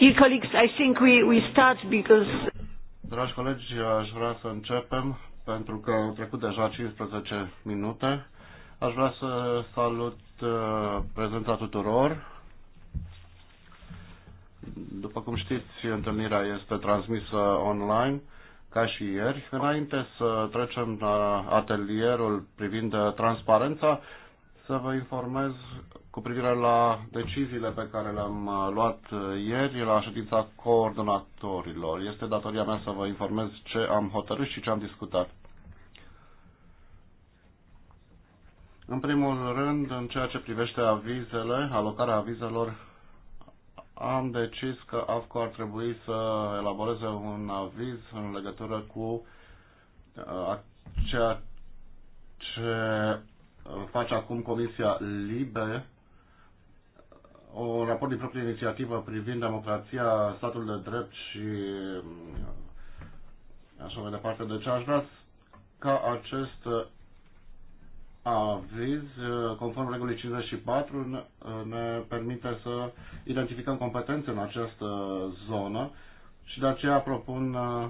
Dear colleagues, I think we, we start because... Dragi colegi, aș vrea să începem pentru că au trecut deja 15 minute. Aș vrea să salut uh, prezența tuturor. După cum știți, întâlnirea este transmisă online, ca și ieri. Înainte să trecem la atelierul privind transparența, să vă informez cu privire la deciziile pe care le-am uh, luat uh, ieri la ședința coordonatorilor. Este datoria mea să vă informez ce am hotărât și ce am discutat. În primul rând, în ceea ce privește avizele, alocarea avizelor, am decis că AFCO ar trebui să elaboreze un aviz în legătură cu uh, ceea ce face acum Comisia Libe un raport din proprie inițiativă privind democrația, statul de drept și mm, așa mai departe. Deci aș vrea ca acest aviz, conform regulii 54, ne permite să identificăm competențe în această zonă și de aceea propun uh,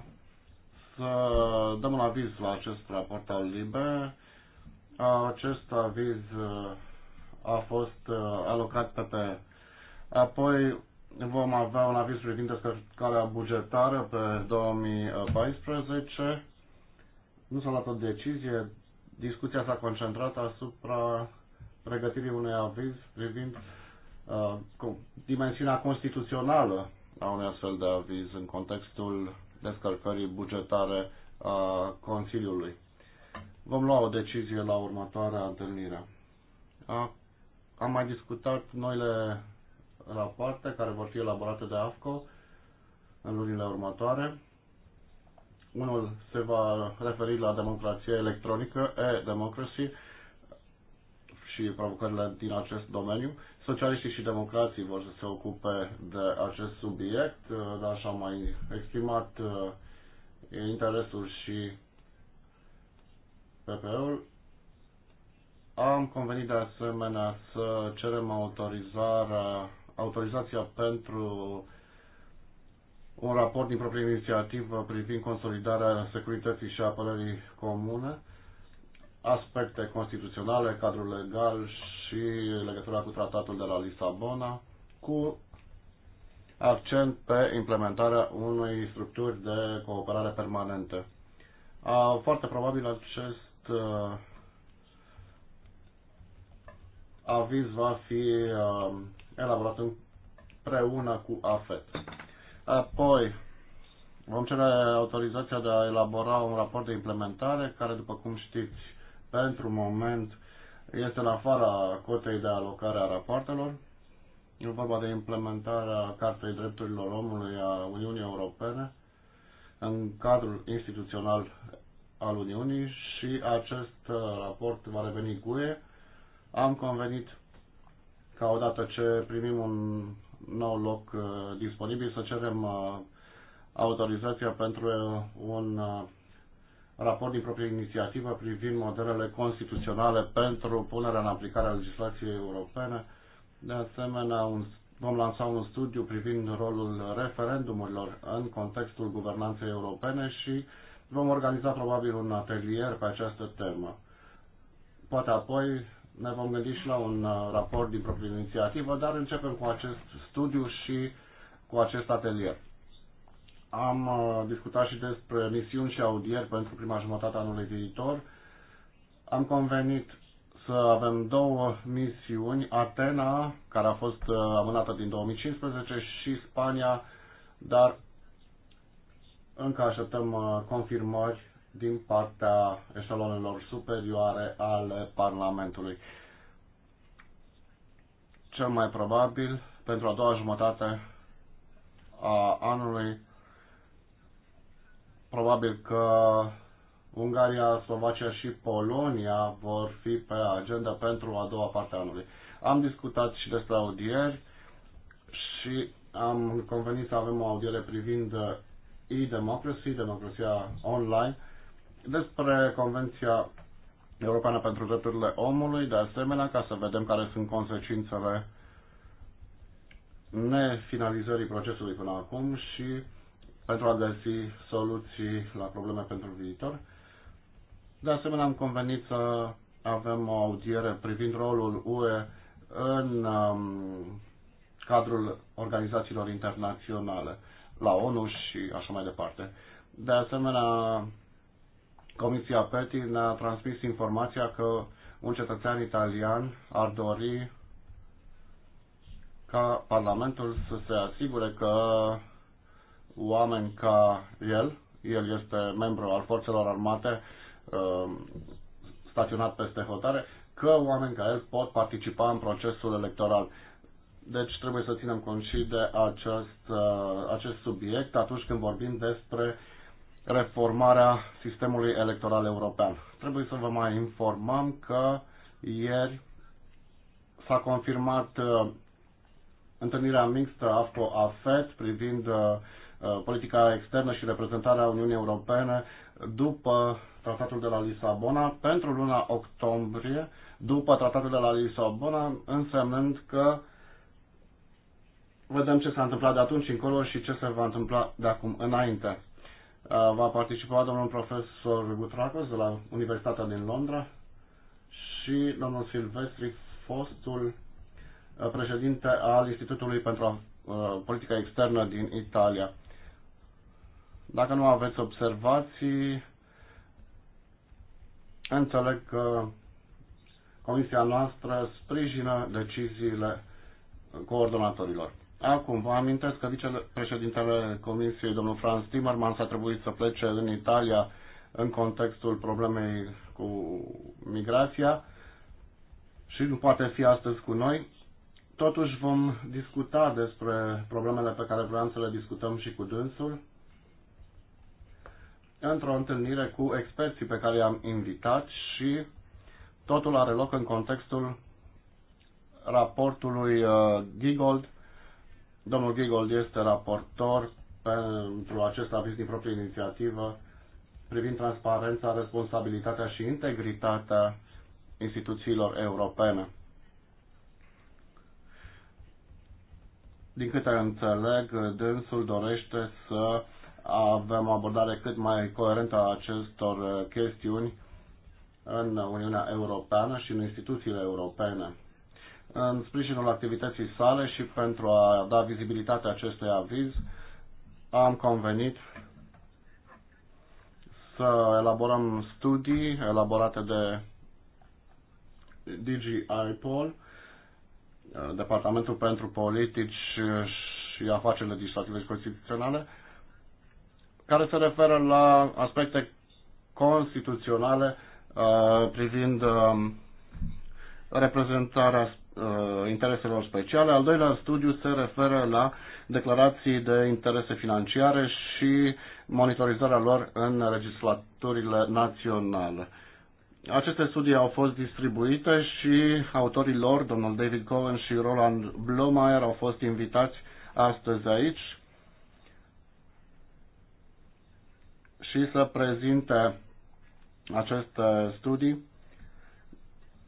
să dăm un aviz la acest raport al LIBE acest aviz a fost alocat pe Apoi vom avea un aviz privind descărcarea bugetară pe 2014. Nu s-a luat o decizie. Discuția s-a concentrat asupra pregătirii unui aviz privind dimensiunea constituțională a unui astfel de aviz în contextul descărcării bugetare a Consiliului. Vom lua o decizie la următoarea întâlnire. A, am mai discutat noile rapoarte care vor fi elaborate de AFCO în lunile următoare. Unul se va referi la democrația electronică, e-democracy, și provocările din acest domeniu. Socialiștii și democrații vor să se ocupe de acest subiect, dar așa mai exprimat uh, interesul și PPE-ul. Am convenit de asemenea să cerem autorizarea, autorizația pentru un raport din proprie inițiativă privind consolidarea securității și apărării comune, aspecte constituționale, cadrul legal și legătura cu tratatul de la Lisabona, cu accent pe implementarea unei structuri de cooperare permanente. Foarte probabil acest uh, aviz va fi uh, elaborat împreună cu AFET. Apoi, vom cere autorizația de a elabora un raport de implementare, care, după cum știți, pentru moment este în afara cotei de alocare a rapoartelor. E vorba de implementarea Cartei Drepturilor Omului a Uniunii Europene în cadrul instituțional al Uniunii și acest uh, raport va reveni cu GUE. Am convenit ca odată ce primim un nou loc uh, disponibil să cerem uh, autorizația pentru un raport din proprie inițiativă privind modelele constituționale pentru punerea în aplicare a legislației europene. De asemenea, un, vom lansa un studiu privind rolul referendumurilor în contextul guvernanței europene și uh, Vom organiza probabil un atelier pe această temă. Poate apoi ne vom gândi și la un uh, raport din propria inițiativă, dar începem cu acest studiu și cu acest atelier. Am uh, discutat și despre misiuni și audieri pentru prima jumătate a anului viitor. Am convenit să avem două misiuni, Atena, care a fost uh, amânată din 2015, și Spania, dar încă așteptăm uh, confirmări din partea eșalonelor superioare ale Parlamentului. Cel mai probabil, pentru a doua jumătate a anului, probabil că Ungaria, Slovacia și Polonia vor fi pe agenda pentru a doua parte a anului. Am discutat și despre audieri și am convenit să avem o audiere privind e-democracy, democrația online, despre Convenția Europeană pentru Drepturile Omului, de asemenea, ca să vedem care sunt consecințele nefinalizării procesului până acum și pentru a găsi soluții la probleme pentru viitor. De asemenea, am convenit să avem o audiere privind rolul UE în um, cadrul organizațiilor internaționale la ONU și așa mai departe. De asemenea, Comisia PETI ne-a transmis informația că un cetățean italian ar dori ca Parlamentul să se asigure că oameni ca el, el este membru al forțelor armate uh, staționat peste hotare, că oameni ca el pot participa în procesul electoral. Deci trebuie să ținem cont și de acest, uh, acest subiect atunci când vorbim despre reformarea sistemului electoral european. Trebuie să vă mai informăm că ieri s-a confirmat uh, întâlnirea mixtă AFCO-AFET privind uh, politica externă și reprezentarea Uniunii Europene după tratatul de la Lisabona pentru luna octombrie, după tratatul de la Lisabona, însemnând că uh, vedem ce s-a întâmplat de atunci încolo și ce se va întâmpla de acum înainte. Uh, va participa domnul profesor Gutracos de la Universitatea din Londra și domnul Silvestri, fostul uh, președinte al Institutului pentru uh, Politica Externă din Italia. Dacă nu aveți observații, înțeleg că Comisia noastră sprijină deciziile coordonatorilor. Acum, vă amintesc că vicepreședintele Comisiei, domnul Franz Timmermans, a trebuit să plece în Italia în contextul problemei cu migrația și nu poate fi astăzi cu noi. Totuși vom discuta despre problemele pe care vreau să le discutăm și cu dânsul într-o întâlnire cu experții pe care i-am invitat și totul are loc în contextul raportului uh, Gigold Domnul Gigold este raportor pentru acest aviz din proprie inițiativă privind transparența, responsabilitatea și integritatea instituțiilor europene. Din câte înțeleg, dânsul dorește să avem o abordare cât mai coerentă a acestor chestiuni în Uniunea Europeană și în instituțiile europene în sprijinul activității sale și pentru a da vizibilitate acestui aviz, am convenit să elaborăm studii elaborate de DGIPOL, Departamentul pentru Politici și Afaceri Legislative și Constituționale, care se referă la aspecte constituționale uh, privind um, reprezentarea Uh, intereselor speciale. Al doilea studiu se referă la declarații de interese financiare și monitorizarea lor în legislaturile naționale. Aceste studii au fost distribuite și autorii lor, domnul David Cohen și Roland Blomeyer, au fost invitați astăzi aici și să prezinte aceste studii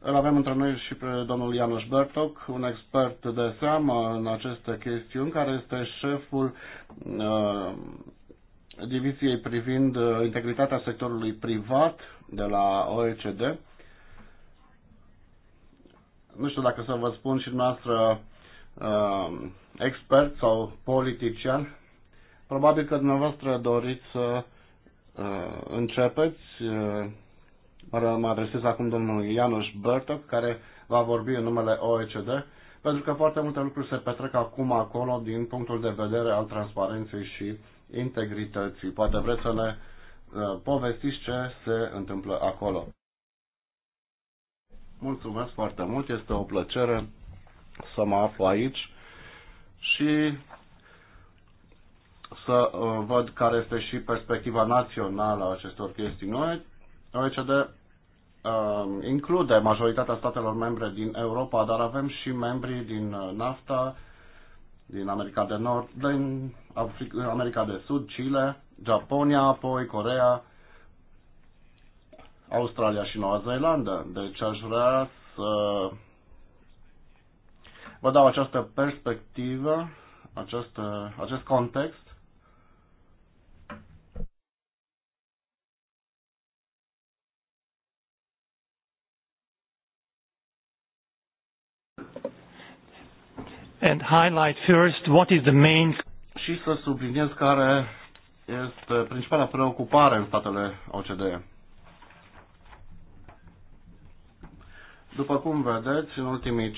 îl avem între noi și pe domnul Ianoș Bertoc, un expert de seamă în aceste chestiuni, care este șeful uh, diviziei privind uh, integritatea sectorului privat de la OECD. Nu știu dacă să vă spun și dumneavoastră uh, expert sau politician. Probabil că dumneavoastră doriți să uh, începeți. Uh, Mă adresez acum domnului Ianuș Bărtoc, care va vorbi în numele OECD, pentru că foarte multe lucruri se petrec acum acolo din punctul de vedere al transparenței și integrității. Poate vreți să ne uh, povestiți ce se întâmplă acolo. Mulțumesc foarte mult, este o plăcere să mă aflu aici și să uh, văd care este și perspectiva națională a acestor noi, OECD uh, include majoritatea statelor membre din Europa, dar avem și membrii din uh, NAFTA, din America de Nord, din Africa, America de Sud, Chile, Japonia, apoi Corea, Australia și Noua Zeelandă. Deci aș vrea să vă dau această perspectivă, acest, acest context and highlight first what is the main și să subliniez care este principala preocupare în statele OCDE. După cum vedeți, în ultimii 5-6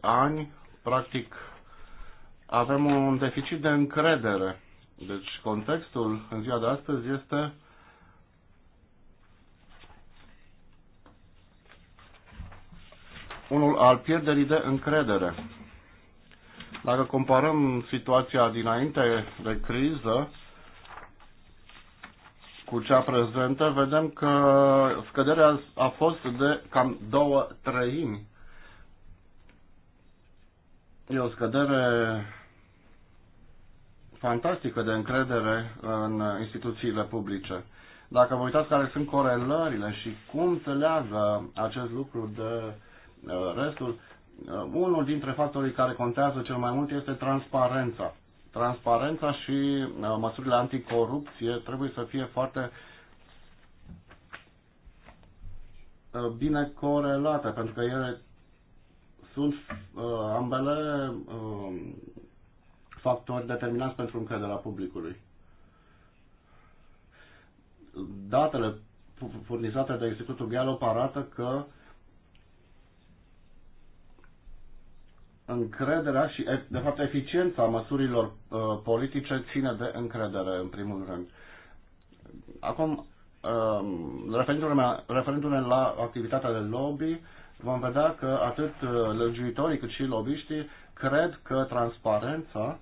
ani, practic, avem un deficit de încredere. Deci contextul în ziua de astăzi este unul al pierderii de încredere. Dacă comparăm situația dinainte de criză cu cea prezentă, vedem că scăderea a fost de cam două treimi. E o scădere fantastică de încredere în instituțiile publice. Dacă vă uitați care sunt corelările și cum se leagă acest lucru de uh, restul Uh, unul dintre factorii care contează cel mai mult este transparența. Transparența și uh, măsurile anticorupție trebuie să fie foarte uh, bine corelate, pentru că ele sunt ambele um, factori determinați pentru încrederea publicului. Datele furnizate de Institutul Gallup arată că uh, încrederea și, de fapt, eficiența măsurilor uh, politice ține de încredere, în primul rând. Acum, uh, referindu-ne, la activitatea de lobby, vom vedea că atât uh, legiuitorii cât și lobbyștii cred că transparența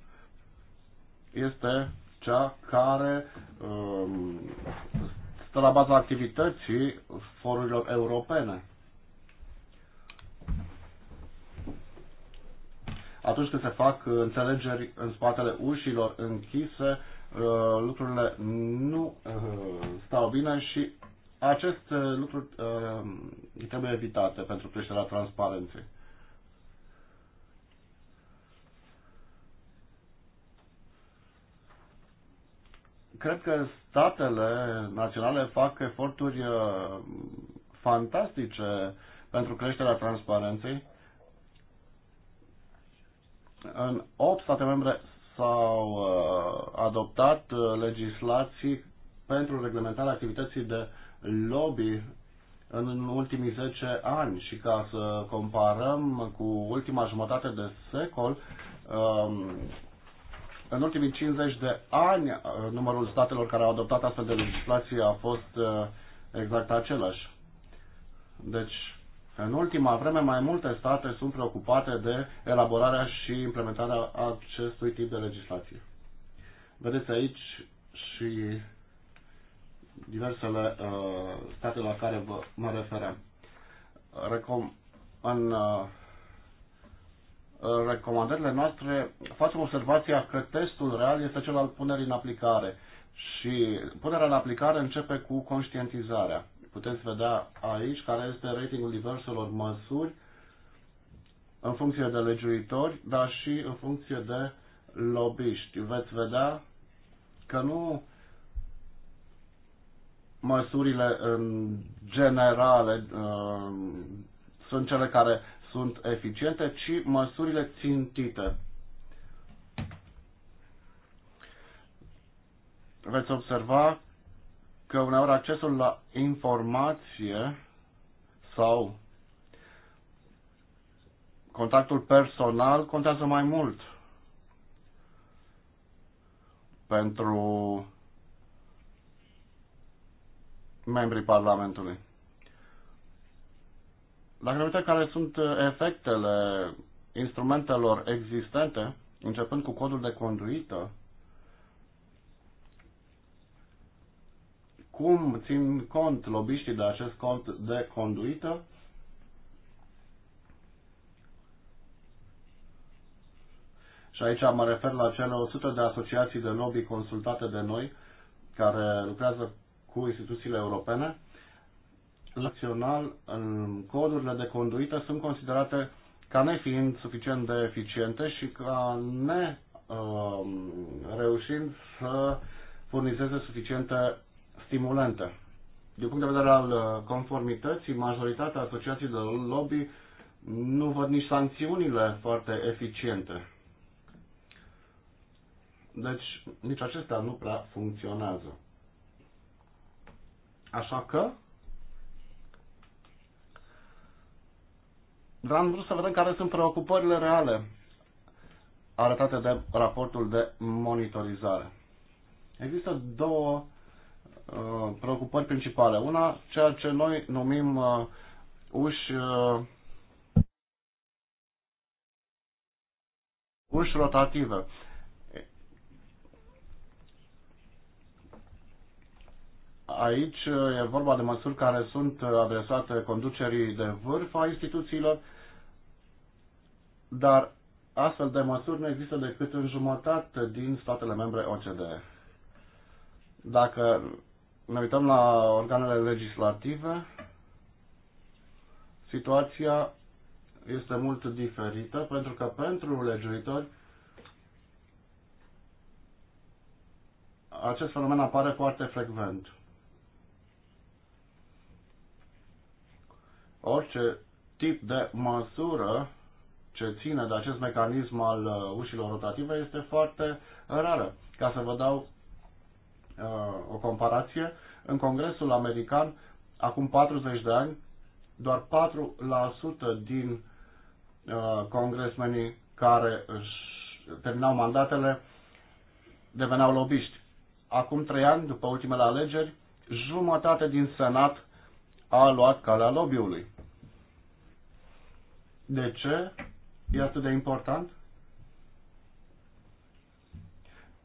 este cea care um, stă la baza activității forurilor europene. atunci când se fac uh, înțelegeri în spatele ușilor închise, uh, lucrurile nu uh, stau bine și aceste lucruri trebuie evitate pentru creșterea transparenței. Cred că statele naționale fac eforturi fantastice pentru creșterea transparenței în 8 state membre s-au uh, adoptat uh, legislații pentru reglementarea activității de lobby în ultimii 10 ani și ca să comparăm cu ultima jumătate de secol, um, în ultimii 50 de ani uh, numărul statelor care au adoptat astfel de legislație a fost uh, exact același. Deci în ultima vreme, mai multe state sunt preocupate de elaborarea și implementarea acestui tip de legislație. Vedeți aici și diversele uh, state la care vă, mă referăm. Recom în uh, recomandările noastre facem observația că testul real este cel al punerii în aplicare și punerea în aplicare începe cu conștientizarea. Puteți vedea aici care este ratingul diverselor măsuri în funcție de legiuitori, dar și în funcție de lobbyști. Veți vedea că nu măsurile în generale uh, sunt cele care sunt eficiente, ci măsurile țintite. Veți observa că uneori accesul la informație sau contactul personal contează mai mult pentru membrii Parlamentului. Dacă ne uităm care sunt efectele instrumentelor existente, începând cu codul de conduită, cum țin cont lobiștii de acest cont de conduită? Și aici mă refer la cele 100 de asociații de lobby consultate de noi, care lucrează cu instituțiile europene. Național, codurile de conduită sunt considerate ca nefiind suficient de eficiente și ca ne uh, reușind să furnizeze suficiente stimulente. Din punct de vedere al uh, conformității, majoritatea asociațiilor lobby nu văd nici sancțiunile foarte eficiente. Deci nici acestea nu prea funcționează. Așa că dar am vrut să vedem care sunt preocupările reale arătate de raportul de monitorizare. Există două Uh, preocupări principale. Una, ceea ce noi numim uh, uși uh, uși rotative. Aici e vorba de măsuri care sunt adresate conducerii de vârf a instituțiilor, dar astfel de măsuri nu există decât în jumătate din statele membre OCDE. Dacă ne uităm la organele legislative, situația este mult diferită, pentru că pentru legiuitori acest fenomen apare foarte frecvent. Orice tip de măsură ce ține de acest mecanism al uh, ușilor rotative este foarte rară. Ca să vă dau Uh, o comparație, în Congresul American, acum 40 de ani, doar 4% din uh, congresmenii care își terminau mandatele deveneau lobiști. Acum trei ani, după ultimele alegeri, jumătate din Senat a luat calea lobby-ului. De ce e atât de important?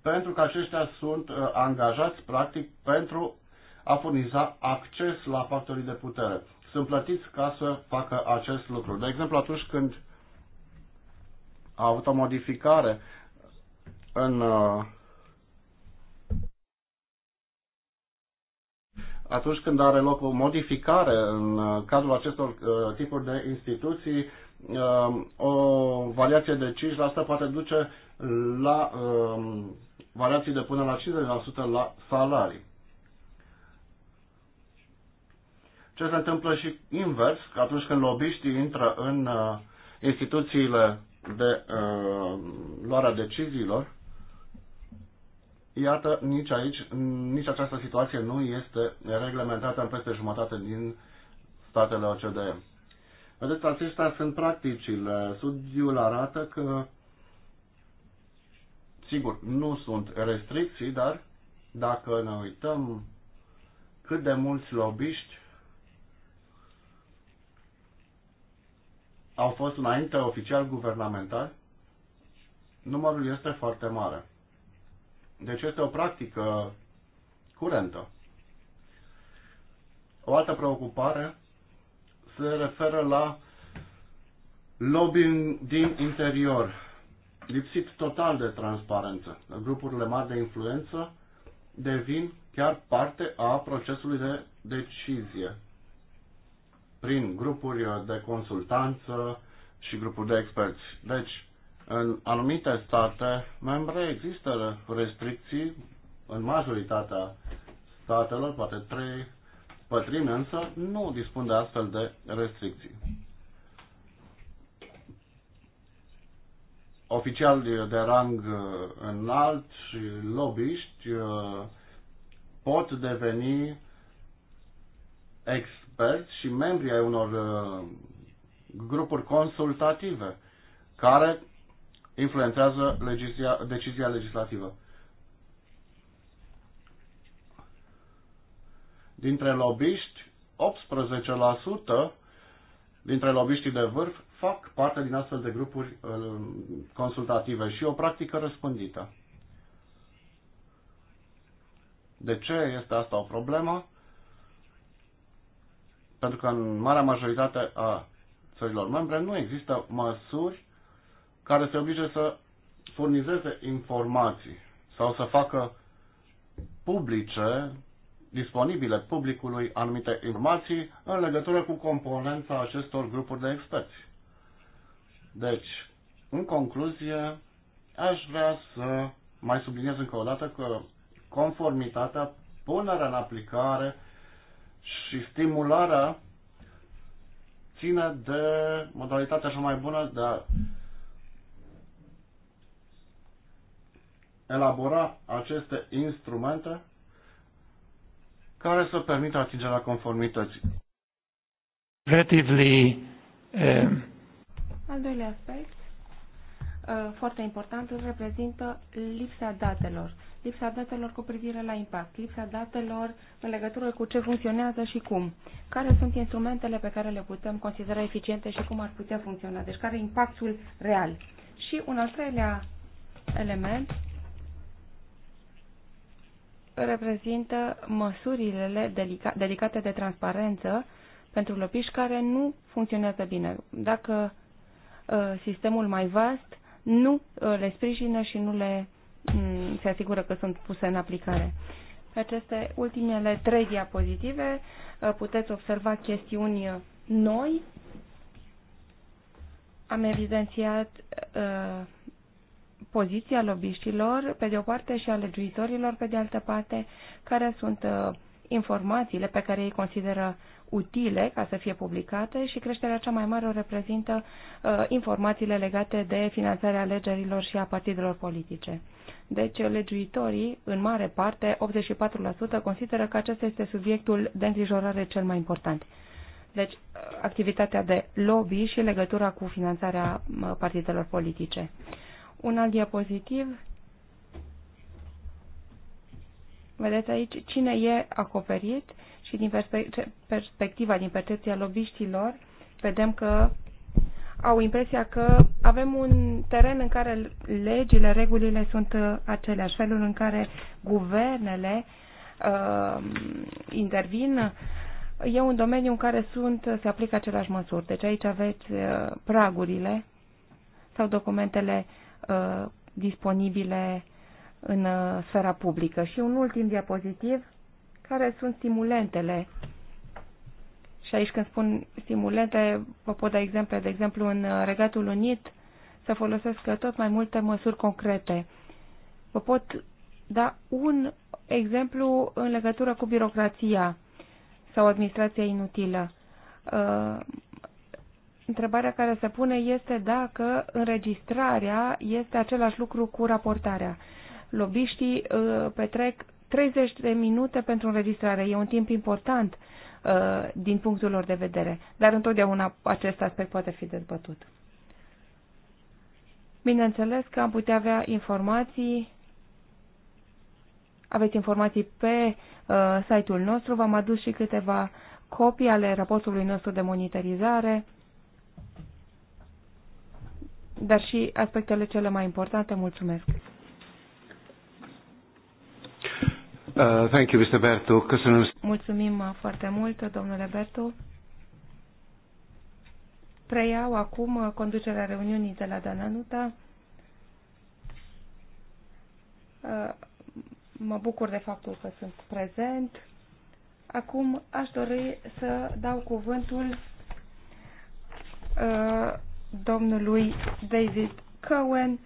pentru că aceștia sunt uh, angajați, practic, pentru a furniza acces la factorii de putere. Sunt plătiți ca să facă acest lucru. De exemplu, atunci când a avut o modificare în uh, atunci când are loc o modificare în uh, cadrul acestor tipuri de instituții, o variație de 5% poate duce la uh, variații de până la 50% la salarii. Ce se întâmplă și invers, că atunci când lobiștii intră în uh, instituțiile de uh, luarea deciziilor, iată, nici aici, nici această situație nu este reglementată în peste jumătate din statele OCDE. Vedeți, acestea sunt practicile. Studiul arată că Sigur, nu sunt restricții, dar dacă ne uităm cât de mulți lobiști au fost înainte oficial guvernamental, numărul este foarte mare. Deci este o practică curentă. O altă preocupare se referă la lobbying din interior lipsit total de transparență. Grupurile mari de influență devin chiar parte a procesului de decizie prin grupuri de consultanță și grupuri de experți. Deci, în anumite state membre există restricții, în majoritatea statelor, poate trei pătrime, însă nu dispun de astfel de restricții. oficiali de rang uh, înalt și lobbyști uh, pot deveni experți și membri ai unor uh, grupuri consultative care influențează legisia, decizia legislativă. Dintre lobbyști, 18% dintre lobiștii de vârf fac parte din astfel de grupuri uh, consultative și o practică răspândită. De ce este asta o problemă? Pentru că în marea majoritate a țărilor membre nu există măsuri care se oblige să furnizeze informații sau să facă publice, disponibile publicului anumite informații în legătură cu componența acestor grupuri de experți. Deci, în concluzie, aș vrea să mai subliniez încă o dată că conformitatea, punerea în aplicare și stimularea ține de modalitatea așa mai bună de a elabora aceste instrumente care să permită atingerea conformității. Relatively um, al doilea aspect, uh, foarte important, îl reprezintă lipsa datelor. Lipsa datelor cu privire la impact, lipsa datelor în legătură cu ce funcționează și cum. Care sunt instrumentele pe care le putem considera eficiente și cum ar putea funcționa. Deci care e impactul real. Și un al treilea element reprezintă măsurile delicate de transparență pentru lopiși care nu funcționează bine. Dacă Uh, sistemul mai vast nu uh, le sprijină și nu le mm, se asigură că sunt puse în aplicare. Pe aceste ultimele trei diapozitive uh, puteți observa chestiuni noi. Am evidențiat uh, poziția lobiștilor, pe de o parte, și a legiuitorilor, pe de altă parte, care sunt uh, informațiile pe care ei consideră utile ca să fie publicate și creșterea cea mai mare o reprezintă uh, informațiile legate de finanțarea alegerilor și a partidelor politice. Deci, legiuitorii, în mare parte, 84%, consideră că acesta este subiectul de îngrijorare cel mai important. Deci, uh, activitatea de lobby și legătura cu finanțarea uh, partidelor politice. Un alt diapozitiv. Vedeți aici cine e acoperit și din perspe perspectiva, din percepția lobiștilor, vedem că au impresia că avem un teren în care legile, regulile sunt uh, aceleași, felul în care guvernele uh, intervin e un domeniu în care sunt, se aplică aceleași măsuri. Deci aici aveți uh, pragurile sau documentele uh, disponibile în uh, sfera publică. Și un ultim diapozitiv care sunt stimulentele. Și aici când spun stimulente, vă pot da exemple. De exemplu, în Regatul Unit să folosesc tot mai multe măsuri concrete. Vă pot da un exemplu în legătură cu birocrația sau administrația inutilă. Uh, întrebarea care se pune este dacă înregistrarea este același lucru cu raportarea. Lobiștii uh, petrec 30 de minute pentru înregistrare e un timp important uh, din punctul lor de vedere, dar întotdeauna acest aspect poate fi dezbătut. Bineînțeles că am putea avea informații, aveți informații pe uh, site-ul nostru, v-am adus și câteva copii ale raportului nostru de monitorizare, dar și aspectele cele mai importante. Mulțumesc! Uh, thank you, Mr. Berto. Căsănăm. Mulțumim uh, foarte mult, domnule Berto. Preiau acum uh, conducerea reuniunii de la Dananuta. Uh, mă bucur de faptul că sunt prezent. Acum aș dori să dau cuvântul uh, domnului David Cohen,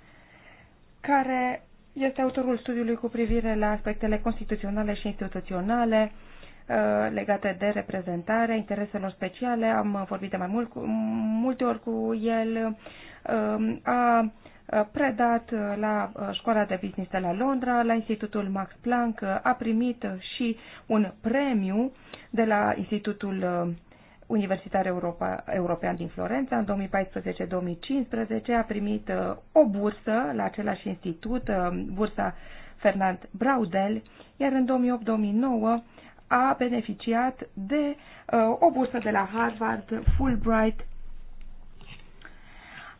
care este autorul studiului cu privire la aspectele constituționale și instituționale uh, legate de reprezentare, intereselor speciale. Am vorbit de mai mult, multe ori cu el. Um, a predat la Școala de Business de la Londra, la Institutul Max Planck, a primit și un premiu de la Institutul uh, universitar Europa, european din Florența. În 2014-2015 a primit uh, o bursă la același institut, uh, bursa Fernand Braudel, iar în 2008-2009 a beneficiat de uh, o bursă de la Harvard, Fulbright,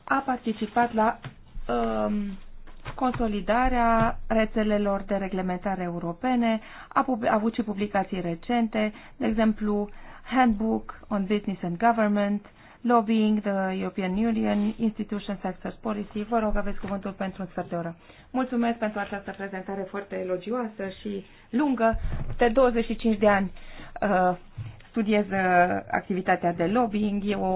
a participat la um, consolidarea rețelelor de reglementare europene, a, a avut și publicații recente, de exemplu, Handbook on Business and Government, Lobbying the European Union, Institution Sectors Policy. Vă rog, aveți cuvântul pentru un sfert de oră. Mulțumesc pentru această prezentare foarte elogioasă și lungă, de 25 de ani. Uh, studiez uh, activitatea de lobbying, e o,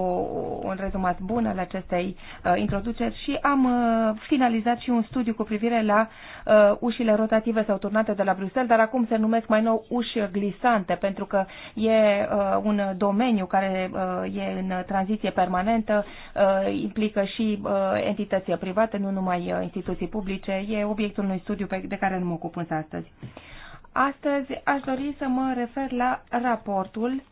un rezumat bun al acestei uh, introduceri și am uh, finalizat și un studiu cu privire la uh, ușile rotative sau turnate de la Bruxelles, dar acum se numesc mai nou uși glisante, pentru că e uh, un domeniu care uh, e în tranziție permanentă, uh, implică și uh, entități private, nu numai uh, instituții publice, e obiectul unui studiu pe, de care nu mă ocup însă astăzi. Astăzi aș dori să mă refer la raportul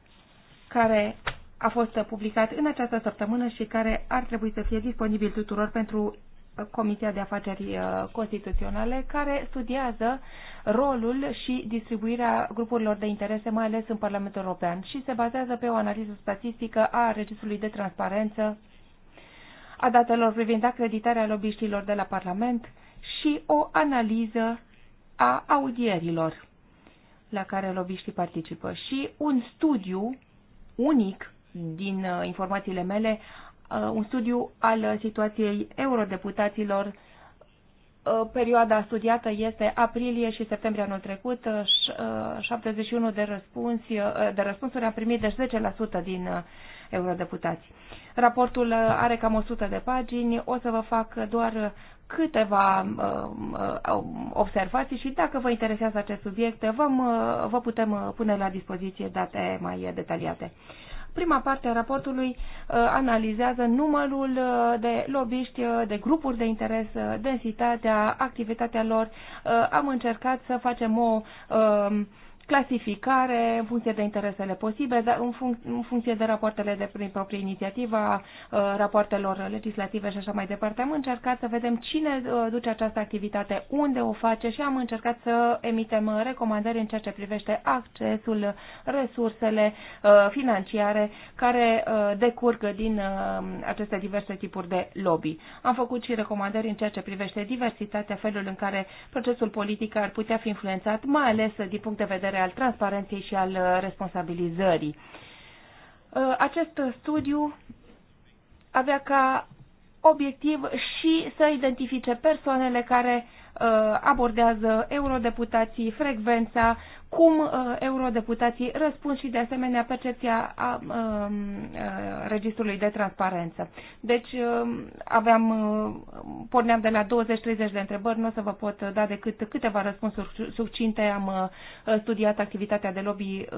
care a fost publicat în această săptămână și care ar trebui să fie disponibil tuturor pentru uh, Comisia de Afaceri uh, Constituționale, care studiază rolul și distribuirea grupurilor de interese, mai ales în Parlamentul European, și se bazează pe o analiză statistică a Registrului de Transparență, a datelor privind acreditarea lobiștilor de la Parlament și o analiză a audierilor la care lobiștii participă și un studiu unic din uh, informațiile mele, uh, un studiu al uh, situației eurodeputaților. Perioada studiată este aprilie și septembrie anul trecut. 71 de, răspunsi, de răspunsuri am primit, deci 10% din eurodeputați. Raportul uh, are cam 100 de pagini, o să vă fac doar câteva uh, uh, observații și dacă vă interesează acest subiect, vom, vă putem pune la dispoziție date mai detaliate. Prima parte a raportului analizează numărul de uh, de grupuri de interes, densitatea, activitatea lor. Am încercat să facem o clasificare în funcție de interesele posibile, dar în, func- în funcție de rapoartele de prin proprie inițiativă, uh, rapoartelor legislative și așa mai departe. Am încercat să vedem cine uh, duce această activitate, unde o face și am încercat să emitem recomandări în ceea ce privește accesul, resursele uh, financiare care decurg din aceste diverse tipuri de lobby. Am făcut și recomandări în ceea ce privește diversitatea, felul în care procesul politic ar putea fi influențat, mai ales din punct de vedere creștere al transparenței și al uh, responsabilizării. Uh, acest studiu avea ca obiectiv și să identifice persoanele care uh, abordează eurodeputații, frecvența, cum uh, eurodeputații răspund și de asemenea percepția a uh, uh, registrului de transparență. Deci uh, aveam, uh, porneam de la 20-30 de întrebări, nu o să vă pot da decât câteva răspunsuri succinte. Am uh, studiat activitatea de lobby uh,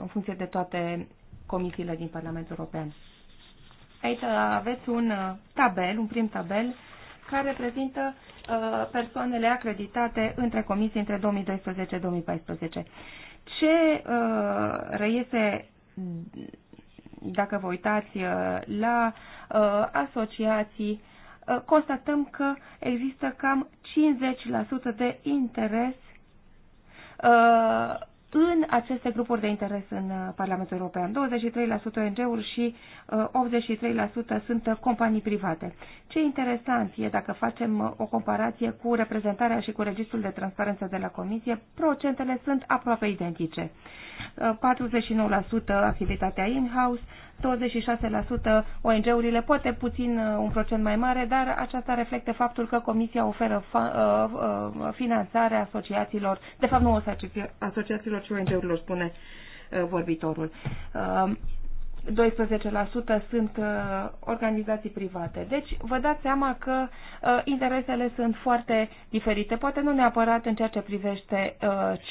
în funcție de toate comisiile din Parlamentul European. Aici aveți un uh, tabel, un prim tabel, care reprezintă Uh, persoanele acreditate între comisii între 2012-2014. Ce uh, reiese dacă vă uitați uh, la asociații, constatăm că există cam 50% de interes în aceste grupuri de interes în uh, Parlamentul European. 23% ONG-uri și 83% uh, sunt uh, companii private. Ce interesant e dacă facem o comparație cu reprezentarea și cu registrul de transparență de la Comisie, procentele sunt aproape identice. 49% activitatea in-house, 26% ONG-urile, poate puțin uh, un procent mai mare, dar aceasta reflectă faptul că Comisia oferă uh, uh, finanțare asociațiilor, de fapt nu asociațiilor, ci ONG-urilor, spune vorbitorul. 12% sunt organizații private. Deci vă dați seama că interesele sunt foarte diferite, poate nu neapărat în ceea ce privește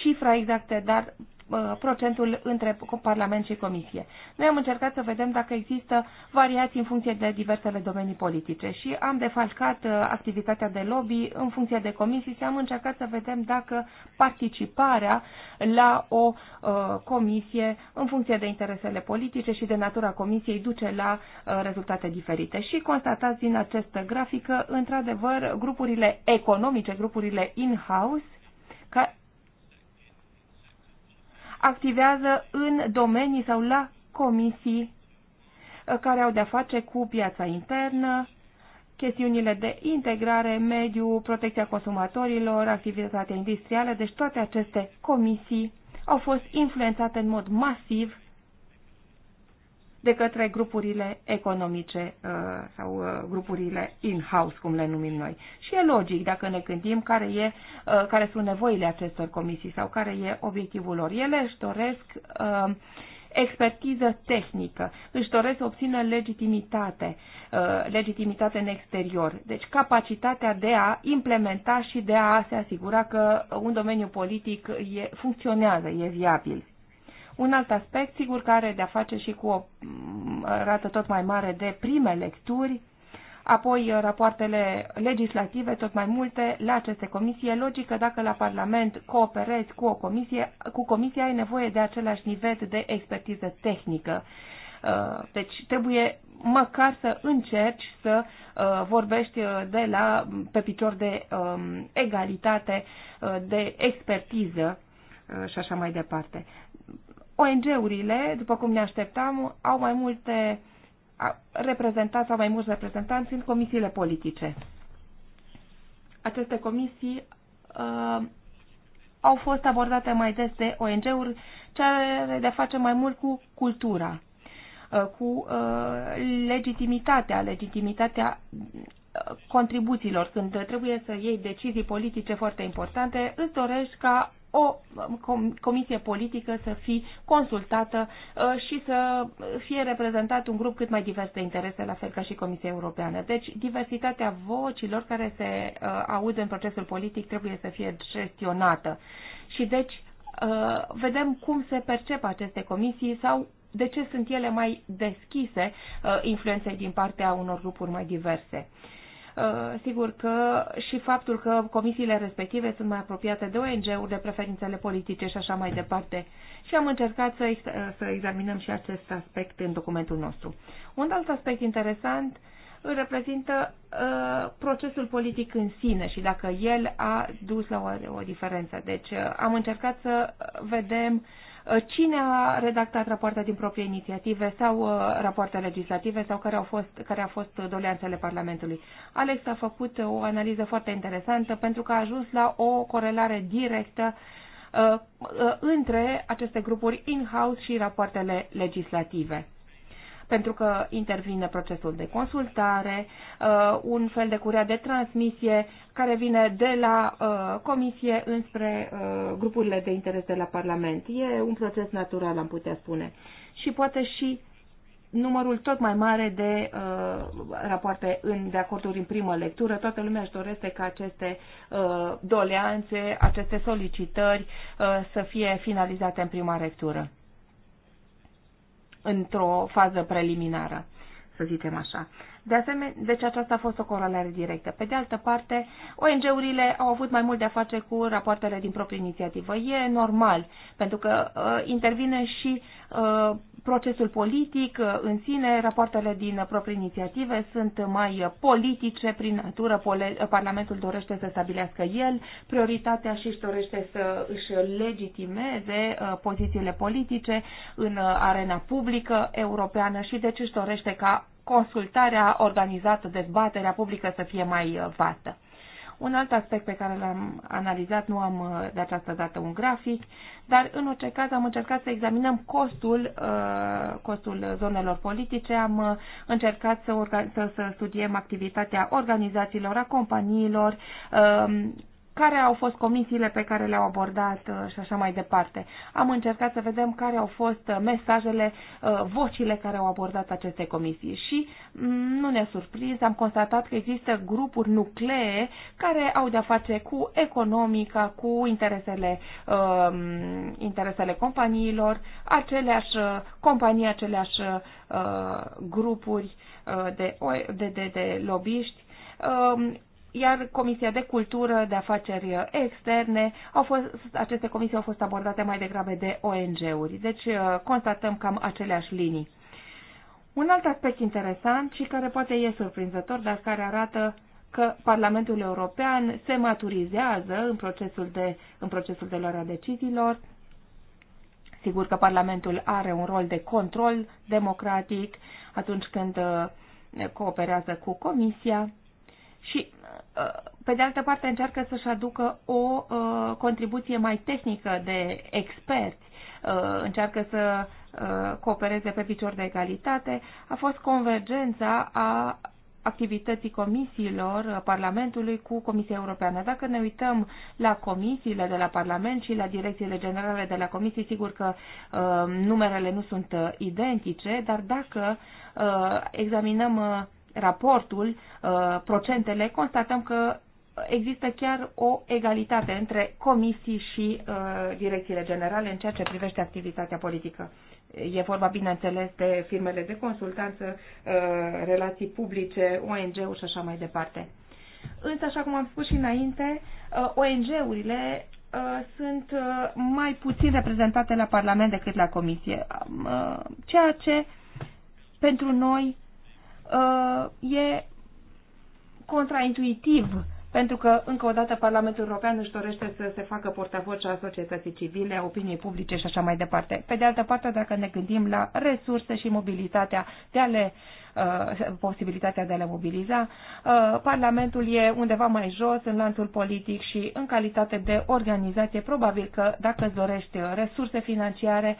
cifra exactă, dar Uh, procentul între Parlament și Comisie. Noi am încercat să vedem dacă există variații în funcție de diversele domenii politice și am defalcat uh, activitatea de lobby în funcție de comisii și am încercat să vedem dacă participarea la o uh, comisie în funcție de interesele politice și de natura comisiei duce la rezultate diferite. Și constatați din această grafică, într-adevăr, grupurile economice, grupurile in-house, activează în domenii sau la comisii uh, care au de-a face cu piața internă, chestiunile de integrare, mediu, protecția consumatorilor, activitatea industrială, deci toate aceste comisii au fost influențate în mod masiv de către grupurile economice uh, sau uh, grupurile in-house, cum le numim noi. Și e logic dacă ne gândim care, e, uh, care sunt nevoile acestor comisii sau care e obiectivul lor. Ele își doresc expertiză tehnică, își doresc să obțină legitimitate, legitimitate în exterior, deci capacitatea de a implementa și de a se asigura că un domeniu politic e, funcționează, e viabil. Un alt aspect, sigur, care de-a face și cu o mm, rată tot mai mare de prime lecturi, apoi uh, rapoartele legislative tot mai multe la aceste comisii. E logică dacă la Parlament cooperezi cu, o comisie, cu comisia, ai nevoie de același nivel de expertiză tehnică. Uh, deci trebuie măcar să încerci să uh, vorbești de la, mm, pe picior de um, egalitate, de expertiză și așa mai departe. ONG-urile, după cum ne așteptam, au mai multe reprezentanți sau mai mulți reprezentanți în comisiile politice. Aceste comisii uh, au fost abordate mai des de ONG-uri, ce are de face mai mult cu cultura, uh, cu uh, legitimitatea, legitimitatea uh, contribuțiilor, când trebuie să iei decizii politice foarte importante, îți dorești ca o comisie politică să fie consultată uh, și să fie reprezentat un grup cât mai divers de interese, la fel ca și Comisia Europeană. Deci diversitatea vocilor care se uh, aud în procesul politic trebuie să fie gestionată. Și deci uh, vedem cum se percep aceste comisii sau de ce sunt ele mai deschise influenței din partea unor grupuri mai diverse. Uh, Uh, sigur că și faptul că comisiile respective sunt mai apropiate de ONG-uri, de preferințele politice și așa mai departe. Și am încercat să, uh, să examinăm și acest aspect în documentul nostru. Un alt aspect interesant îl reprezintă uh, procesul politic în sine și dacă el a dus la o, o diferență. Deci uh, am încercat să vedem uh, Uh, cine a redactat rapoarte din proprie inițiative sau uh, rapoarte legislative sau care au fost, care a fost doleanțele Parlamentului. Alex a făcut uh, o analiză foarte interesantă pentru că a ajuns la o corelare directă între aceste grupuri in-house și rapoartele legislative pentru că intervine procesul de consultare, uh, un fel de curea de transmisie care vine de la uh, comisie înspre uh, grupurile de interes de la Parlament. E un proces natural, am putea spune. Și poate și numărul tot mai mare de uh, rapoarte în, de acorduri în primă lectură. Toată lumea își dorește ca aceste uh, doleanțe, aceste solicitări uh, să fie finalizate în prima lectură într-o fază preliminară, să zicem așa. De asemenea, deci aceasta a fost o corolare directă. Pe de altă parte, ONG-urile au avut mai mult de a face cu rapoartele din proprie inițiativă. E normal, pentru că uh, intervine și Uh, procesul politic uh, în sine, rapoartele din proprii inițiative sunt mai politice prin natură, uh, Parlamentul dorește să stabilească el prioritatea și își dorește să își legitimeze pozițiile politice în arena publică europeană și deci își dorește ca consultarea organizată, dezbaterea publică să fie mai vastă. Un alt aspect pe care l-am analizat, nu am uh, de această dată un grafic, dar în orice caz am încercat să examinăm costul, uh, costul zonelor politice, am uh, încercat să, să studiem activitatea organizațiilor, a companiilor, um, care au fost comisiile pe care le-au abordat uh, și așa mai departe. Am încercat să vedem care au fost uh, mesajele, uh, vocile care au abordat aceste comisii și mm, nu ne-a surprins, am constatat că există grupuri nuclee care au de-a face cu economica, cu interesele, um, interesele companiilor, aceleași companii, aceleași grupuri de, de, de, de lobbyști um, iar Comisia de Cultură, de Afaceri Externe, au fost, aceste comisii au fost abordate mai degrabă de ONG-uri. Deci uh, constatăm cam aceleași linii. Un alt aspect interesant și care poate e surprinzător, dar care arată că Parlamentul European se maturizează în procesul de, în procesul de luarea deciziilor. Sigur că Parlamentul are un rol de control democratic atunci când uh, cooperează cu Comisia și, uh, pe de altă parte, încearcă să-și aducă o uh, contribuție mai tehnică de experți, uh, încearcă să coopereze pe picior de egalitate. A fost convergența a activității comisiilor Parlamentului cu Comisia Europeană. Dacă ne uităm la comisiile de la Parlament și la direcțiile generale de la comisii, sigur că uh, numerele nu sunt identice, dar dacă uh, examinăm raportul, uh, procentele, constatăm că există chiar o egalitate între comisii și uh, direcțiile generale în ceea ce privește activitatea politică. E vorba, bineînțeles, de firmele de consultanță, uh, relații publice, ONG-uri și așa mai departe. Însă, așa cum am spus și înainte, ONG-urile sunt mai puțin reprezentate la Parlament decât la Comisie, um, ceea ce pentru noi Uh, e contraintuitiv, pentru că, încă o dată, Parlamentul European își dorește să se facă portavoce a societății civile, a opiniei publice și așa mai departe. Pe de altă parte, dacă ne gândim la resurse și mobilitatea de a le uh, posibilitatea de a le mobiliza. Uh, Parlamentul e undeva mai jos în lanțul politic și în calitate de organizație, probabil că dacă îți dorești resurse financiare,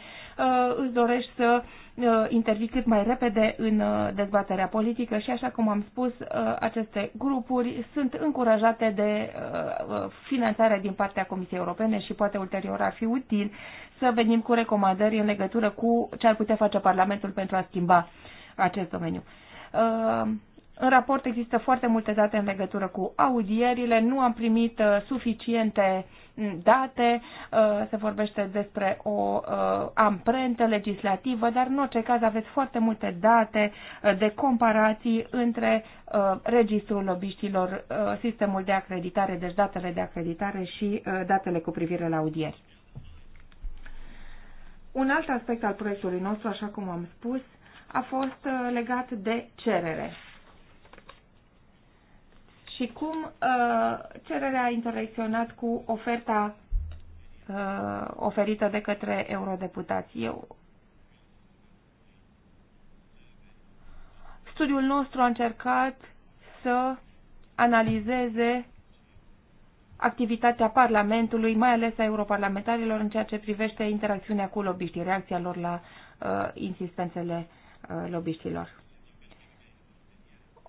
îți dorești să Uh, intervii cât mai repede în uh, dezbaterea politică și, așa cum am spus, uh, aceste grupuri sunt încurajate de finanțarea din partea Comisiei Europene și poate ulterior ar fi util să venim cu recomandări în legătură cu ce ar putea face Parlamentul pentru a schimba acest domeniu. În raport există foarte multe date în legătură cu audierile, nu am primit uh, suficiente mm, date, uh, se vorbește despre o uh, amprentă legislativă, dar în orice caz aveți foarte multe date de comparații între registrul lobiștilor, sistemul de acreditare, deci datele de acreditare și datele cu privire la audieri. Un alt aspect al proiectului nostru, așa cum am spus, a fost legat de cerere și cum uh, cererea a interacționat cu oferta uh, oferită de către eurodeputați. Eu. Studiul nostru a încercat să analizeze activitatea Parlamentului, mai ales a europarlamentarilor, în ceea ce privește interacțiunea cu lobbyștii, reacția lor la uh, insistențele uh, lobbyștilor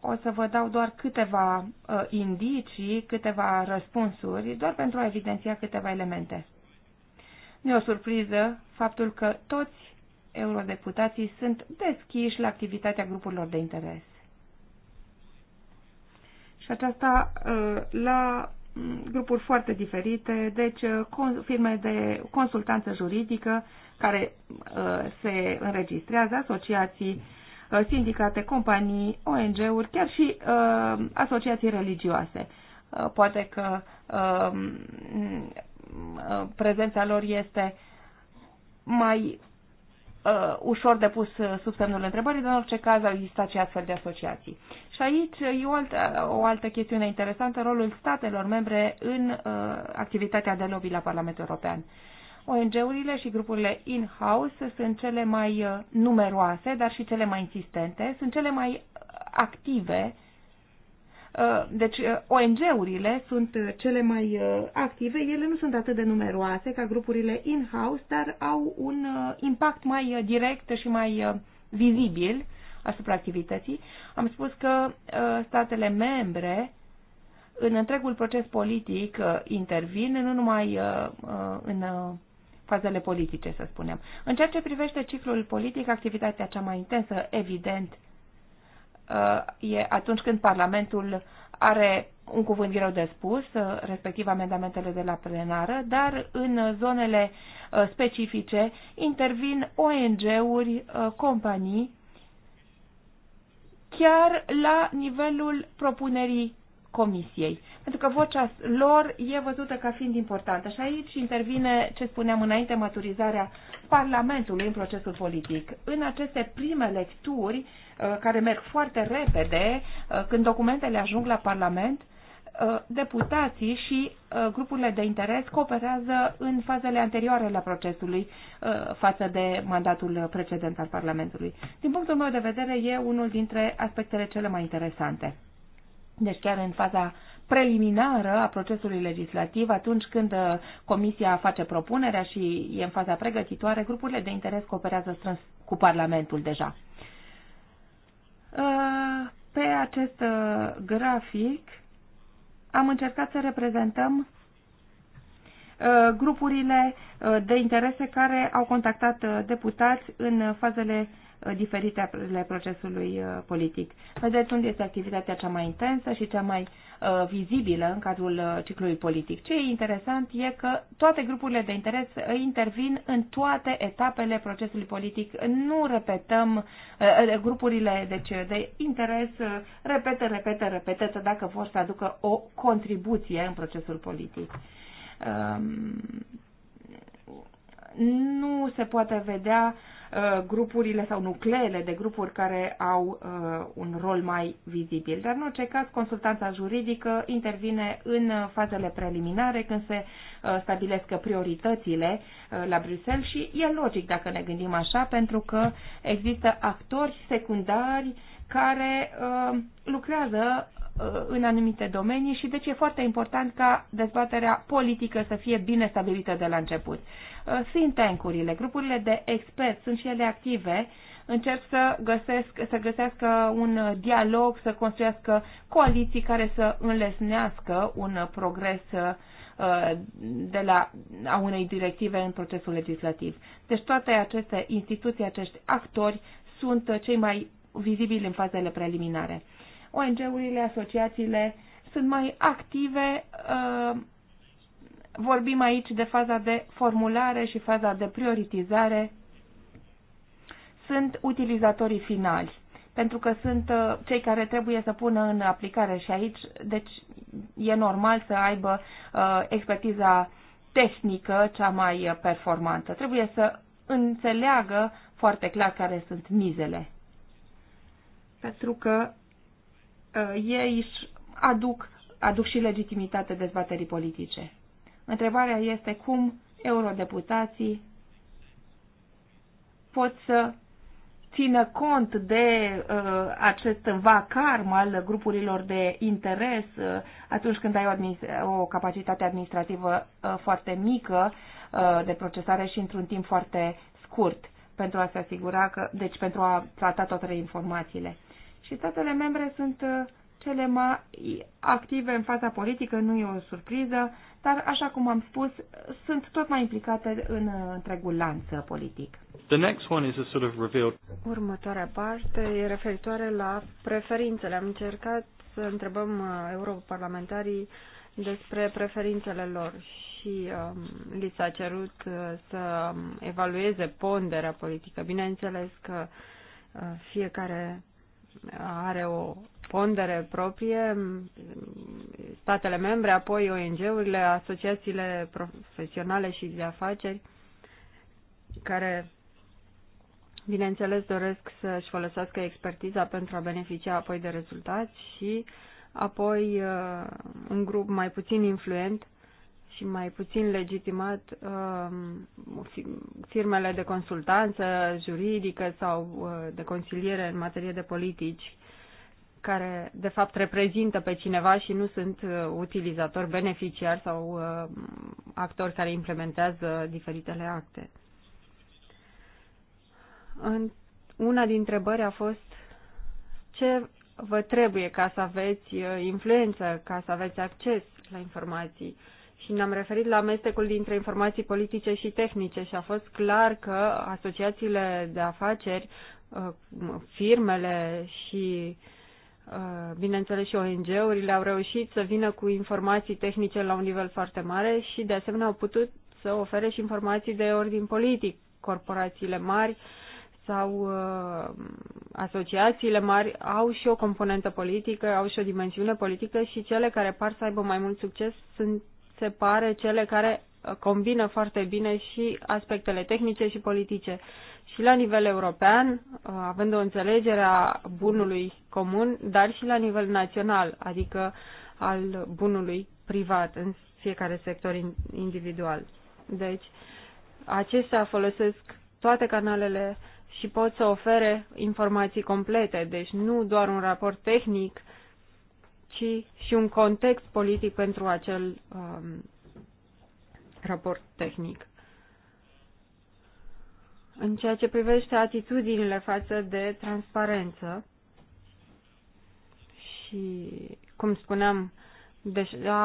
o să vă dau doar câteva uh, indicii, câteva răspunsuri, doar pentru a evidenția câteva elemente. Nu e o surpriză faptul că toți eurodeputații sunt deschiși la activitatea grupurilor de interes. Și aceasta uh, la mm, grupuri foarte diferite, deci uh, firme de consultanță juridică care uh, se înregistrează, asociații Uh, sindicate, companii, ONG-uri, chiar și uh, asociații religioase. Uh, poate că um, uh, prezența lor este mai uh, ușor de pus uh, sub semnul întrebării, dar în orice caz au existat și astfel de asociații. Și aici e o altă, o altă chestiune interesantă, rolul statelor membre în uh, activitatea de lobby la Parlamentul European. Uh, ONG-urile și grupurile in-house sunt cele mai uh, numeroase, dar și cele mai insistente, sunt cele mai uh, active. Uh, deci ONG-urile sunt cele mai active, ele nu sunt atât de numeroase ca grupurile in-house, dar au un impact mai direct și mai vizibil asupra activității. Am spus că statele membre în întregul proces politic intervin, nu numai în fazele politice, să spunem. În ceea ce privește ciclul politic, activitatea cea mai intensă, evident, uh, e atunci când Parlamentul are un cuvânt greu de spus, uh, respectiv amendamentele de la plenară, dar în zonele uh, specifice intervin ONG-uri, companii, chiar la nivelul propunerii Comisiei, pentru că vocea lor e văzută ca fiind importantă. Și aici intervine ce spuneam înainte, maturizarea Parlamentului în procesul politic. În aceste prime lecturi, uh, care merg foarte repede, uh, când documentele ajung la Parlament, uh, deputații și grupurile de interes cooperează în fazele anterioare la procesului față de mandatul precedent al Parlamentului. Din punctul meu de vedere, e unul dintre aspectele cele mai interesante. Deci chiar în faza preliminară a procesului legislativ, atunci când uh, Comisia face propunerea și e în faza pregătitoare, grupurile de interes cooperează strâns cu Parlamentul deja. Uh, pe acest uh, grafic am încercat să reprezentăm grupurile de interese care au contactat deputați în fazele Uh, diferite ale procesului uh, politic. Vedeți unde este activitatea cea mai intensă și cea mai uh, vizibilă în cadrul ciclului politic. Ce e interesant e că toate grupurile de interes intervin în toate etapele procesului politic. Nu repetăm grupurile deci, de interes, repetă, repetă, repetă, dacă vor să aducă o contribuție în procesul politic um, nu se poate vedea uh, grupurile sau nucleele de grupuri care au uh, un rol mai vizibil. Dar în orice caz, consultanța juridică intervine în uh, fazele preliminare când se stabilesc prioritățile la Bruxelles și e logic dacă ne gândim așa, pentru că există actori secundari care lucrează Uh, în anumite domenii și deci e foarte important ca dezbaterea politică să fie bine stabilită de la început. Uh, think tank-urile, grupurile de experți sunt și ele active, încerc să, găsesc, să găsească un dialog, să construiască coaliții care să înlesnească un progres uh, de la, a unei directive în procesul legislativ. Deci toate aceste instituții, acești actori sunt cei mai vizibili în fazele preliminare. ONG-urile, asociațiile sunt mai active. Uh, vorbim aici de faza de formulare și faza de prioritizare. Sunt utilizatorii finali, pentru că sunt uh, cei care trebuie să pună în aplicare și aici, deci e normal să aibă uh, expertiza tehnică cea mai performantă. Trebuie să înțeleagă foarte clar care sunt mizele. Pentru că Uh, ei își aduc, aduc și legitimitate dezbaterii politice. Întrebarea este cum eurodeputații pot să țină cont de uh, acest vacarm al grupurilor de interes uh, atunci când ai o, o capacitate administrativă uh, foarte mică uh, de procesare și într-un timp foarte scurt pentru a se asigura că, deci pentru a trata toate informațiile și statele membre sunt uh, cele mai active în fața politică, nu e o surpriză, dar, așa cum am spus, sunt tot mai implicate în uh, întregul lanț politic. The next one is a sort of revealed... Următoarea parte e referitoare la preferințele. Am încercat să întrebăm uh, europarlamentarii despre preferințele lor și um, li s-a cerut să um, evalueze ponderea politică. Bineînțeles că fiecare are o pondere proprie, statele membre, apoi ONG-urile, asociațiile profesionale și de afaceri, care, bineînțeles, doresc să-și folosească expertiza pentru a beneficia apoi de rezultați și apoi uh, un grup mai puțin influent și mai puțin legitimat um, firmele de consultanță juridică sau uh, de consiliere în materie de politici care de fapt reprezintă pe cineva și nu sunt uh, utilizatori, beneficiari sau uh, actori care implementează diferitele acte. Una dintre întrebări a fost ce vă trebuie ca să aveți influență, ca să aveți acces la informații. Uh, și ne-am referit la amestecul dintre informații politice și tehnice și a fost clar că asociațiile de afaceri, uh, firmele și uh, bineînțeles și ONG-urile au reușit să vină cu informații tehnice la un nivel foarte mare și de asemenea au putut să ofere și informații de ordin politic. Corporațiile mari sau uh, asociațiile mari au și o componentă politică, au și o dimensiune politică și cele care par să aibă mai mult succes sunt se pare cele care uh, combină foarte bine și aspectele tehnice și politice. Și la nivel european, uh, având o înțelegere a bunului comun, dar și la nivel național, adică al bunului privat în fiecare sector individual. Deci, acestea folosesc toate canalele și pot să ofere informații complete, deci nu doar un raport tehnic ci și un context politic pentru acel um, raport tehnic. În ceea ce privește atitudinile față de transparență și, cum spuneam, deja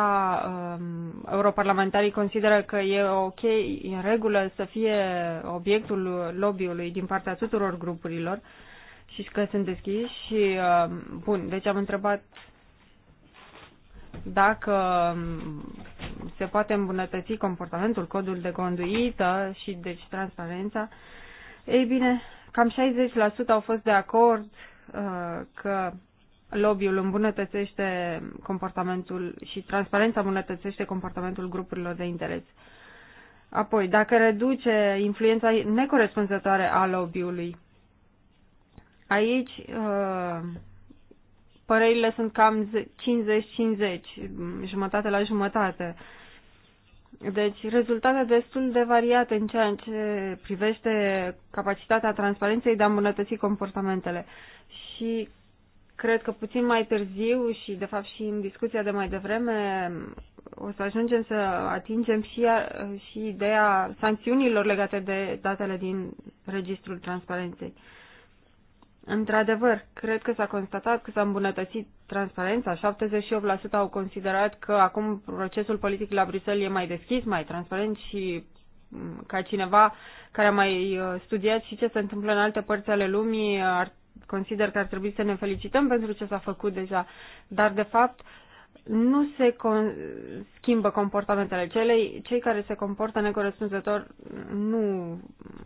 um, europarlamentarii consideră că e ok, e în regulă să fie obiectul lobby-ului din partea tuturor grupurilor și că sunt deschiși și, um, bun, deci am întrebat dacă um, se poate îmbunătăți comportamentul, codul de conduită și deci transparența, ei bine, cam 60% au fost de acord uh, că lobby-ul îmbunătățește comportamentul și transparența îmbunătățește comportamentul grupurilor de interes. Apoi, dacă reduce influența necorespunzătoare a lobby-ului, aici uh, părerile sunt cam 50-50, jumătate la jumătate. Deci, rezultate destul de variate în ceea ce privește capacitatea transparenței de a îmbunătăți comportamentele. Și cred că puțin mai târziu și, de fapt, și în discuția de mai devreme, o să ajungem să atingem și, și ideea sancțiunilor legate de datele din Registrul Transparenței. Într-adevăr, cred că s-a constatat că s-a îmbunătățit transparența. 78% au considerat că acum procesul politic la Bruxelles e mai deschis, mai transparent și mm, ca cineva care a mai uh, studiat și ce se întâmplă în alte părți ale lumii, ar, consider că ar trebui să ne felicităm pentru ce s-a făcut deja. Dar, de fapt, nu se con- schimbă comportamentele celei, cei care se comportă necorespunzător nu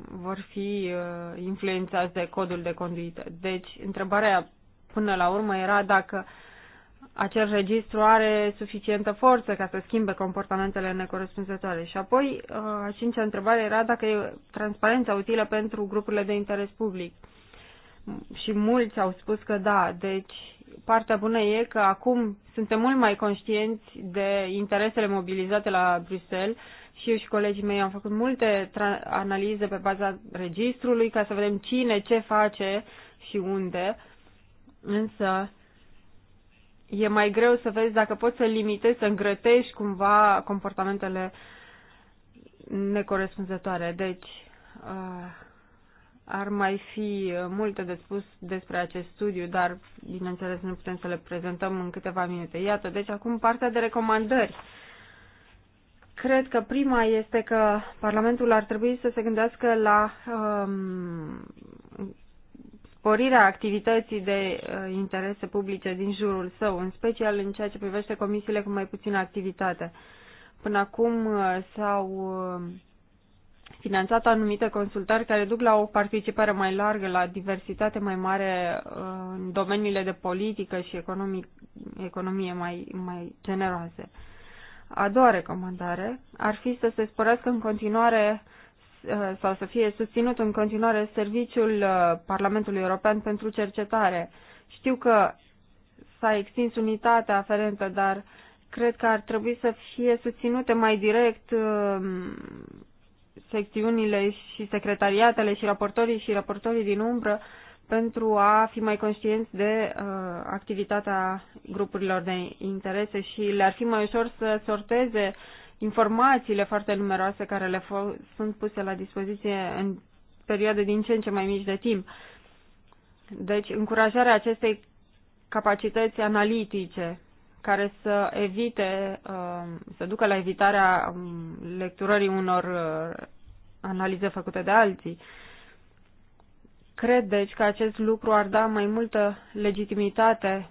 vor fi uh, influențați de codul de conduită. Deci, întrebarea până la urmă era dacă acel registru are suficientă forță ca să schimbe comportamentele necorespunzătoare. Și apoi, uh, a cincea întrebare era dacă e transparența utilă pentru grupurile de interes public. Și mulți au spus că da, deci partea bună e că acum suntem mult mai conștienți de interesele mobilizate la Bruxelles și eu și colegii mei am făcut multe analize pe baza registrului ca să vedem cine ce face și unde, însă e mai greu să vezi dacă poți să limitezi, să îngrătești cumva comportamentele necorespunzătoare. Deci, uh, ar mai fi uh, multe de spus despre acest studiu, dar, bineînțeles, nu putem să le prezentăm în câteva minute. Iată, deci acum partea de recomandări. Cred că prima este că Parlamentul ar trebui să se gândească la um, sporirea activității de uh, interese publice din jurul său, în special în ceea ce privește comisiile cu mai puțină activitate. Până acum uh, s-au uh, finanțat anumite consultări care duc la o participare mai largă, la diversitate mai mare uh, în domeniile de politică și economie, economie mai, mai generoase. A doua recomandare ar fi să se sporească în continuare uh, sau să fie susținut în continuare serviciul uh, Parlamentului European pentru cercetare. Știu că s-a extins unitatea aferentă, dar cred că ar trebui să fie susținute mai direct secțiunile și secretariatele și raportorii și raportorii din umbră pentru a fi mai conștienți de uh, activitatea grupurilor de interese și le-ar fi mai ușor să sorteze informațiile foarte numeroase care le sunt puse la dispoziție în perioade din ce în ce mai mici de timp. Deci, încurajarea acestei capacități analitice care să evite, uh, să ducă la evitarea um, lecturării unor uh, analize făcute de alții. Cred, deci, că acest lucru ar da mai multă legitimitate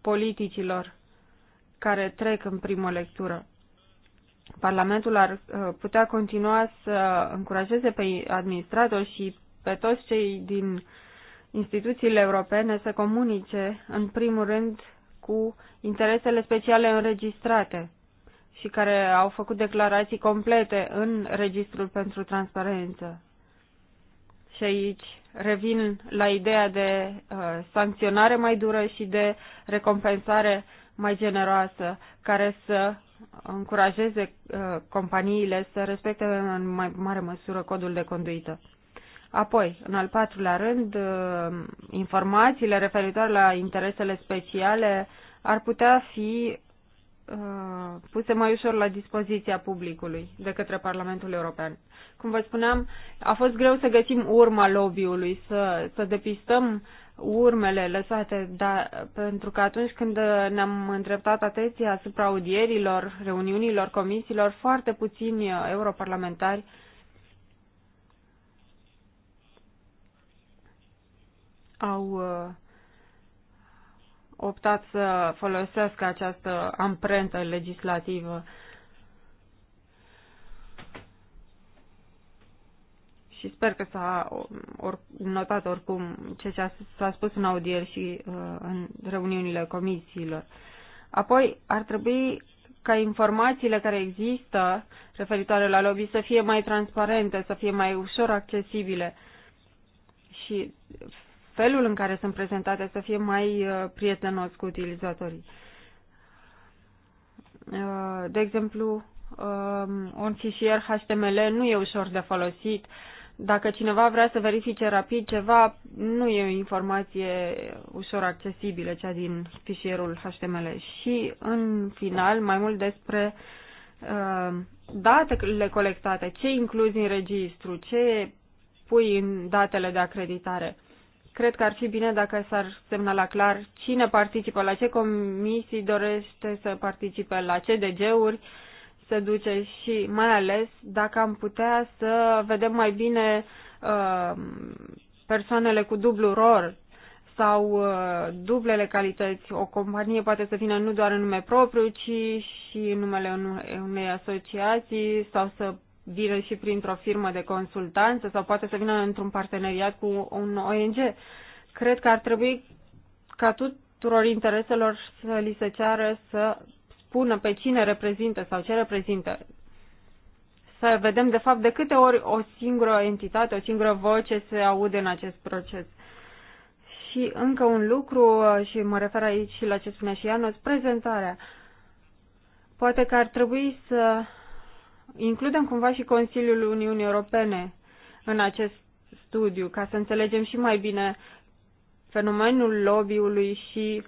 politicilor care trec în primă lectură. Parlamentul ar uh, putea continua să încurajeze pe administrator și pe toți cei din instituțiile europene să comunice, în primul rând, cu interesele speciale înregistrate și care au făcut declarații complete în Registrul pentru Transparență. Și aici revin la ideea de uh, sancționare mai dură și de recompensare mai generoasă, care să încurajeze uh, companiile să respecte în mai mare măsură codul de conduită. Apoi, în al patrulea rând, uh, informațiile referitoare la interesele speciale ar putea fi Uh, puse mai ușor la dispoziția publicului de către Parlamentul European. Cum vă spuneam, a fost greu să găsim urma lobby-ului, să, să depistăm urmele lăsate, dar, pentru că atunci când ne-am îndreptat atenția asupra audierilor, reuniunilor, comisiilor, foarte puțini europarlamentari au uh, optat să folosească această amprentă legislativă. Și sper că s-a or, notat oricum ce s-a spus în audier și uh, în reuniunile comisiilor. Apoi ar trebui ca informațiile care există referitoare la lobby să fie mai transparente, să fie mai ușor accesibile și felul în care sunt prezentate să fie mai uh, prietenos cu utilizatorii. Uh, de exemplu, um, un fișier HTML nu e ușor de folosit. Dacă cineva vrea să verifice rapid ceva, nu e o informație ușor accesibilă, cea din fișierul HTML. Și, în final, mai mult despre uh, datele colectate, ce incluzi în registru, ce pui în datele de acreditare cred că ar fi bine dacă s-ar semna la clar cine participă, la ce comisii dorește să participe, la ce DG-uri se duce și mai ales dacă am putea să vedem mai bine uh, persoanele cu dublu rol sau uh, dublele calități. O companie poate să vină nu doar în nume propriu, ci și în numele unei asociații sau să vină și printr-o firmă de consultanță sau poate să vină într-un parteneriat cu un ONG. Cred că ar trebui ca tuturor intereselor să li se ceară să spună pe cine reprezintă sau ce reprezintă. Să vedem, de fapt, de câte ori o singură entitate, o singură voce se aude în acest proces. Și încă un lucru, și mă refer aici și la ce spunea și Ianos, prezentarea. Poate că ar trebui să includem cumva și Consiliul Uniunii Europene în acest studiu, ca să înțelegem și mai bine fenomenul lobby-ului și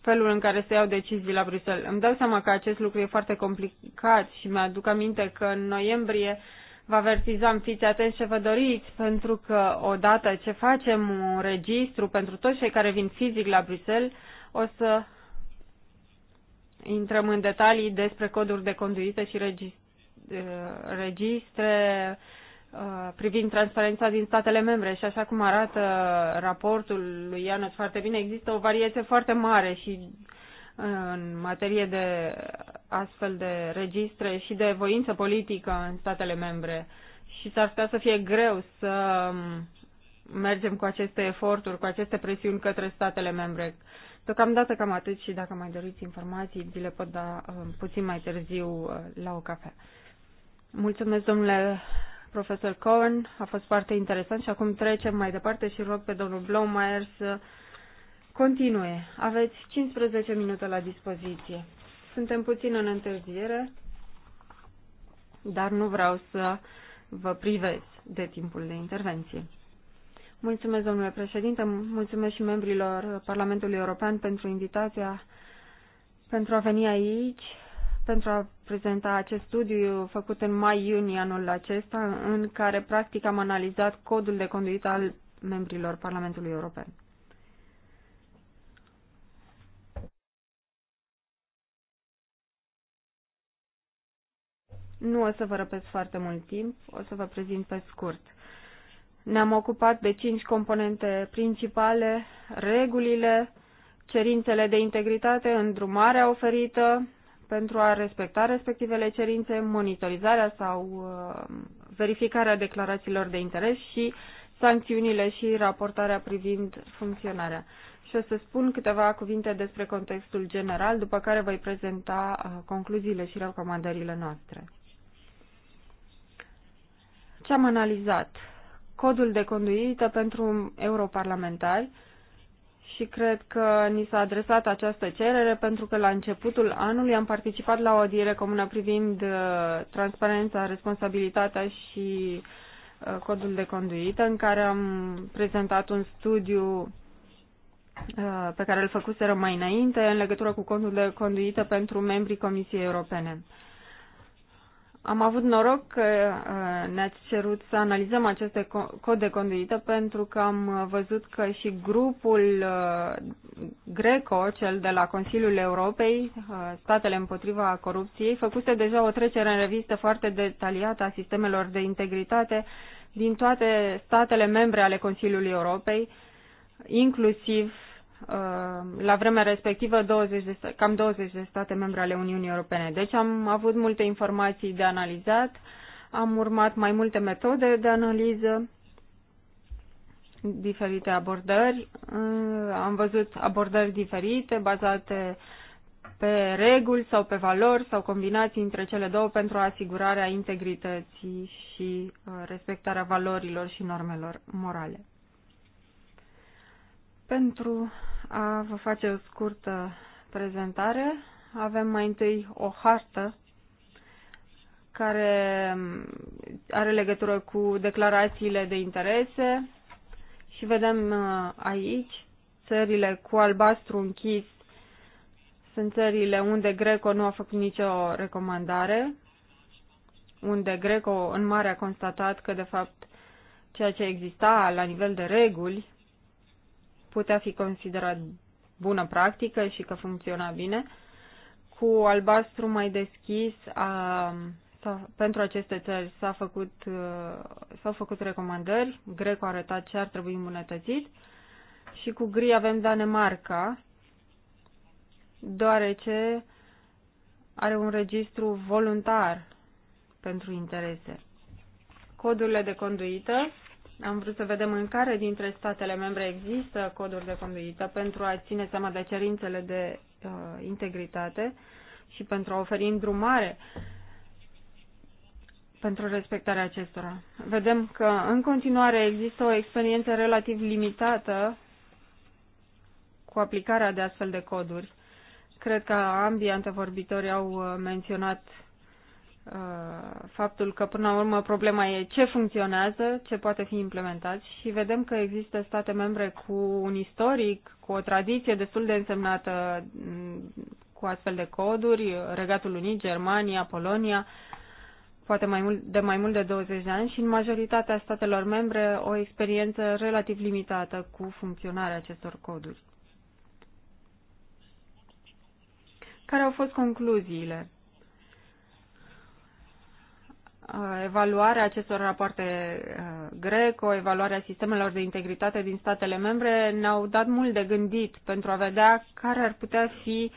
felul în care se iau decizii la Bruxelles. Îmi dau seama că acest lucru e foarte complicat și mi-aduc aminte că în noiembrie vă avertizam, fiți atenți ce vă doriți, pentru că odată ce facem un registru pentru toți cei care vin fizic la Bruxelles, o să intrăm în detalii despre coduri de conduită și registru Uh, registre uh, privind transparența din statele membre și așa cum arată raportul lui Ianus foarte bine, există o varietate foarte mare și uh, în materie de astfel de registre și de voință politică în statele membre și s-ar putea să fie greu să um, mergem cu aceste eforturi, cu aceste presiuni către statele membre. Deocamdată cam atât și dacă mai doriți informații, vi le pot da um, puțin mai târziu la o cafea. Mulțumesc, domnule profesor Cohen. A fost foarte interesant și acum trecem mai departe și rog pe domnul Blomeyer să continue. Aveți 15 minute la dispoziție. Suntem puțin în întârziere, dar nu vreau să vă privez de timpul de intervenție. Mulțumesc, domnule președinte, mulțumesc și membrilor Parlamentului European pentru invitația pentru a veni aici pentru a prezenta acest studiu făcut în mai-iunie anul acesta, în care practic am analizat codul de conduită al membrilor Parlamentului European. Nu o să vă răpesc foarte mult timp, o să vă prezint pe scurt. Ne-am ocupat de cinci componente principale, regulile, cerințele de integritate, îndrumarea oferită, pentru a respecta respectivele cerințe, monitorizarea sau uh, verificarea declarațiilor de interes și sancțiunile și raportarea privind funcționarea. Și o să spun câteva cuvinte despre contextul general, după care voi prezenta uh, concluziile și recomandările noastre. Ce am analizat? Codul de conduită pentru europarlamentari, și cred că ni s-a adresat această cerere pentru că la începutul anului am participat la o audiere comună privind uh, transparența, responsabilitatea și uh, codul de conduită în care am prezentat un studiu uh, pe care îl făcuseră mai înainte în legătură cu codul de conduită pentru membrii Comisiei Europene. Am avut noroc că uh, ne-ați cerut să analizăm aceste cod de conduită pentru că am uh, văzut că și grupul uh, Greco, cel de la Consiliul Europei, Statele împotriva corupției, făcuse deja o trecere în revistă foarte detaliată a sistemelor de integritate din toate statele membre ale Consiliului Europei, inclusiv Uh, la vremea respectivă 20 de, cam 20 de state membre ale Uniunii Europene. Deci am avut multe informații de analizat, am urmat mai multe metode de analiză, diferite abordări, uh, am văzut abordări diferite bazate pe reguli sau pe valori sau combinații între cele două pentru asigurarea integrității și uh, respectarea valorilor și normelor morale. Pentru a vă face o scurtă prezentare, avem mai întâi o hartă care are legătură cu declarațiile de interese și vedem uh, aici țările cu albastru închis sunt țările unde Greco nu a făcut nicio recomandare, unde Greco în mare a constatat că de fapt ceea ce exista la nivel de reguli putea fi considerat bună practică și că funcționa bine. Cu albastru mai deschis a, pentru aceste țări s-a făcut, uh, s-au făcut recomandări, Greco a arătat ce ar trebui îmbunătățit și cu gri avem Danemarca, deoarece are un registru voluntar pentru interese. Codurile de conduită am vrut să vedem în care dintre statele membre există coduri de conduită pentru a ține seama de cerințele de uh, integritate și pentru a oferi îndrumare pentru respectarea acestora. Vedem că în continuare există o experiență relativ limitată cu aplicarea de astfel de coduri. Cred că ambii antevorbitori au uh, menționat Uh, faptul că până la urmă problema e ce funcționează, ce poate fi implementat și vedem că există state membre cu un istoric, cu o tradiție destul de însemnată mm, cu astfel de coduri, Regatul Unit, Germania, Polonia, poate mai mult, de mai mult de 20 de ani și în majoritatea statelor membre o experiență relativ limitată cu funcționarea acestor coduri. Care au fost concluziile? evaluarea acestor rapoarte greco, evaluarea sistemelor de integritate din statele membre ne-au dat mult de gândit pentru a vedea care ar putea fi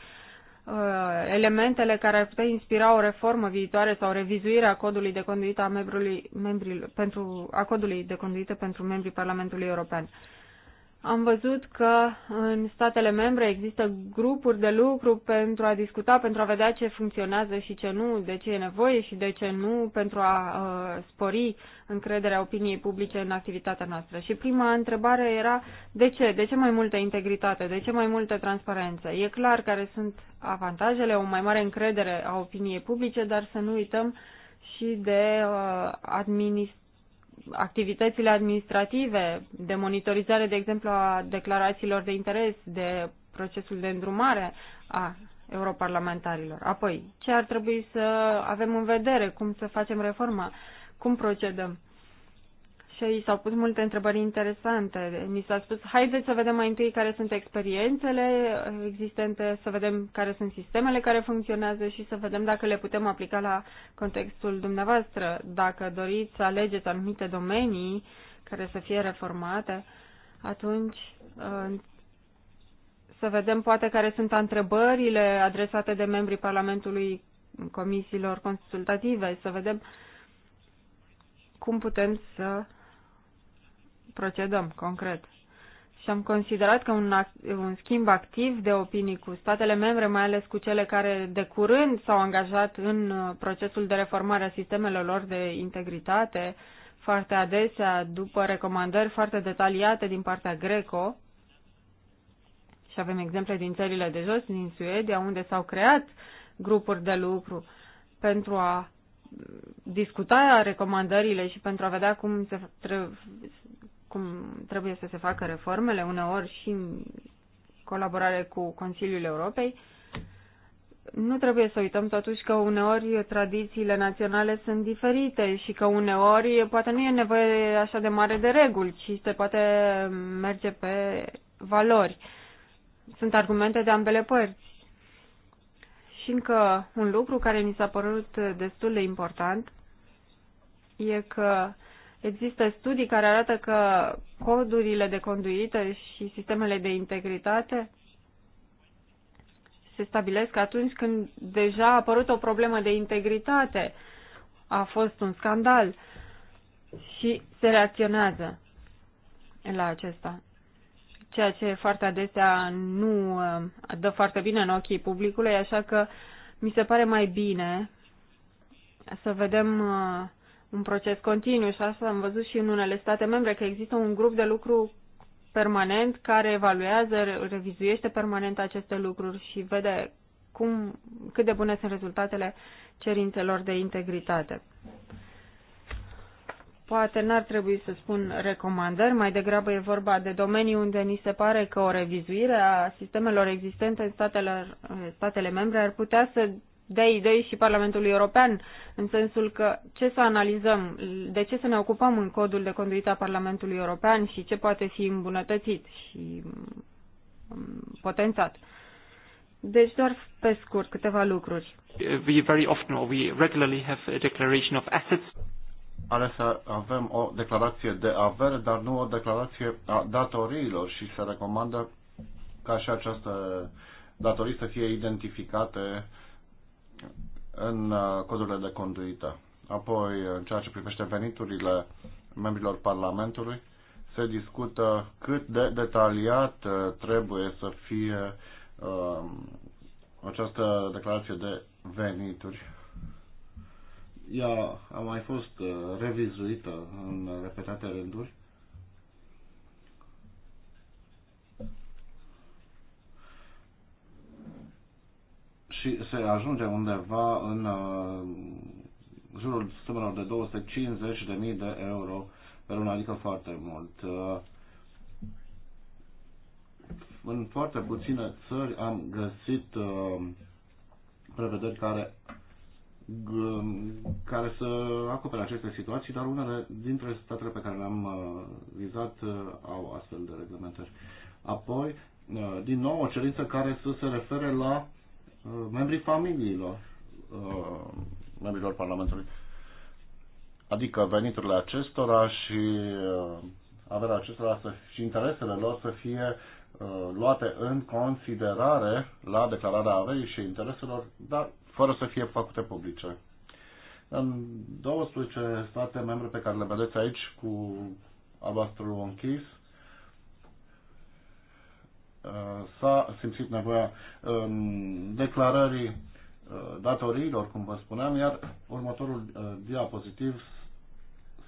elementele care ar putea inspira o reformă viitoare sau revizuirea codului de conduită a membrului, pentru, a codului de conduită pentru membrii Parlamentului European. Am văzut că în statele membre există grupuri de lucru pentru a discuta, pentru a vedea ce funcționează și ce nu, de ce e nevoie și de ce nu, pentru a uh, spori încrederea opiniei publice în activitatea noastră. Și prima întrebare era de ce? De ce mai multă integritate? De ce mai multă transparență? E clar care sunt avantajele, o mai mare încredere a opiniei publice, dar să nu uităm și de uh, administrație activitățile administrative, de monitorizare, de exemplu, a declarațiilor de interes, de procesul de îndrumare a europarlamentarilor. Apoi, ce ar trebui să avem în vedere, cum să facem reforma, cum procedăm și i s-au pus multe întrebări interesante. Mi s-a spus, haideți să vedem mai întâi care sunt experiențele existente, să vedem care sunt sistemele care funcționează și să vedem dacă le putem aplica la contextul dumneavoastră. Dacă doriți să alegeți anumite domenii care să fie reformate, atunci să vedem poate care sunt întrebările adresate de membrii Parlamentului comisiilor consultative, să vedem cum putem să procedăm concret. Și am considerat că un, act, un schimb activ de opinii cu statele membre, mai ales cu cele care de curând s-au angajat în uh, procesul de reformare a sistemelor lor de integritate, foarte adesea după recomandări foarte detaliate din partea Greco, și avem exemple din țările de jos, din Suedia, unde s-au creat grupuri de lucru pentru a discuta recomandările și pentru a vedea cum se, cum trebuie să se facă reformele, uneori și în colaborare cu Consiliul Europei, nu trebuie să uităm totuși că uneori tradițiile naționale sunt diferite și că uneori poate nu e nevoie așa de mare de reguli, ci se poate merge pe valori. Sunt argumente de ambele părți. Și încă un lucru care mi s-a părut destul de important e că Există studii care arată că codurile de conduită și sistemele de integritate se stabilesc atunci când deja a apărut o problemă de integritate, a fost un scandal și se reacționează la acesta. Ceea ce foarte adesea nu uh, dă foarte bine în ochii publicului, așa că mi se pare mai bine să vedem uh, un proces continuu și asta am văzut și în unele state membre, că există un grup de lucru permanent care evaluează, revizuiește permanent aceste lucruri și vede cum, cât de bune sunt rezultatele cerințelor de integritate. Poate n-ar trebui să spun recomandări, mai degrabă e vorba de domenii unde ni se pare că o revizuire a sistemelor existente în statele, statele membre ar putea să de idei și Parlamentului European, în sensul că ce să analizăm, de ce să ne ocupăm în codul de conduită a Parlamentului European și ce poate fi îmbunătățit și um, potențat. Deci doar pe scurt câteva lucruri. We very often or we regularly have a declaration of assets. Alesa, avem o declarație de avere, dar nu o declarație a datoriilor și se recomandă ca și această datorii să fie identificate în uh, codurile de conduită. Apoi, în ceea ce privește veniturile membrilor Parlamentului, se discută cât de detaliat uh, trebuie să fie uh, această declarație de venituri. Ea a mai fost uh, revizuită în repetate rânduri și se ajunge undeva în uh, jurul sumelor de 250.000 de euro pe lună, adică foarte mult. Uh, în foarte puține țări am găsit uh, prevederi care care să acopere aceste situații, dar unele dintre statele pe care le-am vizat au astfel de reglementări. Apoi, din nou, o cerință care să se refere la Uh, membrii familiilor, uh, membrilor Parlamentului. Adică veniturile acestora și uh, averea acestora să, și interesele lor să fie luate în considerare la declararea averii și intereselor, dar fără să fie făcute publice. În 12 state membre pe care le vedeți aici cu albastru închis, s-a simțit nevoia um, declarării uh, datoriilor, cum vă spuneam, iar următorul uh, diapozitiv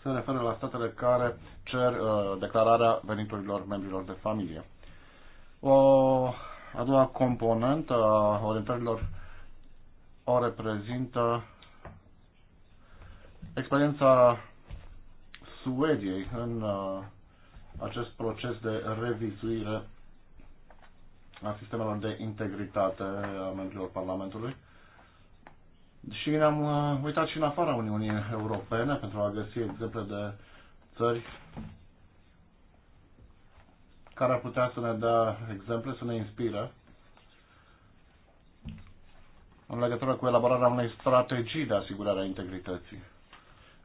se referă la statele care cer uh, declararea veniturilor membrilor de familie. O a doua componentă a orientărilor o reprezintă experiența Suediei în acest proces de revizuire a sistemelor de integritate a membrilor Parlamentului. Și ne-am uh, uitat și în afara Uniunii Europene pentru a găsi exemple de țări care ar putea să ne dea exemple, să ne inspire în legătură cu elaborarea unei strategii de asigurare a integrității.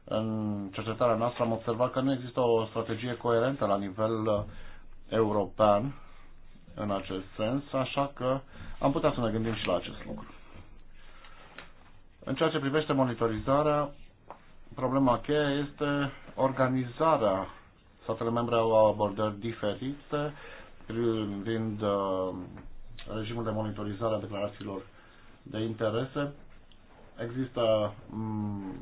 În cercetarea noastră am observat că nu există o strategie coerentă la nivel uh, european în acest sens, așa că am putea să ne gândim și la acest lucru. În ceea ce privește monitorizarea, problema cheie este organizarea. Statele membre au abordări diferite privind uh, regimul de monitorizare a declarațiilor de interese. Există um,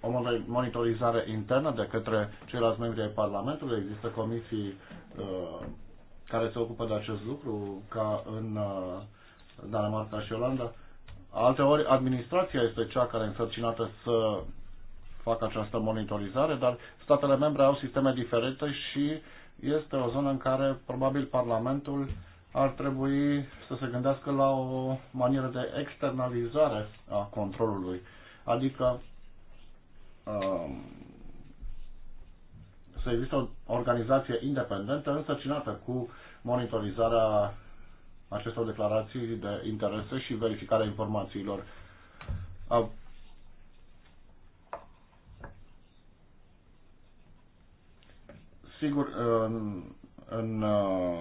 o monitorizare internă de către ceilalți membri ai Parlamentului, există comisii uh, care se ocupă de acest lucru, ca în uh, Danemarca și Olanda. ori, administrația este cea care e însărcinată să facă această monitorizare, dar statele membre au sisteme diferite și este o zonă în care probabil Parlamentul ar trebui să se gândească la o manieră de externalizare a controlului, adică um, să existe o organizație independentă însăcinată cu monitorizarea acestor declarații de interese și verificarea informațiilor. Sigur, în, în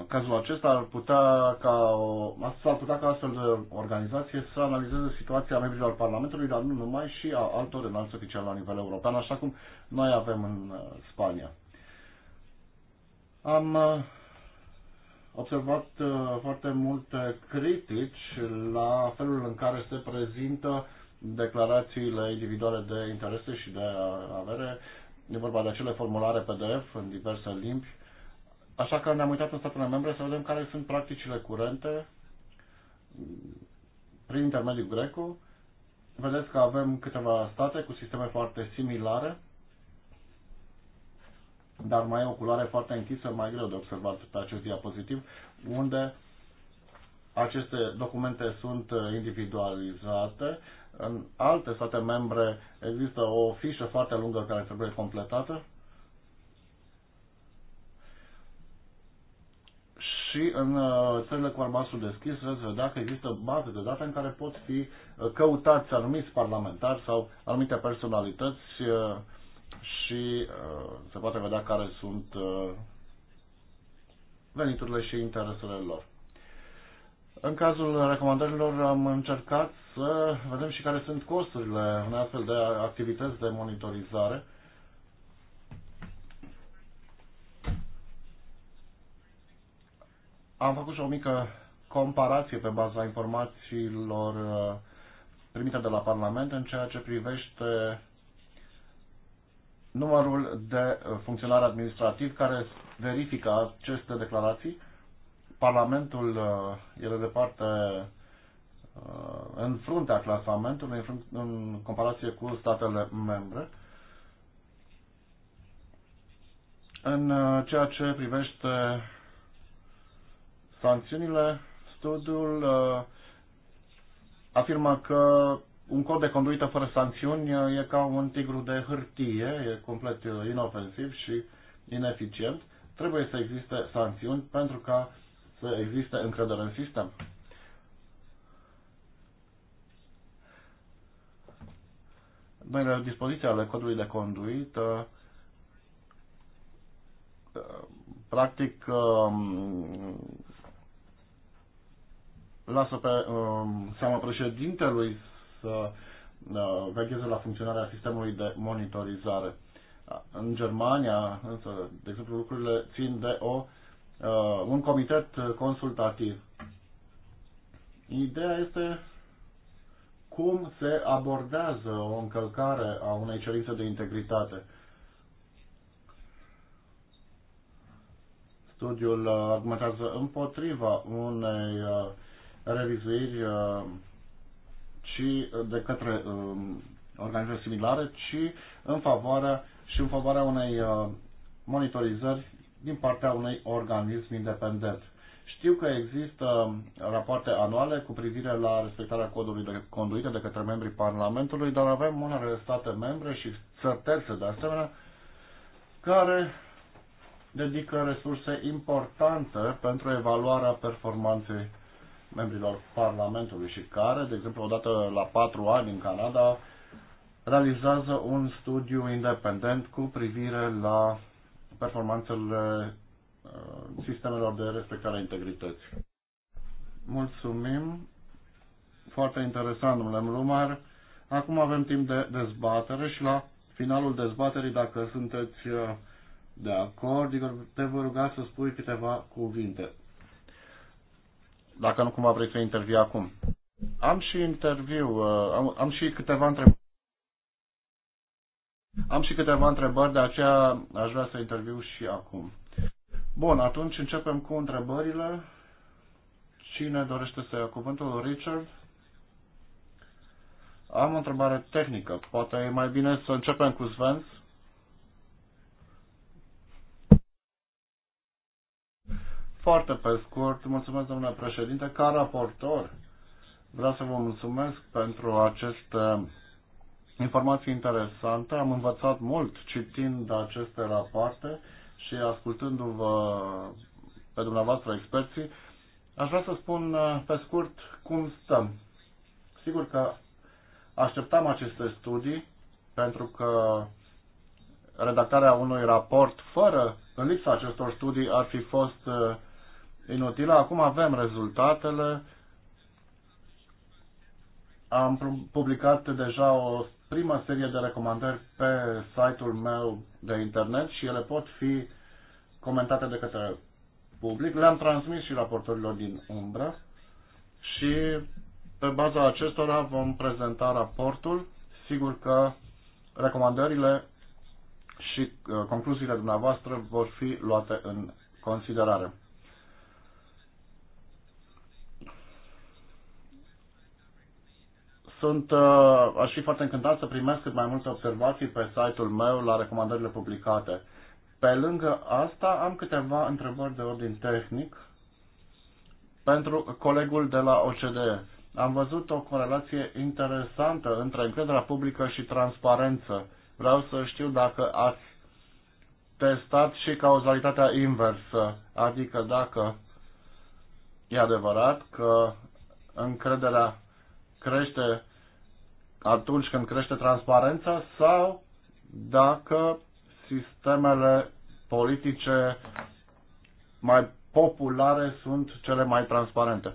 cazul acesta ar putea ca o, ar putea ca astfel de organizație să analizeze situația membrilor Parlamentului, dar nu numai și a altor înalți oficiali la nivel european, așa cum noi avem în uh, Spania. Am uh, observat uh, foarte multe critici la felul în care se prezintă declarațiile individuale de interese și de uh, avere. E vorba de acele formulare PDF în diverse limbi. Așa că ne-am uitat în statele membre să vedem care sunt practicile curente prin intermediul Greco. Vedeți că avem câteva state cu sisteme foarte similare dar mai e o culoare foarte închisă, mai greu de observat pe acest diapozitiv, unde aceste documente sunt uh, individualizate. În alte state membre există o fișă foarte lungă care trebuie completată și în uh, țările cu albastru deschis veți vedea că există baze de date în care pot fi uh, căutați anumiți parlamentari sau anumite personalități și uh, se poate vedea care sunt uh, veniturile și interesele lor. În cazul recomandărilor am încercat să vedem și care sunt costurile unei astfel de activități de monitorizare. Am făcut și o mică comparație pe baza informațiilor uh, primite de la Parlament în ceea ce privește numărul de uh, funcționari administrativ care verifică aceste declarații. Parlamentul este uh, de parte uh, în fruntea clasamentului în, frunt, în comparație cu statele membre. În ceea ce privește sancțiunile, studiul afirmă că un cod de conduită fără sancțiuni uh, e ca un tigru de hârtie, e complet uh, inofensiv și ineficient. Trebuie să existe sancțiuni pentru ca să existe încredere în sistem. Noile dispoziții ale codului de conduită uh, practic um, lasă pe um, seama președintelui să uh, vecheze la funcționarea sistemului de monitorizare. În Germania, însă, de exemplu, lucrurile țin de o, uh, un comitet consultativ. Ideea este cum se abordează o încălcare a unei cerințe de integritate. Studiul argumentează împotriva unei uh, revizuiri ci uh, de către um, organizații similare, ci în favoarea și în favoarea unei uh, monitorizări din partea unui organism independent. Știu că există um, rapoarte anuale cu privire la respectarea codului de conduită de către membrii Parlamentului, dar avem unele state membre și țări terțe de asemenea care dedică resurse importante pentru evaluarea performanței membrilor Parlamentului și care, de exemplu, odată la patru ani în Canada, realizează un studiu independent cu privire la performanțele uh, sistemelor de respectare a integrității. Mulțumim! Foarte interesant, domnule Mlumar. Acum avem timp de dezbatere și la finalul dezbaterii, dacă sunteți uh, de acord, Igor, te vă ruga să spui câteva cuvinte dacă nu cumva vrei să intervii acum. Am și interviu, uh, am, am și câteva întrebări. Am și câteva întrebări, de aceea aș vrea să interviu și acum. Bun, atunci începem cu întrebările. Cine dorește să ia cuvântul? Richard? Am o întrebare tehnică. Poate e mai bine să începem cu Svens. Foarte pe scurt, mulțumesc domnule președinte, ca raportor vreau să vă mulțumesc pentru aceste informații interesante. Am învățat mult citind aceste rapoarte și ascultându-vă pe dumneavoastră experții. Aș vrea să spun uh, pe scurt cum stăm. Sigur că așteptam aceste studii pentru că redactarea unui raport fără, în lipsa acestor studii, ar fi fost uh, inutilă. Acum avem rezultatele. Am publicat deja o prima serie de recomandări pe site-ul meu de internet și ele pot fi comentate de către public. Le-am transmis și raportorilor din umbră și pe baza acestora vom prezenta raportul. Sigur că recomandările și uh, concluziile dumneavoastră vor fi luate în considerare. sunt, uh, aș fi foarte încântat să primesc cât mai multe observații pe site-ul meu la recomandările publicate. Pe lângă asta am câteva întrebări de ordin tehnic pentru colegul de la OCDE. Am văzut o corelație interesantă între încrederea publică și transparență. Vreau să știu dacă ați testat și cauzalitatea inversă, adică dacă e adevărat că încrederea crește atunci când crește transparența sau dacă sistemele politice mai populare sunt cele mai transparente.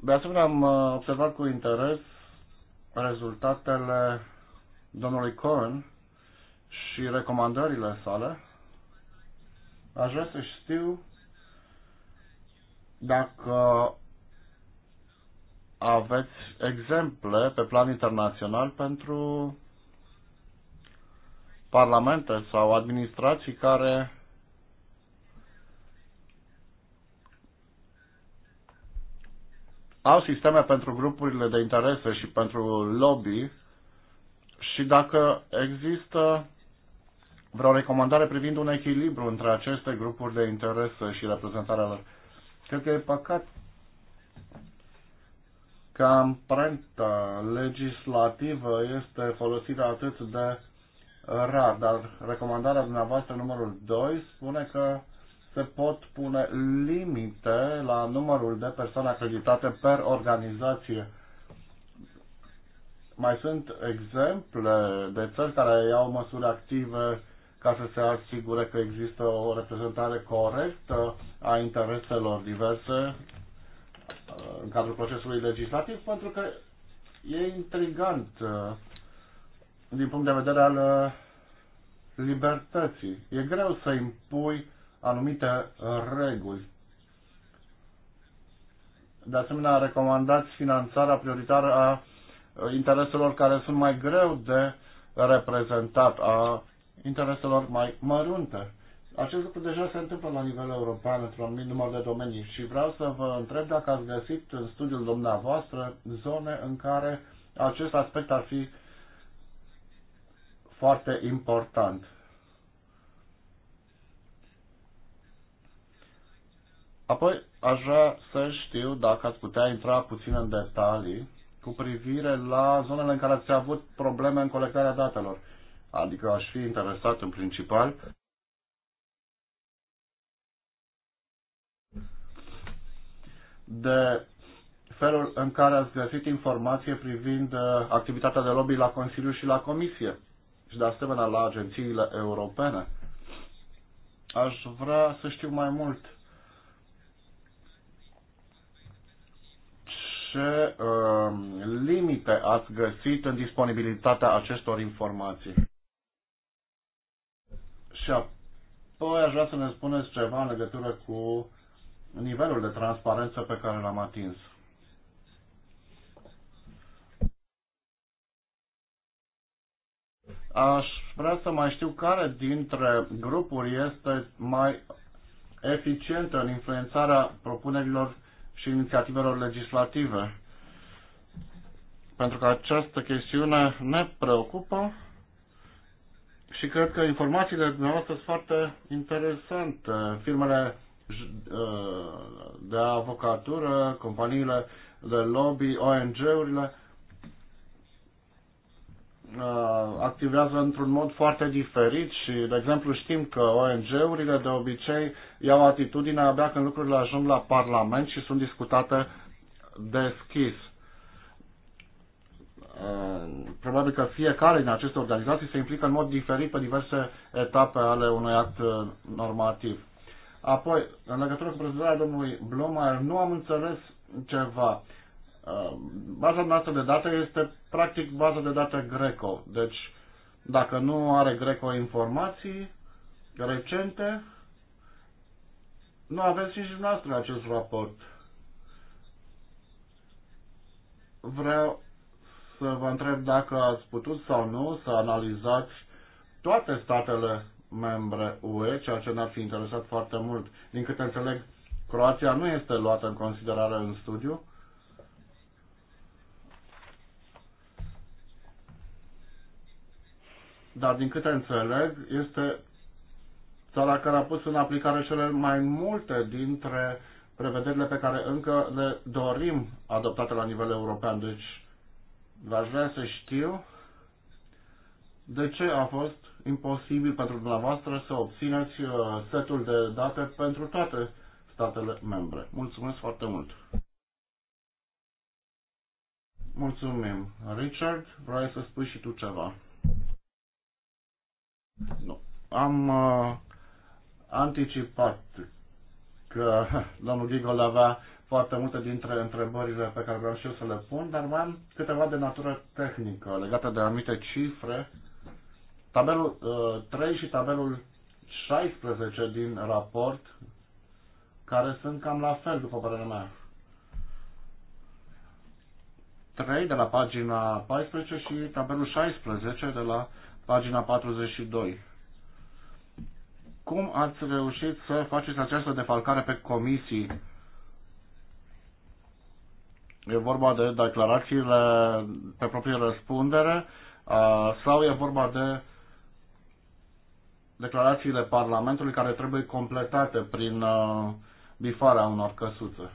De asemenea, am uh, observat cu interes rezultatele domnului Cohen și recomandările sale. Aș vrea să știu dacă aveți exemple pe plan internațional pentru parlamente sau administrații care au sisteme pentru grupurile de interese și pentru lobby și dacă există vreo recomandare privind un echilibru între aceste grupuri de interese și reprezentarea lor. Cred că e păcat că amprenta legislativă este folosită atât de rar, dar recomandarea dumneavoastră numărul 2 spune că se pot pune limite la numărul de persoane acreditate per organizație. Mai sunt exemple de țări care iau măsuri active ca să se asigure că există o reprezentare corectă a intereselor diverse în cadrul procesului legislativ, pentru că e intrigant uh, din punct de vedere al uh, libertății. E greu să impui anumite uh, reguli. De asemenea, recomandați finanțarea prioritară a intereselor care sunt mai greu de reprezentat, a intereselor mai mărunte. Acest lucru deja se întâmplă la nivel european într-un anumit număr de domenii și vreau să vă întreb dacă ați găsit în studiul dumneavoastră zone în care acest aspect ar fi foarte important. Apoi aș vrea să știu dacă ați putea intra puțin în detalii cu privire la zonele în care ați avut probleme în colectarea datelor. Adică aș fi interesat în principal de felul în care ați găsit informație privind uh, activitatea de lobby la Consiliu și la Comisie și de asemenea la agențiile europene. Aș vrea să știu mai mult ce uh, limite ați găsit în disponibilitatea acestor informații. Și apoi aș vrea să ne spuneți ceva în legătură cu nivelul de transparență pe care l-am atins. Aș vrea să mai știu care dintre grupuri este mai eficientă în influențarea propunerilor și inițiativelor legislative. Pentru că această chestiune ne preocupă și cred că informațiile dumneavoastră sunt foarte interesante. Firmele Uh, de avocatură, companiile de lobby, ONG-urile uh, activează într-un mod foarte diferit și, de exemplu, știm că ONG-urile de obicei iau atitudinea abia când lucrurile ajung la Parlament și sunt discutate deschis. Uh, probabil că fiecare din aceste organizații se implică în mod diferit pe diverse etape ale unui act normativ. Apoi, în legătură cu prezentarea domnului Blomar, nu am înțeles ceva. Uh, baza noastră de date este practic baza de date Greco. Deci, dacă nu are Greco informații recente, nu aveți nici noastră acest raport. Vreau să vă întreb dacă ați putut sau nu să analizați toate statele membre UE, ceea ce ne-ar fi interesat foarte mult. Din câte înțeleg, Croația nu este luată în considerare în studiu. Dar din câte înțeleg, este țara care a pus în aplicare cele mai multe dintre prevederile pe care încă le dorim adoptate la nivel european. Deci, v-aș vrea să știu de ce a fost imposibil pentru dumneavoastră să obțineți uh, setul de date pentru toate statele membre. Mulțumesc foarte mult! Mulțumim. Richard, vrei să spui și tu ceva? Nu. Am uh, anticipat că domnul Gigol avea foarte multe dintre întrebările pe care vreau și eu să le pun, dar mai am câteva de natură tehnică legate de anumite cifre Tabelul 3 uh, și tabelul 16 din raport, care sunt cam la fel, după părerea mea. 3 de la pagina 14 și tabelul 16 de la pagina 42. Cum ați reușit să faceți această defalcare pe comisii? E vorba de declarațiile pe proprie răspundere uh, sau e vorba de declarațiile Parlamentului care trebuie completate prin uh, bifarea unor căsuțe.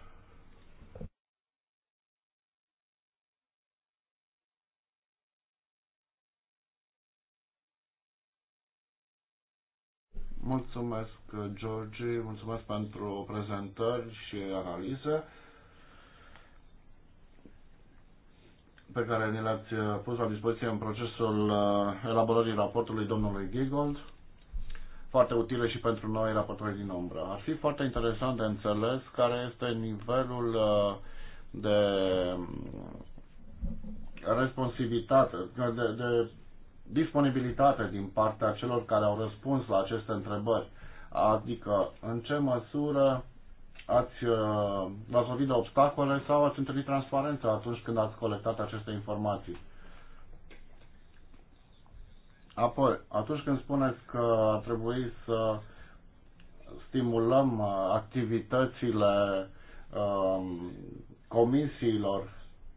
Mulțumesc, George, mulțumesc pentru prezentări și analize pe care ni le-ați pus la dispoziție în procesul uh, elaborării raportului domnului Giggold foarte utile și pentru noi raportorii din umbră. Ar fi foarte interesant de înțeles care este nivelul uh, de responsivitate, de, de disponibilitate din partea celor care au răspuns la aceste întrebări. Adică, în ce măsură ați uh, văzut lovit de obstacole sau ați întâlnit transparență atunci când ați colectat aceste informații? Apoi, atunci când spuneți că ar trebui să stimulăm uh, activitățile um, comisiilor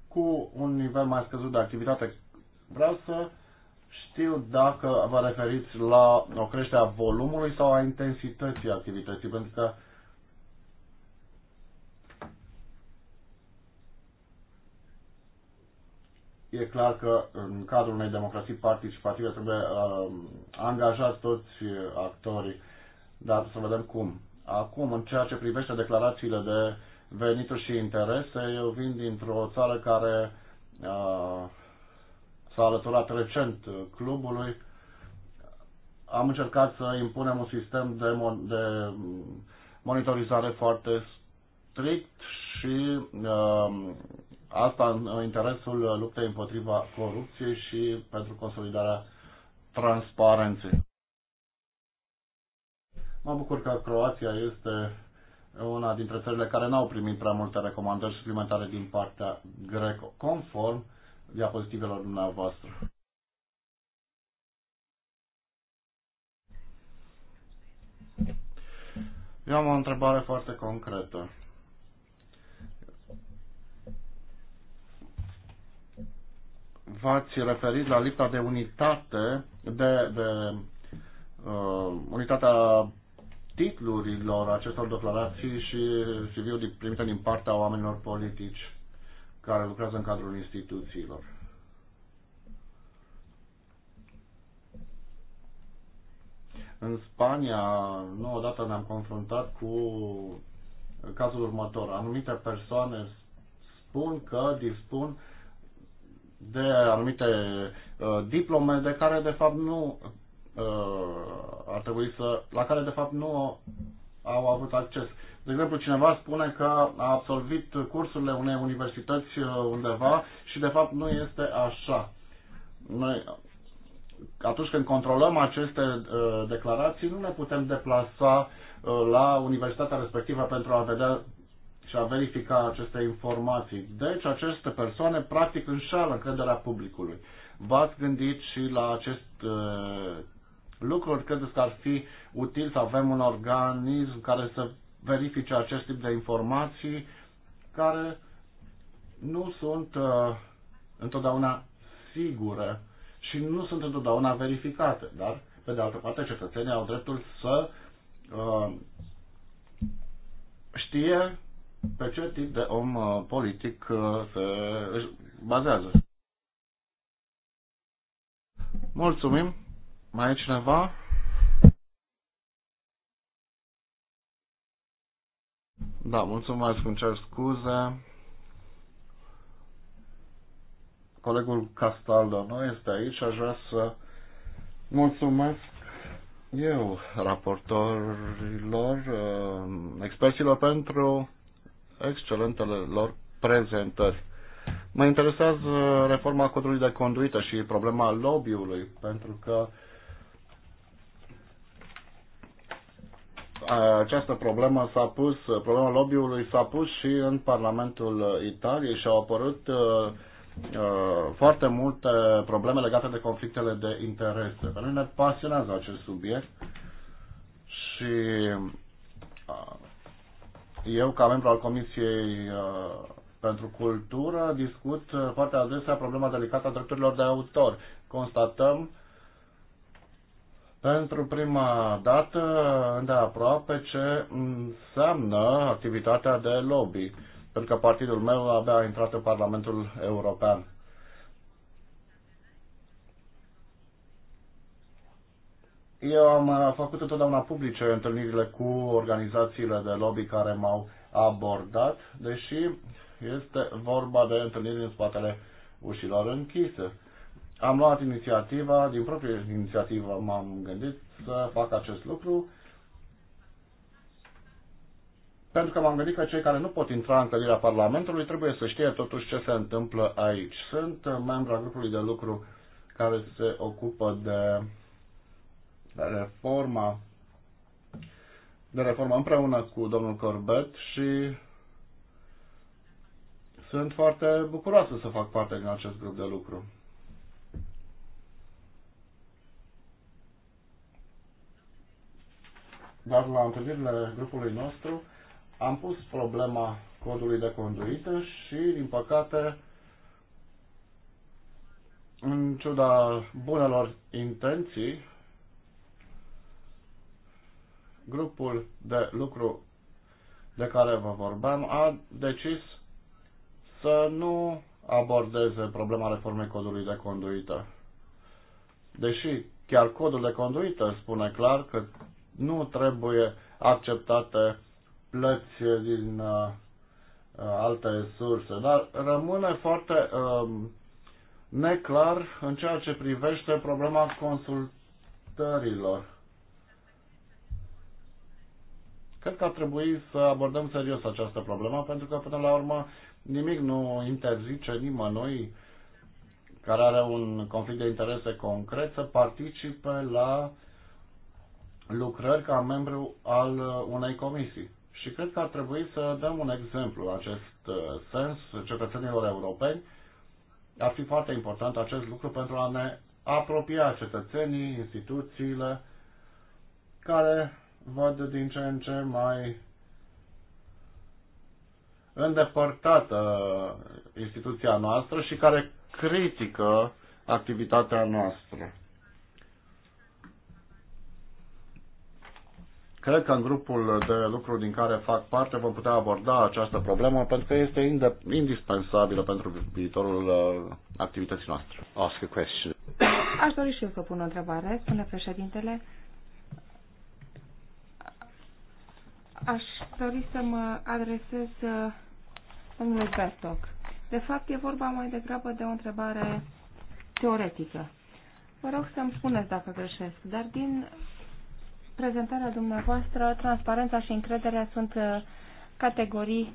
cu un nivel mai scăzut de activitate, vreau să știu dacă vă referiți la o creștere a volumului sau a intensității activității, pentru că e clar că în cadrul unei democrații participative trebuie uh, angajați toți uh, actorii, dar să vedem cum. Acum, în ceea ce privește declarațiile de venituri și interese, eu vin dintr-o țară care uh, s-a alăturat recent uh, clubului. Am încercat să impunem un sistem de, mon- de mm, monitorizare foarte strict și um, asta în interesul luptei împotriva corupției și pentru consolidarea transparenței. Mă bucur că Croația este una dintre țările care n-au primit prea multe recomandări suplimentare din partea greco, conform diapozitivelor dumneavoastră. Eu am o întrebare foarte concretă. v-ați referit la lipsa de unitate, de, de uh, unitatea titlurilor acestor declarații și CV-uri primite din partea oamenilor politici care lucrează în cadrul instituțiilor. În Spania, nu odată ne-am confruntat cu cazul următor. Anumite persoane spun că dispun de anumite uh, diplome de care de fapt nu uh, ar trebui să, la care de fapt nu au avut acces. De exemplu, cineva spune că a absolvit cursurile unei universități uh, undeva și de fapt nu este așa. Noi, atunci când controlăm aceste uh, declarații, nu ne putem deplasa uh, la universitatea respectivă pentru a vedea și a verifica aceste informații. Deci aceste persoane practic înșală încrederea publicului. V-ați gândit și la acest uh, lucru? Credeți că ar fi util să avem un organism care să verifice acest tip de informații care nu sunt uh, întotdeauna sigure și nu sunt întotdeauna verificate, dar pe de altă parte cetățenii au dreptul să uh, știe pe ce tip de om uh, politic uh, se bazează. Mulțumim. Mai e cineva? Da, mulțumesc, îmi cer scuze. Colegul Castaldo nu este aici, aș vrea să mulțumesc eu raportorilor, uh, experților pentru excelentele lor prezentări. Mă interesează reforma codului de conduită și problema lobby-ului, pentru că această problemă s-a pus, problema lobby-ului s-a pus și în Parlamentul Italiei și au apărut uh, foarte multe probleme legate de conflictele de interese. Pe noi ne pasionează acest subiect și eu, ca membru al Comisiei uh, pentru Cultură, discut uh, foarte adesea problema delicată a drepturilor de autor. Constatăm pentru prima dată îndeaproape ce înseamnă activitatea de lobby, pentru că partidul meu abia a intrat în Parlamentul European. Eu am uh, făcut întotdeauna publice întâlnirile cu organizațiile de lobby care m-au abordat, deși este vorba de întâlniri în spatele ușilor închise. Am luat inițiativa, din proprie inițiativă m-am gândit să fac acest lucru, pentru că m-am gândit că cei care nu pot intra în clădirea Parlamentului trebuie să știe totuși ce se întâmplă aici. Sunt membru grupului de lucru care se ocupă de reforma de reformă împreună cu domnul Corbet și sunt foarte bucuroasă să fac parte din acest grup de lucru. Dar la întâlnirile grupului nostru am pus problema codului de conduită și, din păcate, în ciuda bunelor intenții, Grupul de lucru de care vă vorbeam a decis să nu abordeze problema reformei codului de conduită. Deși chiar codul de conduită spune clar că nu trebuie acceptate plăți din uh, uh alte surse, dar rămâne foarte uh, neclar în ceea ce privește problema consultărilor. Cred că ar trebui să abordăm serios această problemă, pentru că, până la urmă, nimic nu interzice nimănui care are un conflict de interese concret să participe la lucrări ca membru al unei comisii. Și cred că ar trebui să dăm un exemplu în acest uh, sens cetățenilor europeni. Ar fi foarte important acest lucru pentru a ne apropia cetățenii, instituțiile care văd din ce în ce mai îndepărtată instituția noastră și care critică activitatea noastră. Cred că în grupul de lucru din care fac parte vom putea aborda această problemă pentru că este indispensabilă pentru viitorul uh, activității noastre. Ask a question. Aș dori și eu să pun o întrebare, spune președintele. Aș dori să mă adresez uh, domnului Bertoc. De fapt, e vorba mai degrabă de o întrebare teoretică. Vă rog să-mi spuneți dacă greșesc, dar din prezentarea dumneavoastră, transparența și încrederea sunt uh, categorii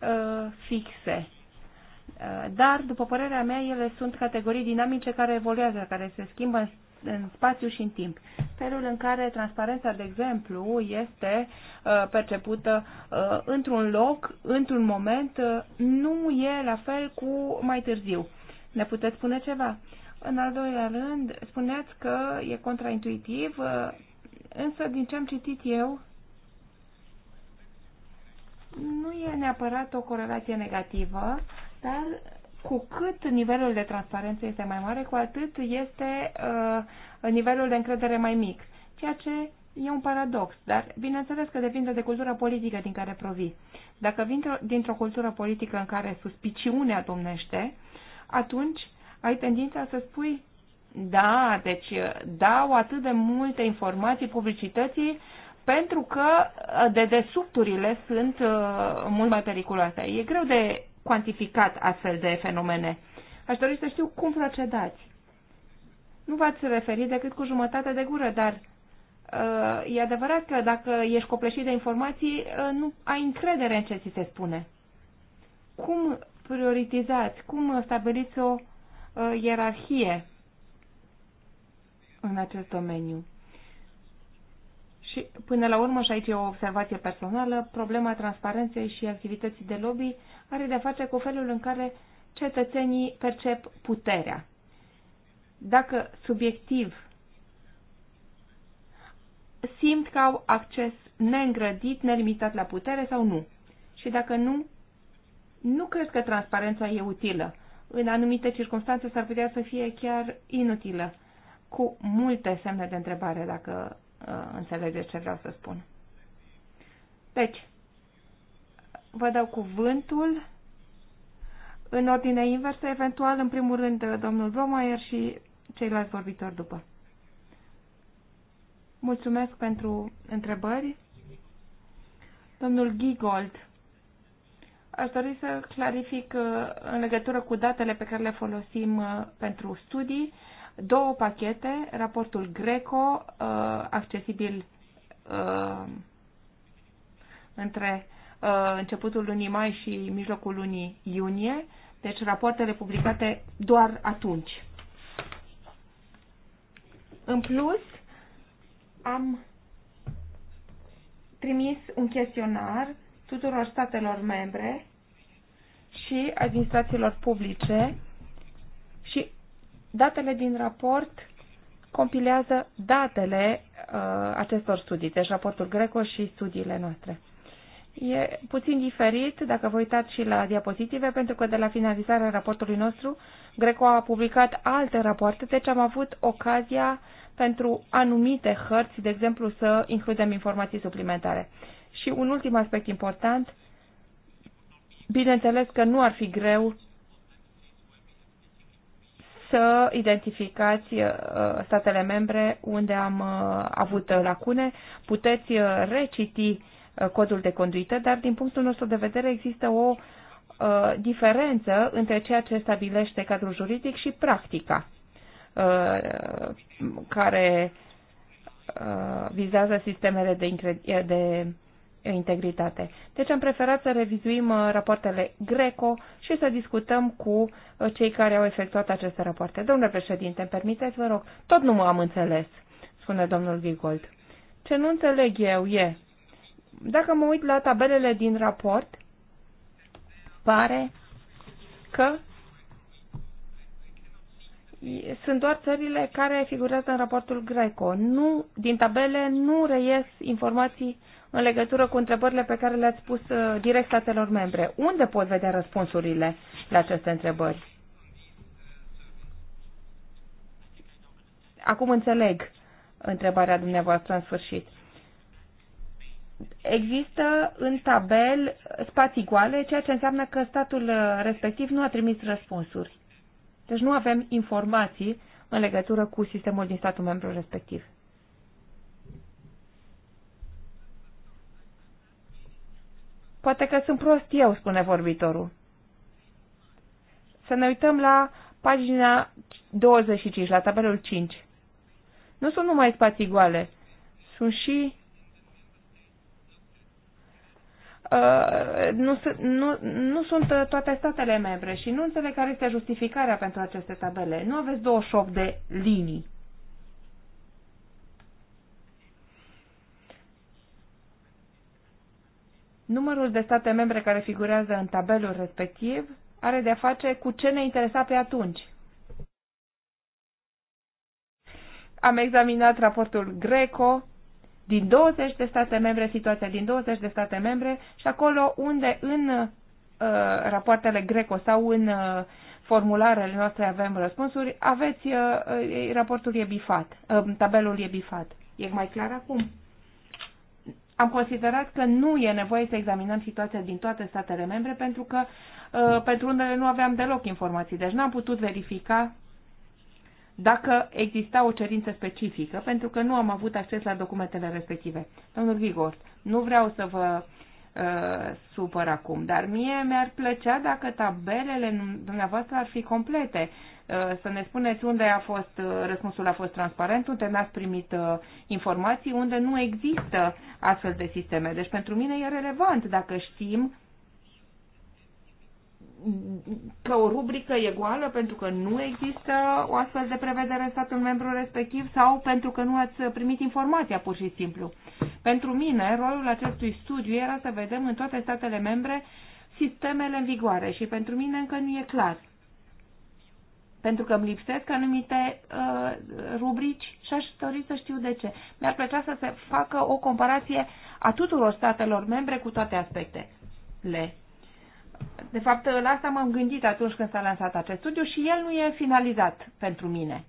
uh, fixe. Uh, dar, după părerea mea, ele sunt categorii dinamice care evoluează, care se schimbă în spațiu și în timp. Felul în care transparența, de exemplu, este uh, percepută uh, într-un loc, într-un moment, uh, nu e la fel cu mai târziu. Ne puteți spune ceva? În al doilea rând, spuneați că e contraintuitiv, însă din ce am citit eu, nu e neapărat o corelație negativă, dar cu cât nivelul de transparență este mai mare, cu atât este uh, nivelul de încredere mai mic, ceea ce e un paradox, dar bineînțeles că depinde de cultura politică din care provii. Dacă vin dintr-o, cultură politică în care suspiciunea domnește, atunci ai tendința să spui, da, deci uh, dau atât de multe informații publicității pentru că uh, dedesubturile sunt uh, mult mai periculoase. E greu de cuantificat astfel de fenomene. Aș dori să știu cum procedați. Nu v-ați referit decât cu jumătate de gură, dar uh, e adevărat că dacă ești copleșit de informații, uh, nu ai încredere în ce ți se spune. Cum prioritizați, cum stabiliți o uh, ierarhie în acest domeniu? Și până la urmă, și aici e o observație personală, problema transparenței și activității de lobby are de-a face cu felul în care cetățenii percep puterea. Dacă subiectiv simt că au acces neîngrădit, nelimitat la putere sau nu. Și dacă nu, nu cred că transparența e utilă. În anumite circunstanțe s-ar putea să fie chiar inutilă, cu multe semne de întrebare dacă Uh, înțelegeți ce vreau să spun. Deci, vă dau cuvântul în ordine inversă, eventual, în primul rând, uh, domnul Bromayer și ceilalți vorbitori după. Mulțumesc pentru întrebări. Domnul Gigold, aș dori să clarific uh, în legătură cu datele pe care le folosim pentru studii două pachete, raportul Greco, uh, accesibil uh, între uh, începutul lunii mai și mijlocul lunii iunie, deci rapoartele publicate doar atunci. În plus, am trimis un chestionar tuturor statelor membre și administrațiilor publice Datele din raport compilează datele uh, acestor studii, deci raportul Greco și studiile noastre. E puțin diferit, dacă vă uitați și la diapozitive, pentru că de la finalizarea raportului nostru, Greco a publicat alte rapoarte, deci am avut ocazia pentru anumite hărți, de exemplu, să includem informații suplimentare. Și un ultim aspect important, bineînțeles că nu ar fi greu să identificați uh, statele membre unde am uh, avut uh, lacune, puteți reciti codul de conduită, dar din punctul nostru de vedere există o diferență între ceea ce stabilește cadrul juridic și practica care vizează sistemele de, de integritate. Deci am preferat să revizuim uh, rapoartele Greco și să discutăm cu uh, cei care au efectuat aceste rapoarte. Domnule președinte, îmi permiteți, vă rog, tot nu mă am înțeles, spune domnul Vigold. Ce nu înțeleg eu e, dacă mă uit la tabelele din raport, pare că sunt doar țările care figurează în raportul Greco. Nu, din tabele nu reies informații în legătură cu întrebările pe care le-ați pus uh, direct statelor membre. Unde pot vedea răspunsurile la aceste întrebări? Acum înțeleg întrebarea dumneavoastră în sfârșit. Există în tabel spații goale, ceea ce înseamnă că statul uh, respectiv nu a trimis răspunsuri. Deci nu avem informații în legătură cu sistemul din statul membru respectiv. Poate că sunt prost eu, spune vorbitorul. Să ne uităm la pagina 25, la tabelul 5. Nu sunt numai spații goale, sunt și Uh, nu, nu, nu sunt uh, toate statele membre și nu înțeleg care este justificarea pentru aceste tabele. Nu aveți 28 de linii. Numărul de state membre care figurează în tabelul respectiv are de-a face cu ce ne interesa pe atunci. Am examinat raportul Greco din 20 de state membre, situația din 20 de state membre și acolo unde în uh, rapoartele Greco sau în uh, formularele noastre avem răspunsuri, aveți, uh, uh raportul e bifat, uh, tabelul e bifat. E mai clar acum? am considerat că nu e nevoie să examinăm situația din toate statele membre pentru că uh, pentru unele nu aveam deloc informații. Deci n-am putut verifica dacă exista o cerință specifică, pentru că nu am avut acces la documentele respective. Domnul Vigor, nu vreau să vă uh, supăr acum, dar mie mi-ar plăcea dacă tabelele dumneavoastră ar fi complete. Uh, să ne spuneți unde a fost, uh, răspunsul a fost transparent, unde n-ați primit uh, informații, unde nu există astfel de sisteme. Deci pentru mine e relevant dacă știm că o rubrică e goală pentru că nu există o astfel de prevedere în statul membru respectiv sau pentru că nu ați primit informația pur și simplu. Pentru mine, rolul acestui studiu era să vedem în toate statele membre sistemele în vigoare și pentru mine încă nu e clar. Pentru că îmi lipsesc anumite uh, rubrici și aș dori să știu de ce. Mi-ar plăcea să se facă o comparație a tuturor statelor membre cu toate aspectele de fapt, la asta m-am gândit atunci când s-a lansat acest studiu și el nu e finalizat pentru mine.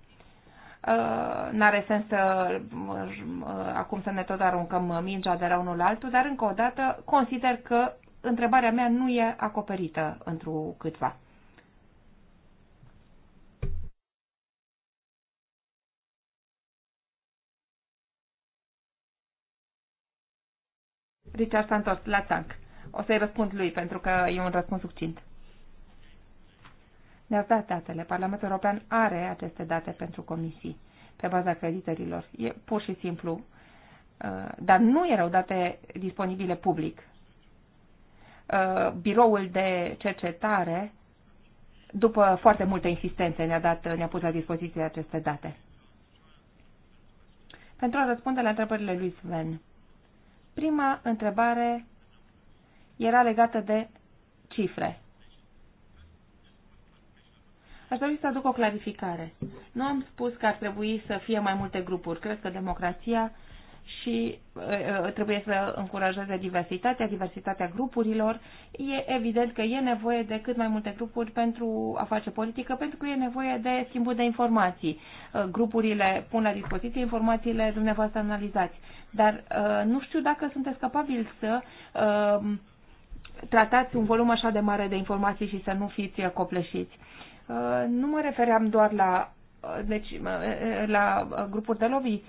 Uh, n-are sens să, uh, acum să ne tot aruncăm mingea de la unul la altul, dar încă o dată consider că întrebarea mea nu e acoperită într-o câtva. Richard Santos, la tank o să-i răspund lui, pentru că e un răspuns succint. ne au dat datele. Parlamentul European are aceste date pentru comisii, pe baza creditărilor. E pur și simplu. Uh, dar nu erau date disponibile public. Uh, biroul de cercetare, după foarte multe insistențe, ne-a, dat, ne-a pus la dispoziție aceste date. Pentru a răspunde la întrebările lui Sven. Prima întrebare era legată de cifre. Aș dori să aduc o clarificare. Nu am spus că ar trebui să fie mai multe grupuri. Cred că democrația și trebuie să încurajeze diversitatea, diversitatea grupurilor. E evident că e nevoie de cât mai multe grupuri pentru a face politică, pentru că e nevoie de schimbul de informații. Grupurile pun la dispoziție informațiile dumneavoastră analizați. Dar nu știu dacă sunteți capabili să tratați un volum așa de mare de informații și să nu fiți uh, copleșiți. Uh, nu mă refeream doar la, uh, deci, la grupuri de lobby.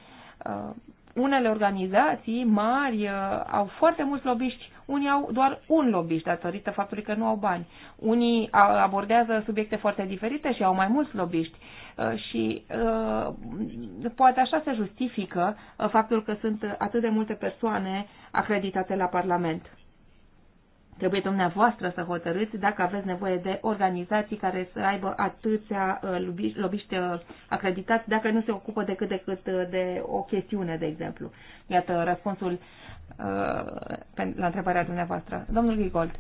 Unele organizații mari au foarte mulți lobbyști, unii au doar un lobbyist, datorită faptului că nu au bani. Unii abordează subiecte foarte diferite și au mai mulți lobbyști. și poate așa se justifică faptul că sunt atât de multe persoane acreditate la Parlament. Trebuie dumneavoastră să hotărâți dacă aveți nevoie de organizații care să aibă atâția uh, lobiști uh, acreditați, dacă nu se ocupă decât cât uh, de o chestiune, de exemplu. Iată răspunsul la întrebarea dumneavoastră. Domnul Gigold,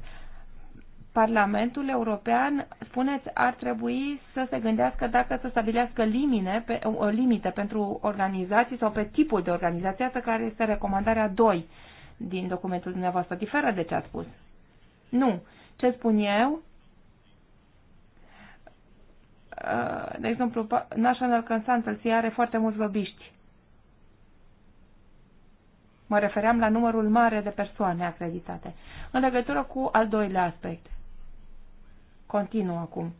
Parlamentul European, spuneți, ar trebui să se gândească dacă să stabilească limite, pe, o limite pentru organizații sau pe tipul de organizație, asta care este recomandarea 2 din documentul dumneavoastră. Diferă de ce ați spus. Nu. Ce spun eu? Uh, de exemplu, National se are foarte mulți lobiști. Mă refeream la numărul mare de persoane acreditate. În legătură cu al doilea aspect. Continuă acum.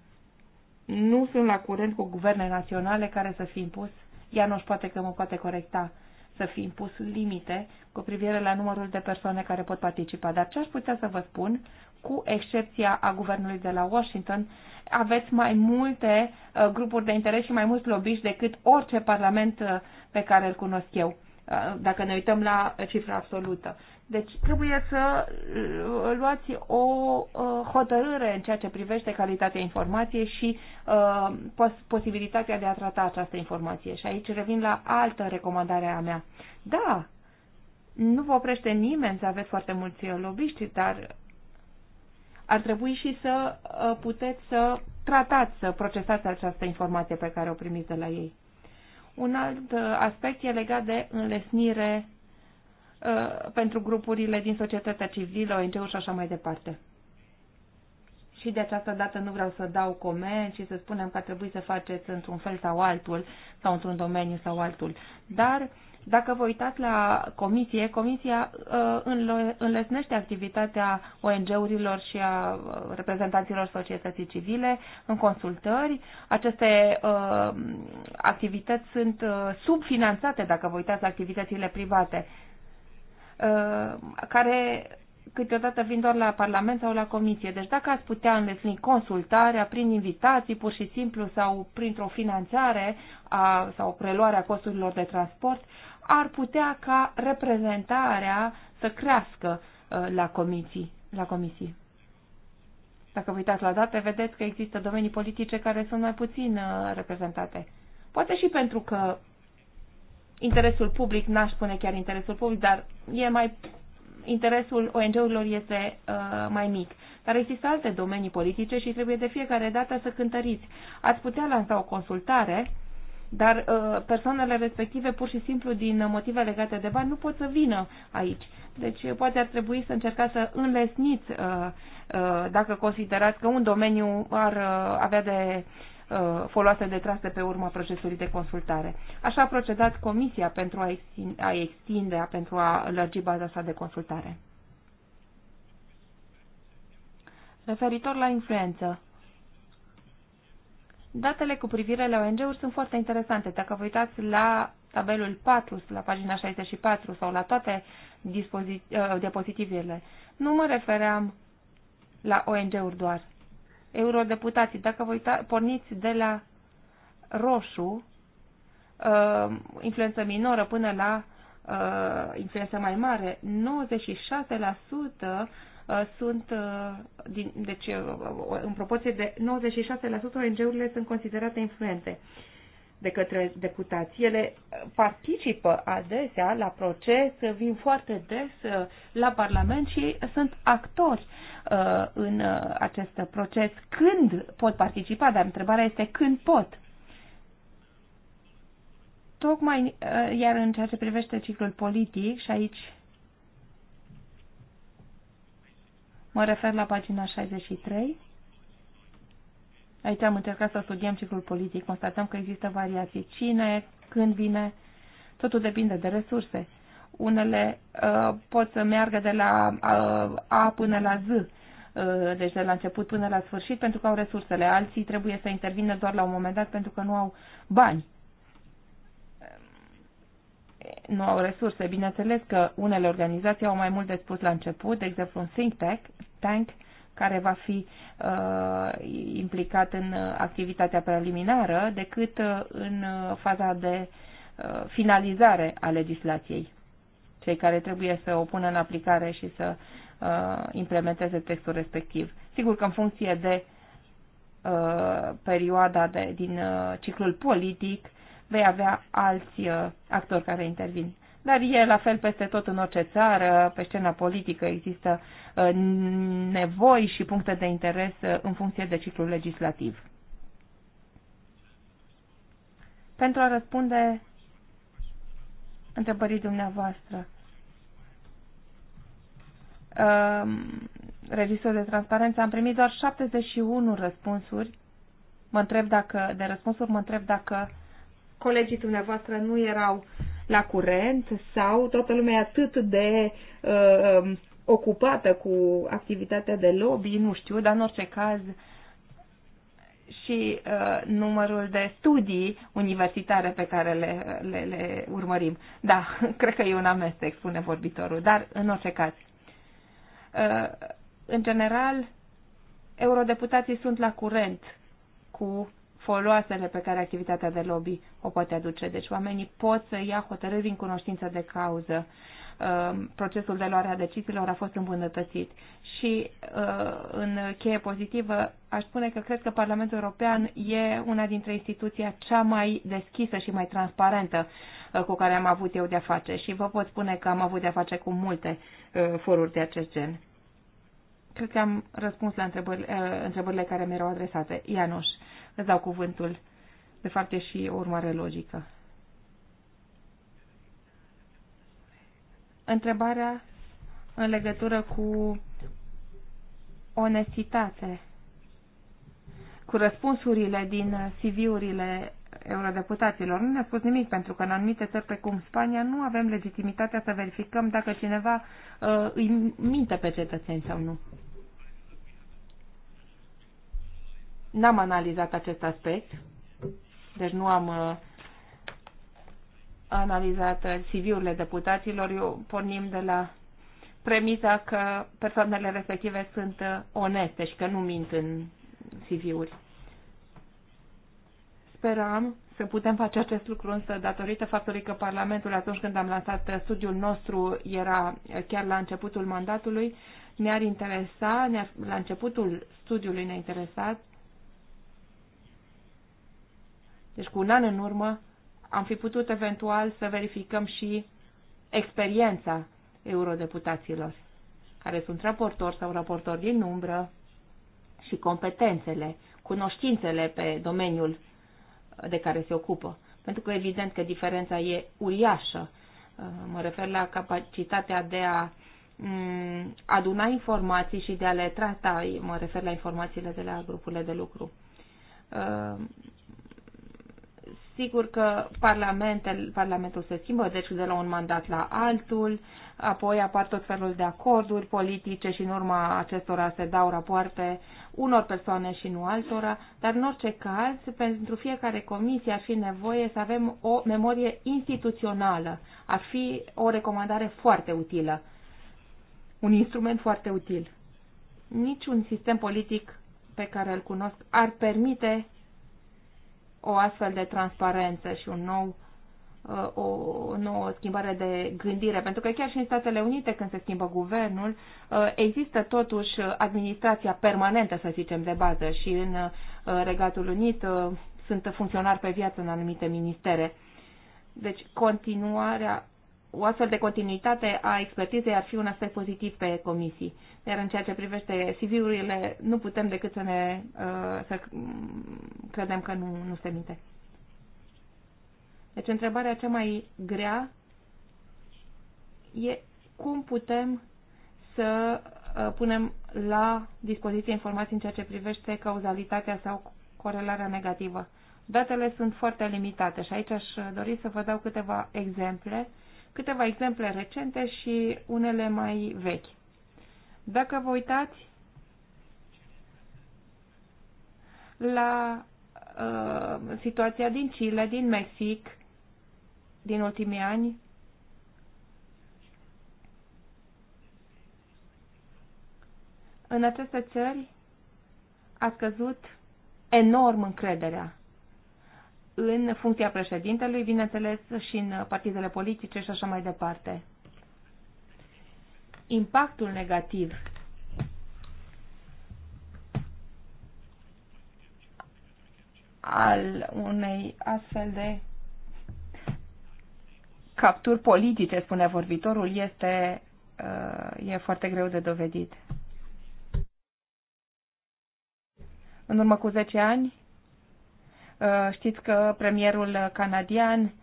Nu sunt la curent cu guverne naționale care să fi impus. Ianoș poate că mă poate corecta să fi impus limite cu privire la numărul de persoane care pot participa. Dar ce aș putea să vă spun, cu excepția a guvernului de la Washington, aveți mai multe uh, grupuri de interes și mai mulți lobiști decât orice parlament uh, pe care îl cunosc eu, uh, dacă ne uităm la cifra absolută. Deci trebuie să uh, luați o uh, hotărâre în ceea ce privește calitatea informației și uh, posibilitatea de a trata această informație. Și aici revin la altă recomandare a mea. Da, nu vă oprește nimeni să aveți foarte mulți lobiști, dar ar trebui și să puteți să tratați, să procesați această informație pe care o primiți de la ei. Un alt aspect e legat de înlesnire Uh, pentru grupurile din societatea civilă, ONG-uri și așa mai departe. Și de această dată nu vreau să dau comenzi și să spunem că trebuie să faceți într-un fel sau altul, sau într-un domeniu sau altul. Dar dacă vă uitați la comisie, comisia uh, înlesnește activitatea ONG-urilor și a uh, reprezentanților societății civile în consultări. Aceste activități sunt subfinanțate dacă vă uitați la activitățile private Uh, care câteodată vin doar la Parlament sau la Comisie. Deci dacă ați putea înlesni consultarea prin invitații pur și simplu sau printr-o finanțare a, sau preluarea costurilor de transport, ar putea ca reprezentarea să crească uh, la comisii. La comisii. Dacă vă uitați la date, vedeți că există domenii politice care sunt mai puțin uh, reprezentate. Poate și pentru că interesul public, n-aș spune chiar interesul public, dar e mai interesul ONG-urilor este uh, mai mic. Dar există alte domenii politice și trebuie de fiecare dată să cântăriți. Ați putea lansa o consultare, dar uh, persoanele respective, pur și simplu din motive legate de bani, nu pot să vină aici. Deci poate ar trebui să încercați să înlesniți, uh, uh, dacă considerați că un domeniu ar uh, avea de Uh, foloase de trase pe urma procesului de consultare. Așa a procedat Comisia pentru a extinde, a extinde pentru a lărgi baza sa de consultare. Referitor la influență, datele cu privire la ONG-uri sunt foarte interesante. Dacă vă uitați la tabelul 4, la pagina 64 sau la toate uh, depozitivele, nu mă refeream la ONG-uri doar eurodeputații. Dacă vă uita, porniți de la roșu, uh, influență minoră până la uh, influență mai mare, 96% uh, sunt, din, deci în proporție de 96% ONG-urile sunt considerate influente de către deputații. Ele uh, participă adesea la proces, vin foarte des uh, la Parlament și sunt actori uh, în acest proces. Când pot participa? Dar întrebarea este când pot? Tocmai, iar în ceea ce privește ciclul politic, și aici mă refer la pagina 63, Aici am încercat să studiem ciclul politic, constatăm că există variații. Cine, când vine, totul depinde de resurse. Unele uh, pot să meargă de la uh, A până la Z, uh, deci de la început până la sfârșit, pentru că au resursele. Alții trebuie să intervină doar la un moment dat pentru că nu au bani. Nu au resurse. Bineînțeles că unele organizații au mai mult de spus la început, de exemplu un think tank, tank care va fi uh, implicat în uh, activitatea preliminară decât uh, în uh, faza de uh, finalizare a legislației. Cei care trebuie să o pună în aplicare și să uh, implementeze textul respectiv. Sigur că în funcție de uh, perioada de, din uh, ciclul politic vei avea alți uh, actori care intervin dar e la fel peste tot în orice țară, pe scena politică există uh, nevoi și puncte de interes uh, în funcție de ciclul legislativ. Pentru a răspunde întrebării dumneavoastră, um, registrul de transparență am primit doar 71 răspunsuri. Mă întreb dacă, de răspunsuri mă întreb dacă colegii dumneavoastră nu erau uh, la curent sau toată lumea e atât de uh, ocupată cu activitatea de lobby, nu știu, dar în orice caz și uh, numărul de studii universitare pe care le, le, le urmărim. Da, cred că e un amestec, spune vorbitorul, dar în orice caz. Uh, în general, eurodeputații sunt la curent cu foloasele pe care activitatea de lobby o poate aduce. Deci oamenii pot să ia hotărâri în cunoștință de cauză. Ehm, procesul de luare a deciziilor a fost îmbunătățit. Și eh, în cheie pozitivă aș spune că cred că Parlamentul European e una dintre instituția cea mai deschisă și mai transparentă eh, cu care am avut eu de-a face și vă pot spune că am avut de-a face cu multe eh, foruri de acest gen. Cred că am răspuns la întrebările, întrebările care mi erau adresate. Ianuș, îți dau cuvântul. De fapt, e și o urmare logică. Întrebarea în legătură cu onestitate, cu răspunsurile din CV-urile eurodeputaților. Nu ne-a spus nimic, pentru că în anumite țări, precum Spania, nu avem legitimitatea să verificăm dacă cineva uh, îi minte pe cetățeni sau nu. N-am analizat acest aspect, deci nu am uh, analizat uh, CV-urile deputaților. Eu pornim de la premisa că persoanele respective sunt uh, oneste și că nu mint în CV-uri. Speram să putem face acest lucru, însă datorită faptului că Parlamentul, atunci când am lansat studiul nostru, era chiar la începutul mandatului, ne-ar interesa, ne la începutul studiului ne-a interesat deci cu un an în urmă am fi putut eventual să verificăm și experiența eurodeputaților, care sunt raportori sau raportori din umbră și competențele, cunoștințele pe domeniul de care se ocupă. Pentru că evident că diferența e uriașă. Mă refer la capacitatea de a mm, aduna informații și de a le trata, mă refer la informațiile de la grupurile de lucru. Sigur că parlamentul, parlamentul se schimbă, deci de la un mandat la altul, apoi apar tot felul de acorduri politice și în urma acestora se dau rapoarte unor persoane și nu altora, dar în orice caz, pentru fiecare comisie ar fi nevoie să avem o memorie instituțională. Ar fi o recomandare foarte utilă, un instrument foarte util. Niciun sistem politic pe care îl cunosc ar permite o astfel de transparență și un nou, uh, o nouă schimbare de gândire. Pentru că chiar și în Statele Unite, când se schimbă guvernul, uh, există totuși administrația permanentă, să zicem, de bază și în uh, Regatul Unit sunt funcționari pe viață în anumite ministere. Deci continuarea o astfel de continuitate a expertizei ar fi un aspect pozitiv pe comisii. Iar în ceea ce privește CV-urile, nu putem decât să ne uh, să credem că nu, nu se minte. Deci întrebarea cea mai grea e cum putem să uh, punem la dispoziție informații în ceea ce privește cauzalitatea sau corelarea negativă. Datele sunt foarte limitate și aici aș dori să vă dau câteva exemple câteva exemple recente și unele mai vechi. Dacă vă uitați la uh, situația din Chile, din Mexic, din ultimii ani, în aceste țări a scăzut enorm încrederea în funcția președintelui, bineînțeles, și în partidele politice și așa mai departe. Impactul negativ al unei astfel de capturi politice, spune vorbitorul, este uh, e foarte greu de dovedit. În urmă cu 10 ani, Uh, știți că premierul canadian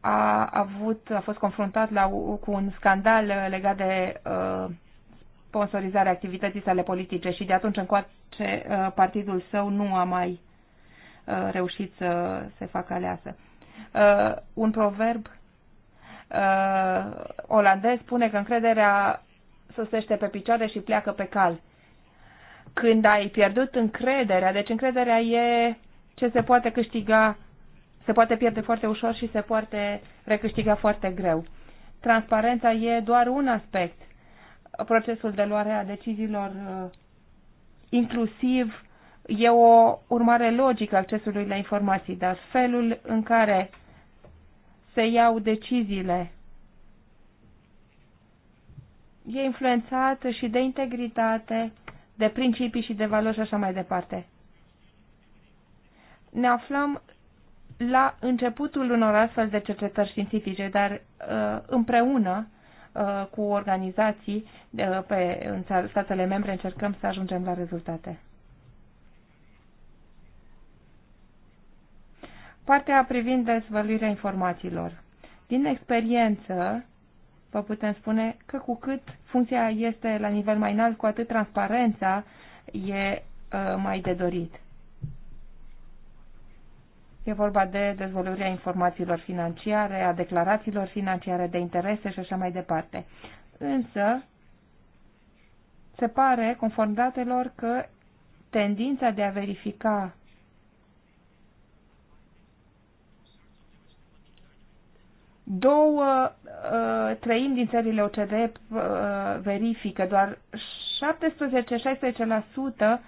a avut, a fost confruntat la, cu un scandal uh, legat de uh, sponsorizarea activității sale politice și de atunci încoace partidul său nu a mai reușit să se facă aleasă. un proverb uh, olandez spune că încrederea sosește pe picioare și pleacă pe cal. Când ai pierdut încrederea, deci încrederea e ce se poate câștiga, se poate pierde foarte ușor și se poate recâștiga foarte greu. Transparența e doar un aspect. Procesul de luare a deciziilor uh, inclusiv e o urmare logică accesului la informații, dar felul în care se iau deciziile e influențat și de integritate, de principii și de valori și așa mai departe ne aflăm la începutul unor astfel de cercetări științifice, dar uh, împreună uh, cu organizații uh, pe, în statele membre încercăm să ajungem la rezultate. Partea privind dezvăluirea informațiilor. Din experiență, vă putem spune că cu cât funcția este la nivel mai înalt, cu atât transparența e mai de dorit. E vorba de dezvoltarea informațiilor financiare, a declarațiilor financiare de interese și așa mai departe. Însă, se pare, conform datelor, că tendința de a verifica două uh, treimi din țările OCD uh, verifică, doar 17-16%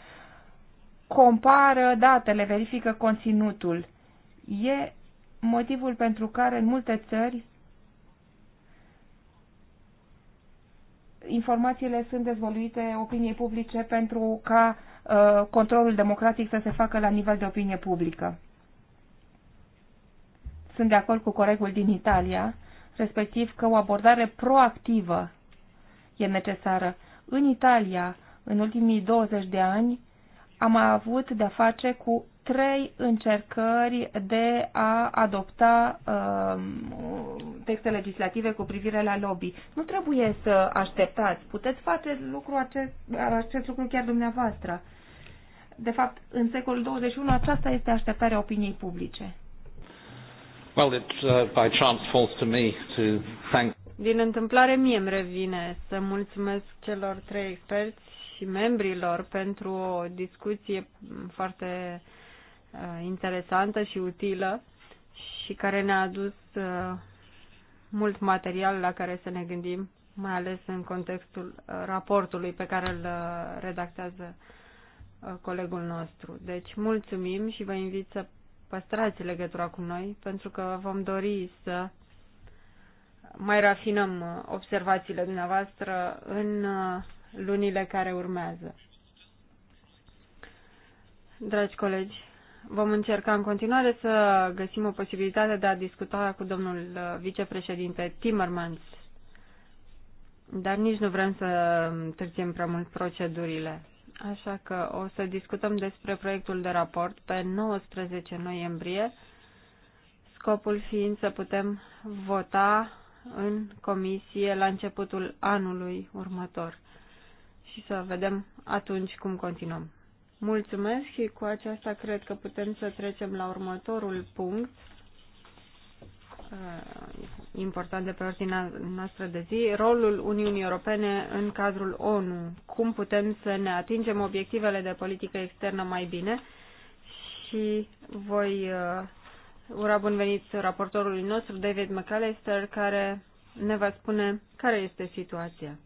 compară datele, verifică conținutul. E motivul pentru care în multe țări informațiile sunt dezvoluite opiniei publice pentru ca uh, controlul democratic să se facă la nivel de opinie publică. Sunt de acord cu colegul din Italia, respectiv că o abordare proactivă e necesară. În Italia, în ultimii 20 de ani, am avut de-a face cu trei încercări de a adopta uh, texte legislative cu privire la lobby. Nu trebuie să așteptați. Puteți face lucru acest, acest lucru chiar dumneavoastră. De fapt, în secolul 21 aceasta este așteptarea opiniei publice. Well, it uh, by chance falls to me to thank din întâmplare mie îmi revine să mulțumesc celor trei experți și membrilor pentru o discuție foarte Uh, interesantă și utilă și care ne-a adus uh, mult material la care să ne gândim, mai ales în contextul uh, raportului pe care îl redactează colegul nostru. Deci mulțumim și vă invit să păstrați legătura cu noi pentru că vom dori să mai rafinăm observațiile dumneavoastră în lunile care urmează. Dragi colegi, Vom încerca în continuare să găsim o posibilitate de a discuta cu domnul uh, vicepreședinte Timmermans, dar nici nu vrem să târțim prea mult procedurile. Așa că o să discutăm despre proiectul de raport pe 19 noiembrie, scopul fiind să putem vota în comisie la începutul anului următor și să vedem atunci cum continuăm. Mulțumesc și cu aceasta cred că putem să trecem la următorul punct uh, important de pe ordinea noastră de zi, rolul Uniunii Europene în cadrul ONU. Cum putem să ne atingem obiectivele de politică externă mai bine și voi uh, ura bun venit raportorului nostru, David McAllister, care ne va spune care este situația.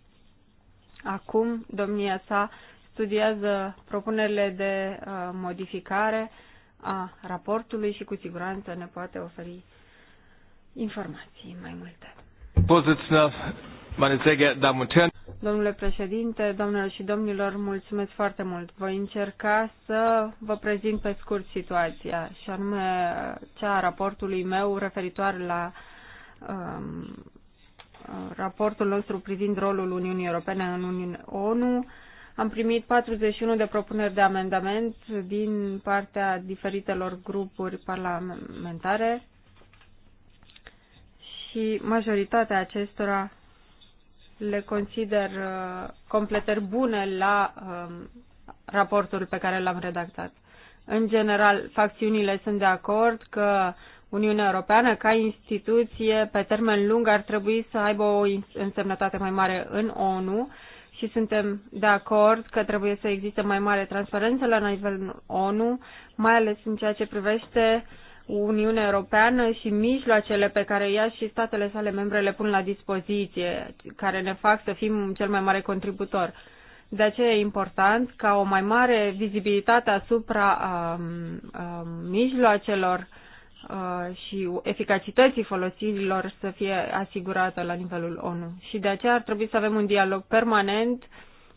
Acum, domnia sa studiază propunerile de uh, modificare a raportului și cu siguranță ne poate oferi informații mai multe. Domnule președinte, domnilor și domnilor, mulțumesc foarte mult. Voi încerca să vă prezint pe scurt situația, și anume cea a raportului meu referitor la um, raportul nostru privind rolul Uniunii Europene în Uniune ONU, am primit 41 de propuneri de amendament din partea diferitelor grupuri parlamentare și majoritatea acestora le consider uh, completări bune la um, raportul pe care l-am redactat. În general, facțiunile sunt de acord că Uniunea Europeană, ca instituție, pe termen lung, ar trebui să aibă o însemnătate mai mare în ONU și suntem de acord că trebuie să existe mai mare transparență la nivel ONU, mai ales în ceea ce privește Uniunea Europeană și mijloacele pe care ea și statele sale membre le pun la dispoziție, care ne fac să fim cel mai mare contributor. De aceea e important ca o mai mare vizibilitate asupra um, um, mijloacelor uh, Uh, și eficacității folosirilor să fie asigurată la nivelul ONU. Și de aceea ar trebui să avem un dialog permanent,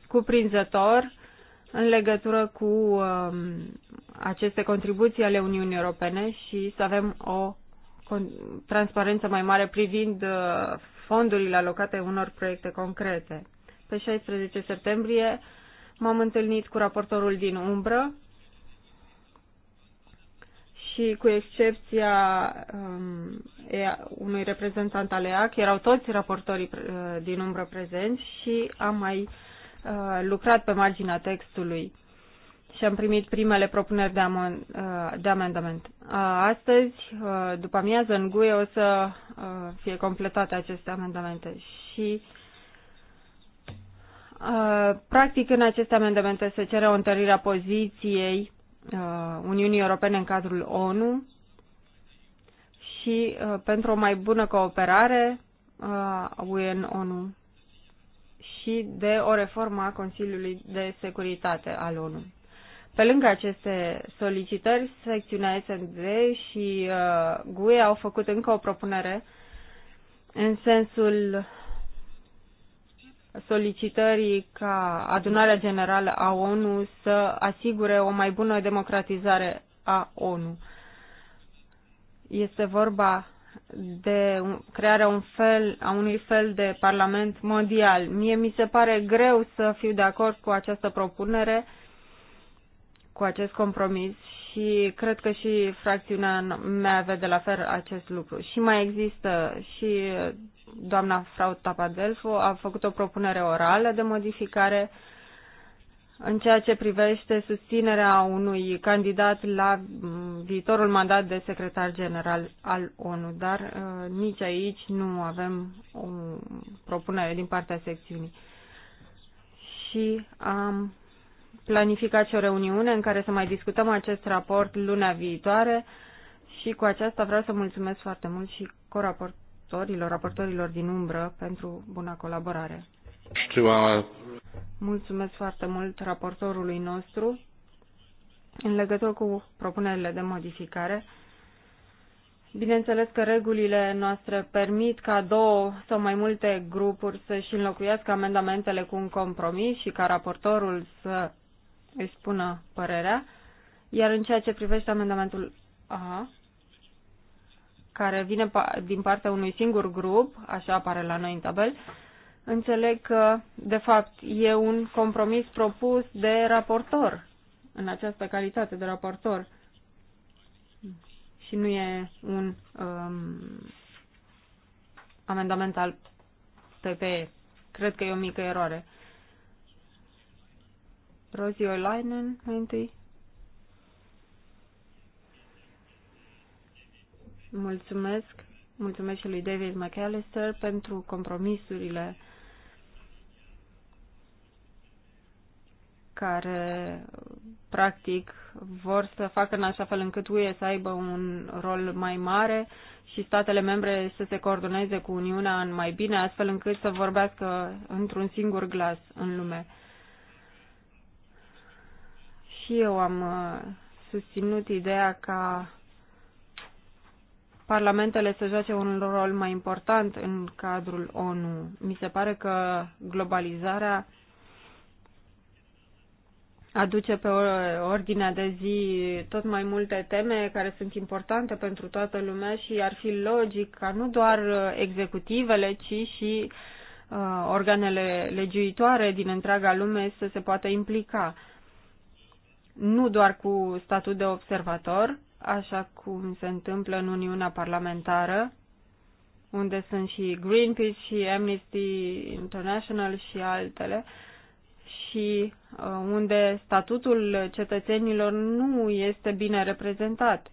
cuprinzător, în legătură cu um, aceste contribuții ale Uniunii Europene și să avem o transparență mai mare privind uh, fondurile alocate unor proiecte concrete. Pe 16 septembrie m-am întâlnit cu raportorul din umbră și cu excepția um, unui reprezentant al EAC, erau toți raportorii uh, din umbră prezenți și am mai uh, lucrat pe marginea textului și am primit primele propuneri de, am, uh, de amendament. Uh, astăzi, uh, după amiază, în GUE o să uh, fie completate aceste amendamente și uh, practic în aceste amendamente se cere o întărire a poziției Uh, Uniunii Europene în cadrul ONU și uh, pentru o mai bună cooperare uh, a UN-ONU și de o reformă a Consiliului de Securitate al ONU. Pe lângă aceste solicitări, secțiunea SND și uh, GUE au făcut încă o propunere în sensul solicitării ca adunarea generală a ONU să asigure o mai bună democratizare a ONU. Este vorba de crearea un fel, a unui fel de parlament mondial. Mie mi se pare greu să fiu de acord cu această propunere, cu acest compromis și cred că și fracțiunea mea vede la fel acest lucru. Și mai există și doamna Frau Tapadelfo a făcut o propunere orală de modificare în ceea ce privește susținerea unui candidat la viitorul mandat de secretar general al ONU, dar uh, nici aici nu avem o propunere din partea secțiunii. Și am planificat și o reuniune în care să mai discutăm acest raport luna viitoare și cu aceasta vreau să mulțumesc foarte mult și coraport autorilor, raportorilor din umbră pentru buna colaborare. Mulțumesc foarte mult raportorului nostru în legătură cu propunerile de modificare. Bineînțeles că regulile noastre permit ca două sau mai multe grupuri să-și înlocuiască amendamentele cu un compromis și ca raportorul să își spună părerea. Iar în ceea ce privește amendamentul A, care vine din partea unui singur grup, așa apare la noi în tabel, înțeleg că, de fapt, e un compromis propus de raportor, în această calitate de raportor. Și nu e un um, amendament al PPE. Cred că e o mică eroare. Rosie Olainen, mai întâi. Mulțumesc. Mulțumesc și lui David McAllister pentru compromisurile care practic vor să facă în așa fel încât UE să aibă un rol mai mare și statele membre să se coordoneze cu Uniunea în mai bine, astfel încât să vorbească într-un singur glas în lume. Și eu am uh, susținut ideea ca parlamentele să joace un rol mai important în cadrul ONU. Mi se pare că globalizarea aduce pe ordinea de zi tot mai multe teme care sunt importante pentru toată lumea și ar fi logic ca nu doar uh, executivele, ci și uh, organele legiuitoare din întreaga lume să se poată implica. Nu doar cu statut de observator, așa cum se întâmplă în Uniunea Parlamentară, unde sunt și Greenpeace și Amnesty International și altele, și uh, unde statutul cetățenilor nu este bine reprezentat.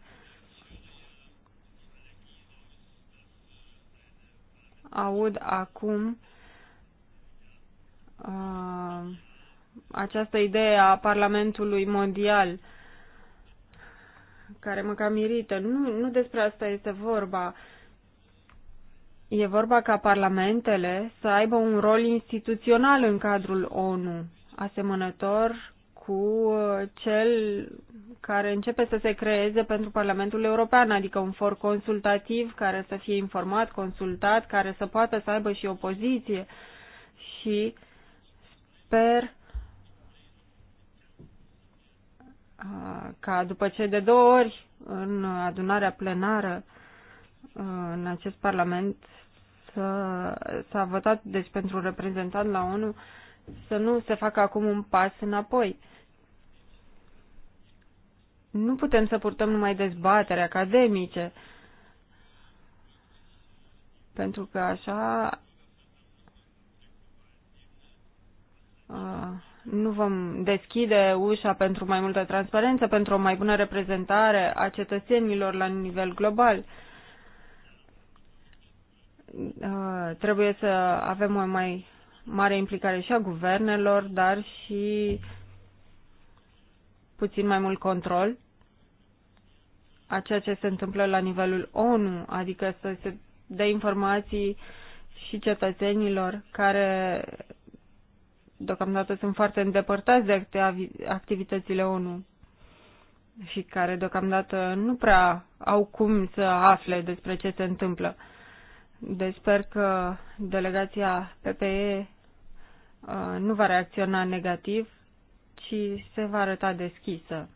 Aud acum uh, această idee a Parlamentului Mondial uh, care mă cam irită. Nu, nu despre asta este vorba. E vorba ca parlamentele să aibă un rol instituțional în cadrul ONU, asemănător cu uh, cel care începe să se creeze pentru Parlamentul European, adică un for consultativ care să fie informat, consultat, care să poată să aibă și opoziție. Și sper ca după ce de două ori în adunarea plenară în acest parlament s-a votat deci pentru un reprezentant la ONU să nu se facă acum un pas înapoi. Nu putem să purtăm numai dezbatere academice, pentru că așa nu vom deschide ușa pentru mai multă transparență, pentru o mai bună reprezentare a cetățenilor la nivel global. Uh, trebuie să avem o mai mare implicare și a guvernelor, dar și puțin mai mult control a ceea ce se întâmplă la nivelul ONU, adică să se dea informații și cetățenilor care deocamdată sunt foarte îndepărtați de activitățile ONU și care deocamdată nu prea au cum să afle despre ce se întâmplă. Deci sper că delegația PPE uh, nu va reacționa negativ, ci se va arăta deschisă.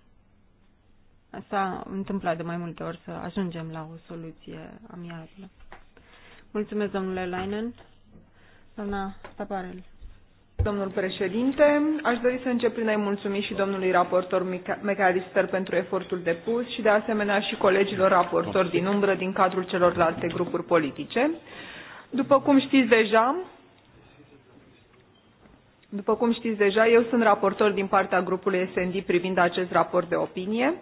S-a întâmplat de mai multe ori să ajungem la o soluție amiabilă. Mulțumesc, domnule Leinen. Doamna Staparel. Domnul președinte, aș dori să încep prin a-i mulțumi și domnului raportor McAllister pentru efortul depus și de asemenea și colegilor raportori din umbră din cadrul celorlalte grupuri politice. După cum știți deja, după cum știți deja, eu sunt raportor din partea grupului SND privind acest raport de opinie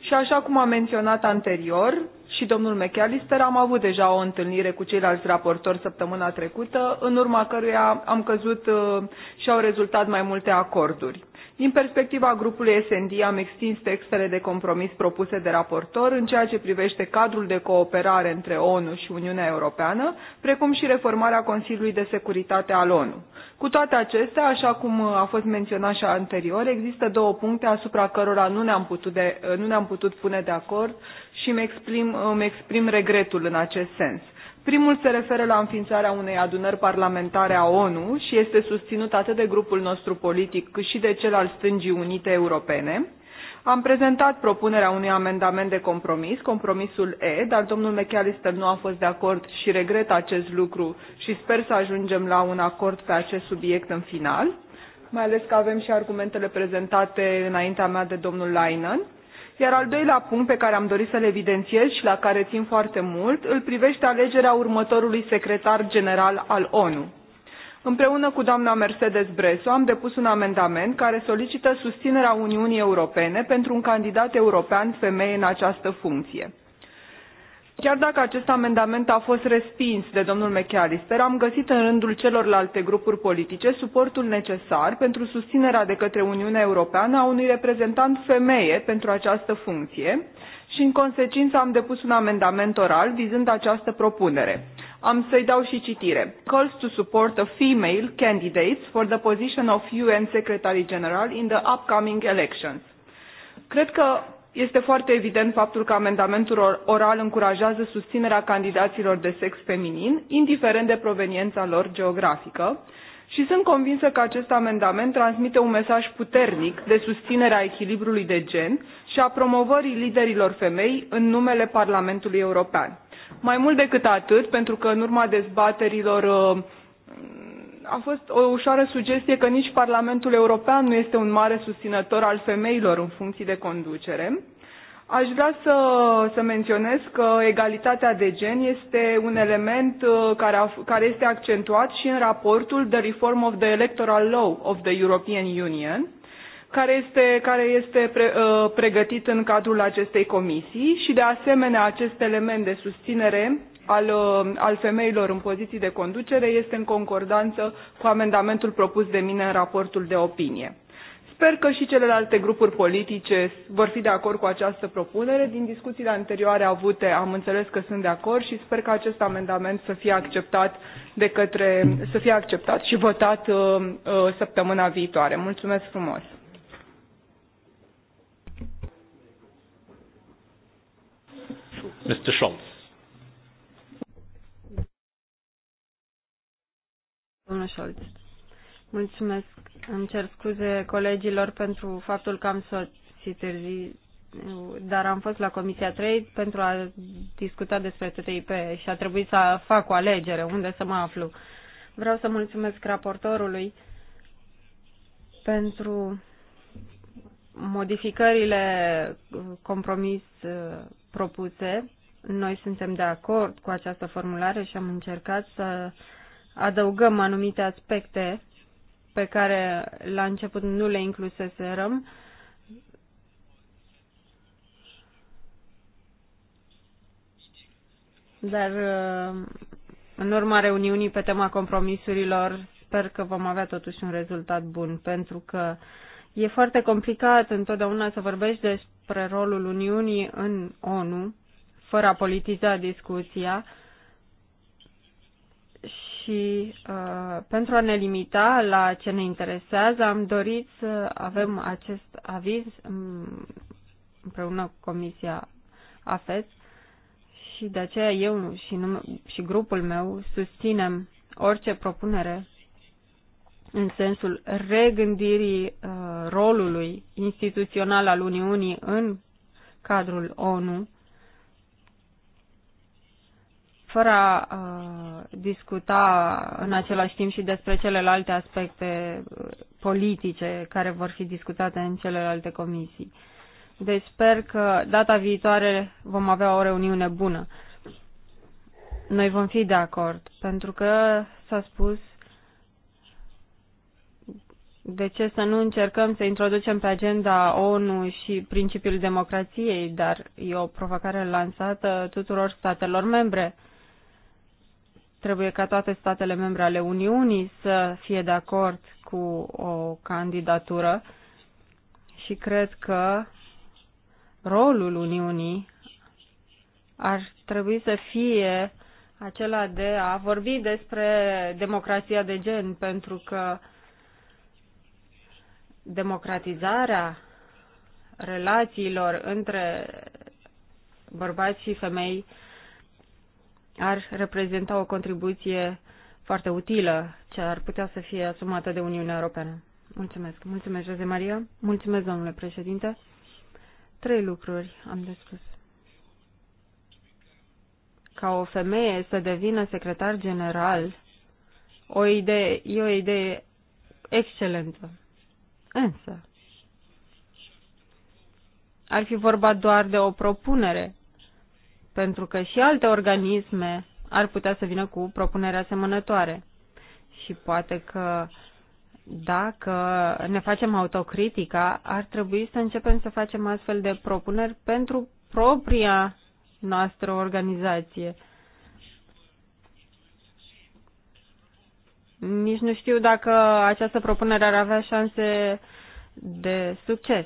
și așa cum am menționat anterior, și domnul McAllister am avut deja o întâlnire cu ceilalți raportori săptămâna trecută, în urma căruia am căzut uh, și au rezultat mai multe acorduri. Din perspectiva grupului SND am extins textele de compromis propuse de raportor în ceea ce privește cadrul de cooperare între ONU și Uniunea Europeană, precum și reformarea Consiliului de Securitate al ONU. Cu toate acestea, așa cum uh, a fost menționat și anterior, există două puncte asupra cărora nu ne-am putut, de, uh, nu ne-am putut pune de acord și îmi exprim, îmi exprim regretul în acest sens. Primul se referă la înființarea unei adunări parlamentare a ONU și este susținut atât de grupul nostru politic cât și de cel al Stângii Unite Europene. Am prezentat propunerea unui amendament de compromis, compromisul E, dar domnul McAllister nu a fost de acord și regret acest lucru și sper să ajungem la un acord pe acest subiect în final, mai ales că avem și argumentele prezentate înaintea mea de domnul Leinen iar al doilea punct pe care am dorit să-l evidențiez și la care țin foarte mult îl privește alegerea următorului secretar general al ONU. Împreună cu doamna Mercedes Bresso am depus un amendament care solicită susținerea Uniunii Europene pentru un candidat european femeie în această funcție. Chiar dacă acest amendament a fost respins de domnul McAllister, am găsit în rândul celorlalte grupuri politice suportul necesar pentru susținerea de către Uniunea Europeană a unui reprezentant femeie pentru această funcție și, în consecință, am depus un amendament oral vizând această propunere. Am să-i dau și citire. Calls to support a female candidates for the position of UN Secretary General in the upcoming elections. Cred că este foarte evident faptul că amendamentul oral încurajează susținerea candidaților de sex feminin, indiferent de proveniența lor geografică, și sunt convinsă că acest amendament transmite un mesaj puternic de susținere a echilibrului de gen și a promovării liderilor femei în numele Parlamentului European. Mai mult decât atât, pentru că în urma dezbaterilor uh, a fost o ușoară sugestie că nici Parlamentul European nu este un mare susținător al femeilor în funcții de conducere. Aș vrea să, să menționez că egalitatea de gen este un element uh, care, a, care este accentuat și în raportul The Reform of the Electoral Law of the European Union, care este, care este pre, uh, pregătit în cadrul acestei comisii și, de asemenea, acest element de susținere al, uh, al femeilor în poziții de conducere este în concordanță cu amendamentul propus de mine în raportul de opinie. Sper că și celelalte grupuri politice vor fi de acord cu această propunere. Din discuțiile anterioare avute am înțeles că sunt de acord și sper că acest amendament să fie acceptat, de către, să fie acceptat și votat uh, uh, săptămâna viitoare. Mulțumesc frumos! Mr. Schultz. Domnul Scholz. Mulțumesc. Îmi cer scuze colegilor pentru faptul că am sosit târziu, dar am fost la Comisia 3 pentru a discuta despre TTIP și a trebuit să fac o alegere unde să mă aflu. Vreau să mulțumesc raportorului pentru modificările compromis uh, propuse. Noi suntem de acord cu această formulare și am încercat să adăugăm anumite aspecte pe care la început nu le incluseserăm. Dar uh, în urma reuniunii pe tema compromisurilor sper că vom avea totuși un rezultat bun, pentru că e foarte complicat întotdeauna să vorbești despre rolul Uniunii în ONU, fără a politiza discuția și uh, pentru a ne limita la ce ne interesează, am dorit să avem acest aviz împreună cu Comisia AFES și de aceea eu și, num- și grupul meu susținem orice propunere în sensul regândirii uh, rolului instituțional al Uniunii în cadrul ONU fără a discuta în același timp și despre celelalte aspecte uh, politice care vor fi discutate în celelalte comisii. Deci sper că data viitoare vom avea o reuniune bună. Noi vom fi de acord, pentru că s-a spus de ce să nu încercăm să introducem pe agenda ONU și principiul democrației, dar e o provocare lansată tuturor statelor membre. Trebuie ca toate statele membre ale Uniunii să fie de acord cu o candidatură și cred că rolul Uniunii ar trebui să fie acela de a vorbi despre democrația de gen, pentru că democratizarea relațiilor între bărbați și femei ar reprezenta o contribuție foarte utilă ce ar putea să fie asumată de Uniunea Europeană. Mulțumesc. Mulțumesc, Jose Maria. Mulțumesc, domnule președinte. Trei lucruri am de spus. Ca o femeie să devină secretar general o idee, e o idee excelentă. Însă, ar fi vorba doar de o propunere pentru că și alte organisme ar putea să vină cu propuneri asemănătoare. Și poate că dacă ne facem autocritica, ar trebui să începem să facem astfel de propuneri pentru propria noastră organizație. Nici nu știu dacă această propunere ar avea șanse de succes.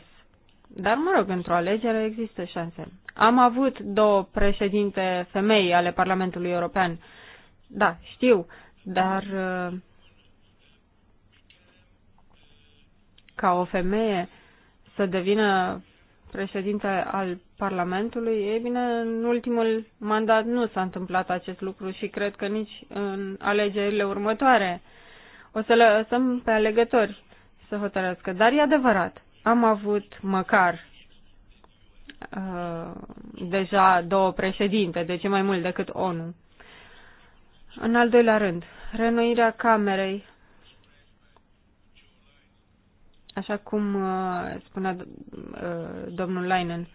Dar, mă rog, într-o alegere există șanse. Am avut două președinte femei ale Parlamentului European. Da, știu, dar uh, ca o femeie să devină președinte al Parlamentului, ei bine, în ultimul mandat nu s-a întâmplat acest lucru și cred că nici în alegerile următoare o să lăsăm pe alegători să hotărăscă. Dar e adevărat, am avut măcar Uh, deja două președinte, deci mai mult decât ONU. În al doilea rând, renoirea camerei. Așa cum uh, spunea uh, domnul Leinen,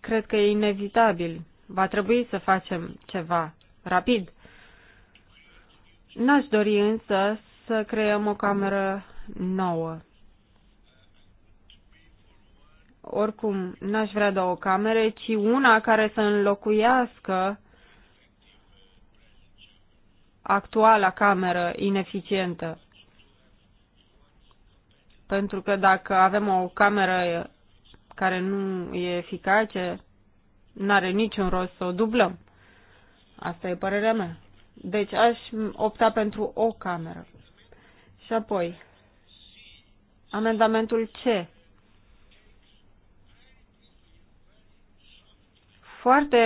cred că e inevitabil. Va trebui să facem ceva rapid. N-aș dori însă să creăm o cameră nouă oricum, n-aș vrea două camere, ci una care să înlocuiască actuala cameră ineficientă. Pentru că dacă avem o cameră care nu e eficace, n-are niciun rost să o dublăm. Asta e părerea mea. Deci aș opta pentru o cameră. Și apoi, amendamentul C foarte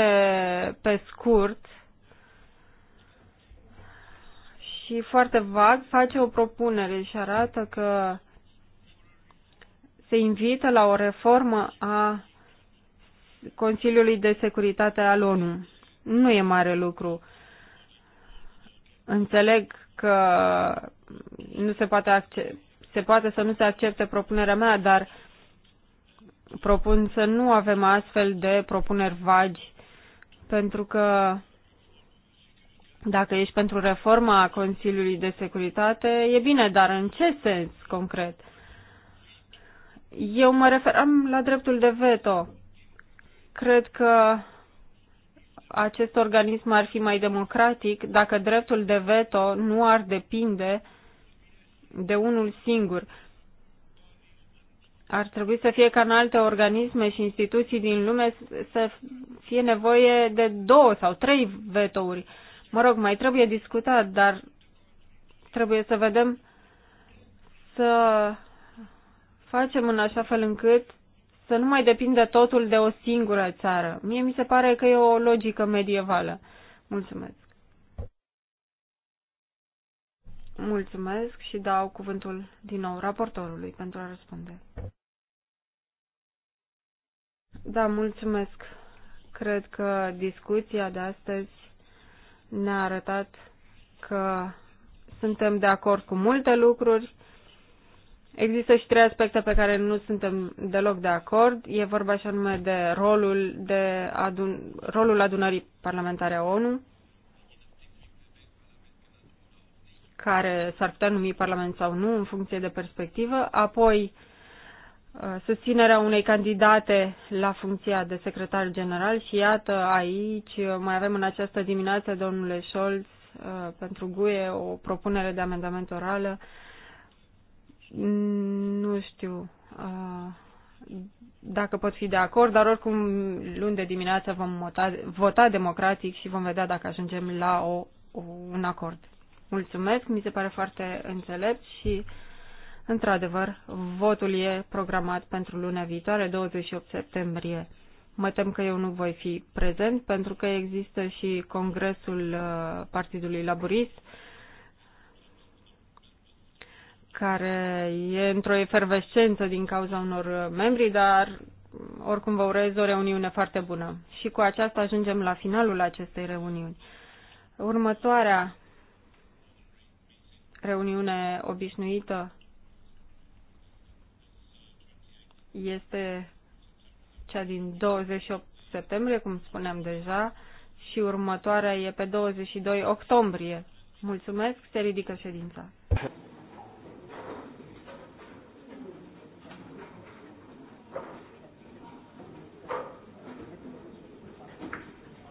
pe scurt și foarte vag face o propunere și arată că se invită la o reformă a Consiliului de Securitate al ONU. Nu e mare lucru. Înțeleg că nu se poate, accepta, se poate să nu se accepte propunerea mea, dar propun să nu avem astfel de propuneri vagi, pentru că dacă ești pentru reforma Consiliului de Securitate, e bine, dar în ce sens concret? Eu mă referam la dreptul de veto. Cred că acest organism ar fi mai democratic dacă dreptul de veto nu ar depinde de unul singur ar trebui să fie ca în alte organisme și instituții din lume să fie nevoie de două sau trei vetouri. Mă rog, mai trebuie discutat, dar trebuie să vedem să facem în așa fel încât să nu mai depindă totul de o singură țară. Mie mi se pare că e o logică medievală. Mulțumesc. Mulțumesc și dau cuvântul din nou raportorului pentru a răspunde. Da, mulțumesc. Cred că discuția de astăzi ne-a arătat că suntem de acord cu multe lucruri. Există și trei aspecte pe care nu suntem deloc de acord. E vorba și anume de rolul, de adun, rolul adunării parlamentare a ONU, care s-ar putea numi Parlament sau nu, în funcție de perspectivă. Apoi, uh, Uh, susținerea unei candidate la funcția de secretar general și iată aici uh, mai avem în această dimineață, domnule Scholz, uh, pentru GUE o propunere de amendament orală. Nu știu dacă pot fi de acord, dar oricum luni de dimineață vom vota, vota democratic și vom vedea dacă ajungem la o, o, un acord. Mulțumesc, mi se pare foarte înțelept și Într-adevăr, votul e programat pentru luna viitoare, 28 septembrie. Mă tem că eu nu voi fi prezent pentru că există și Congresul uh, Partidului Laborist care e într-o efervescență din cauza unor uh, membri, dar mm, oricum vă urez o reuniune foarte bună. Și cu aceasta ajungem la finalul acestei reuniuni. Următoarea reuniune obișnuită este cea din 28 septembrie, cum spuneam deja, și următoarea e pe 22 octombrie. Mulțumesc, se ridică ședința.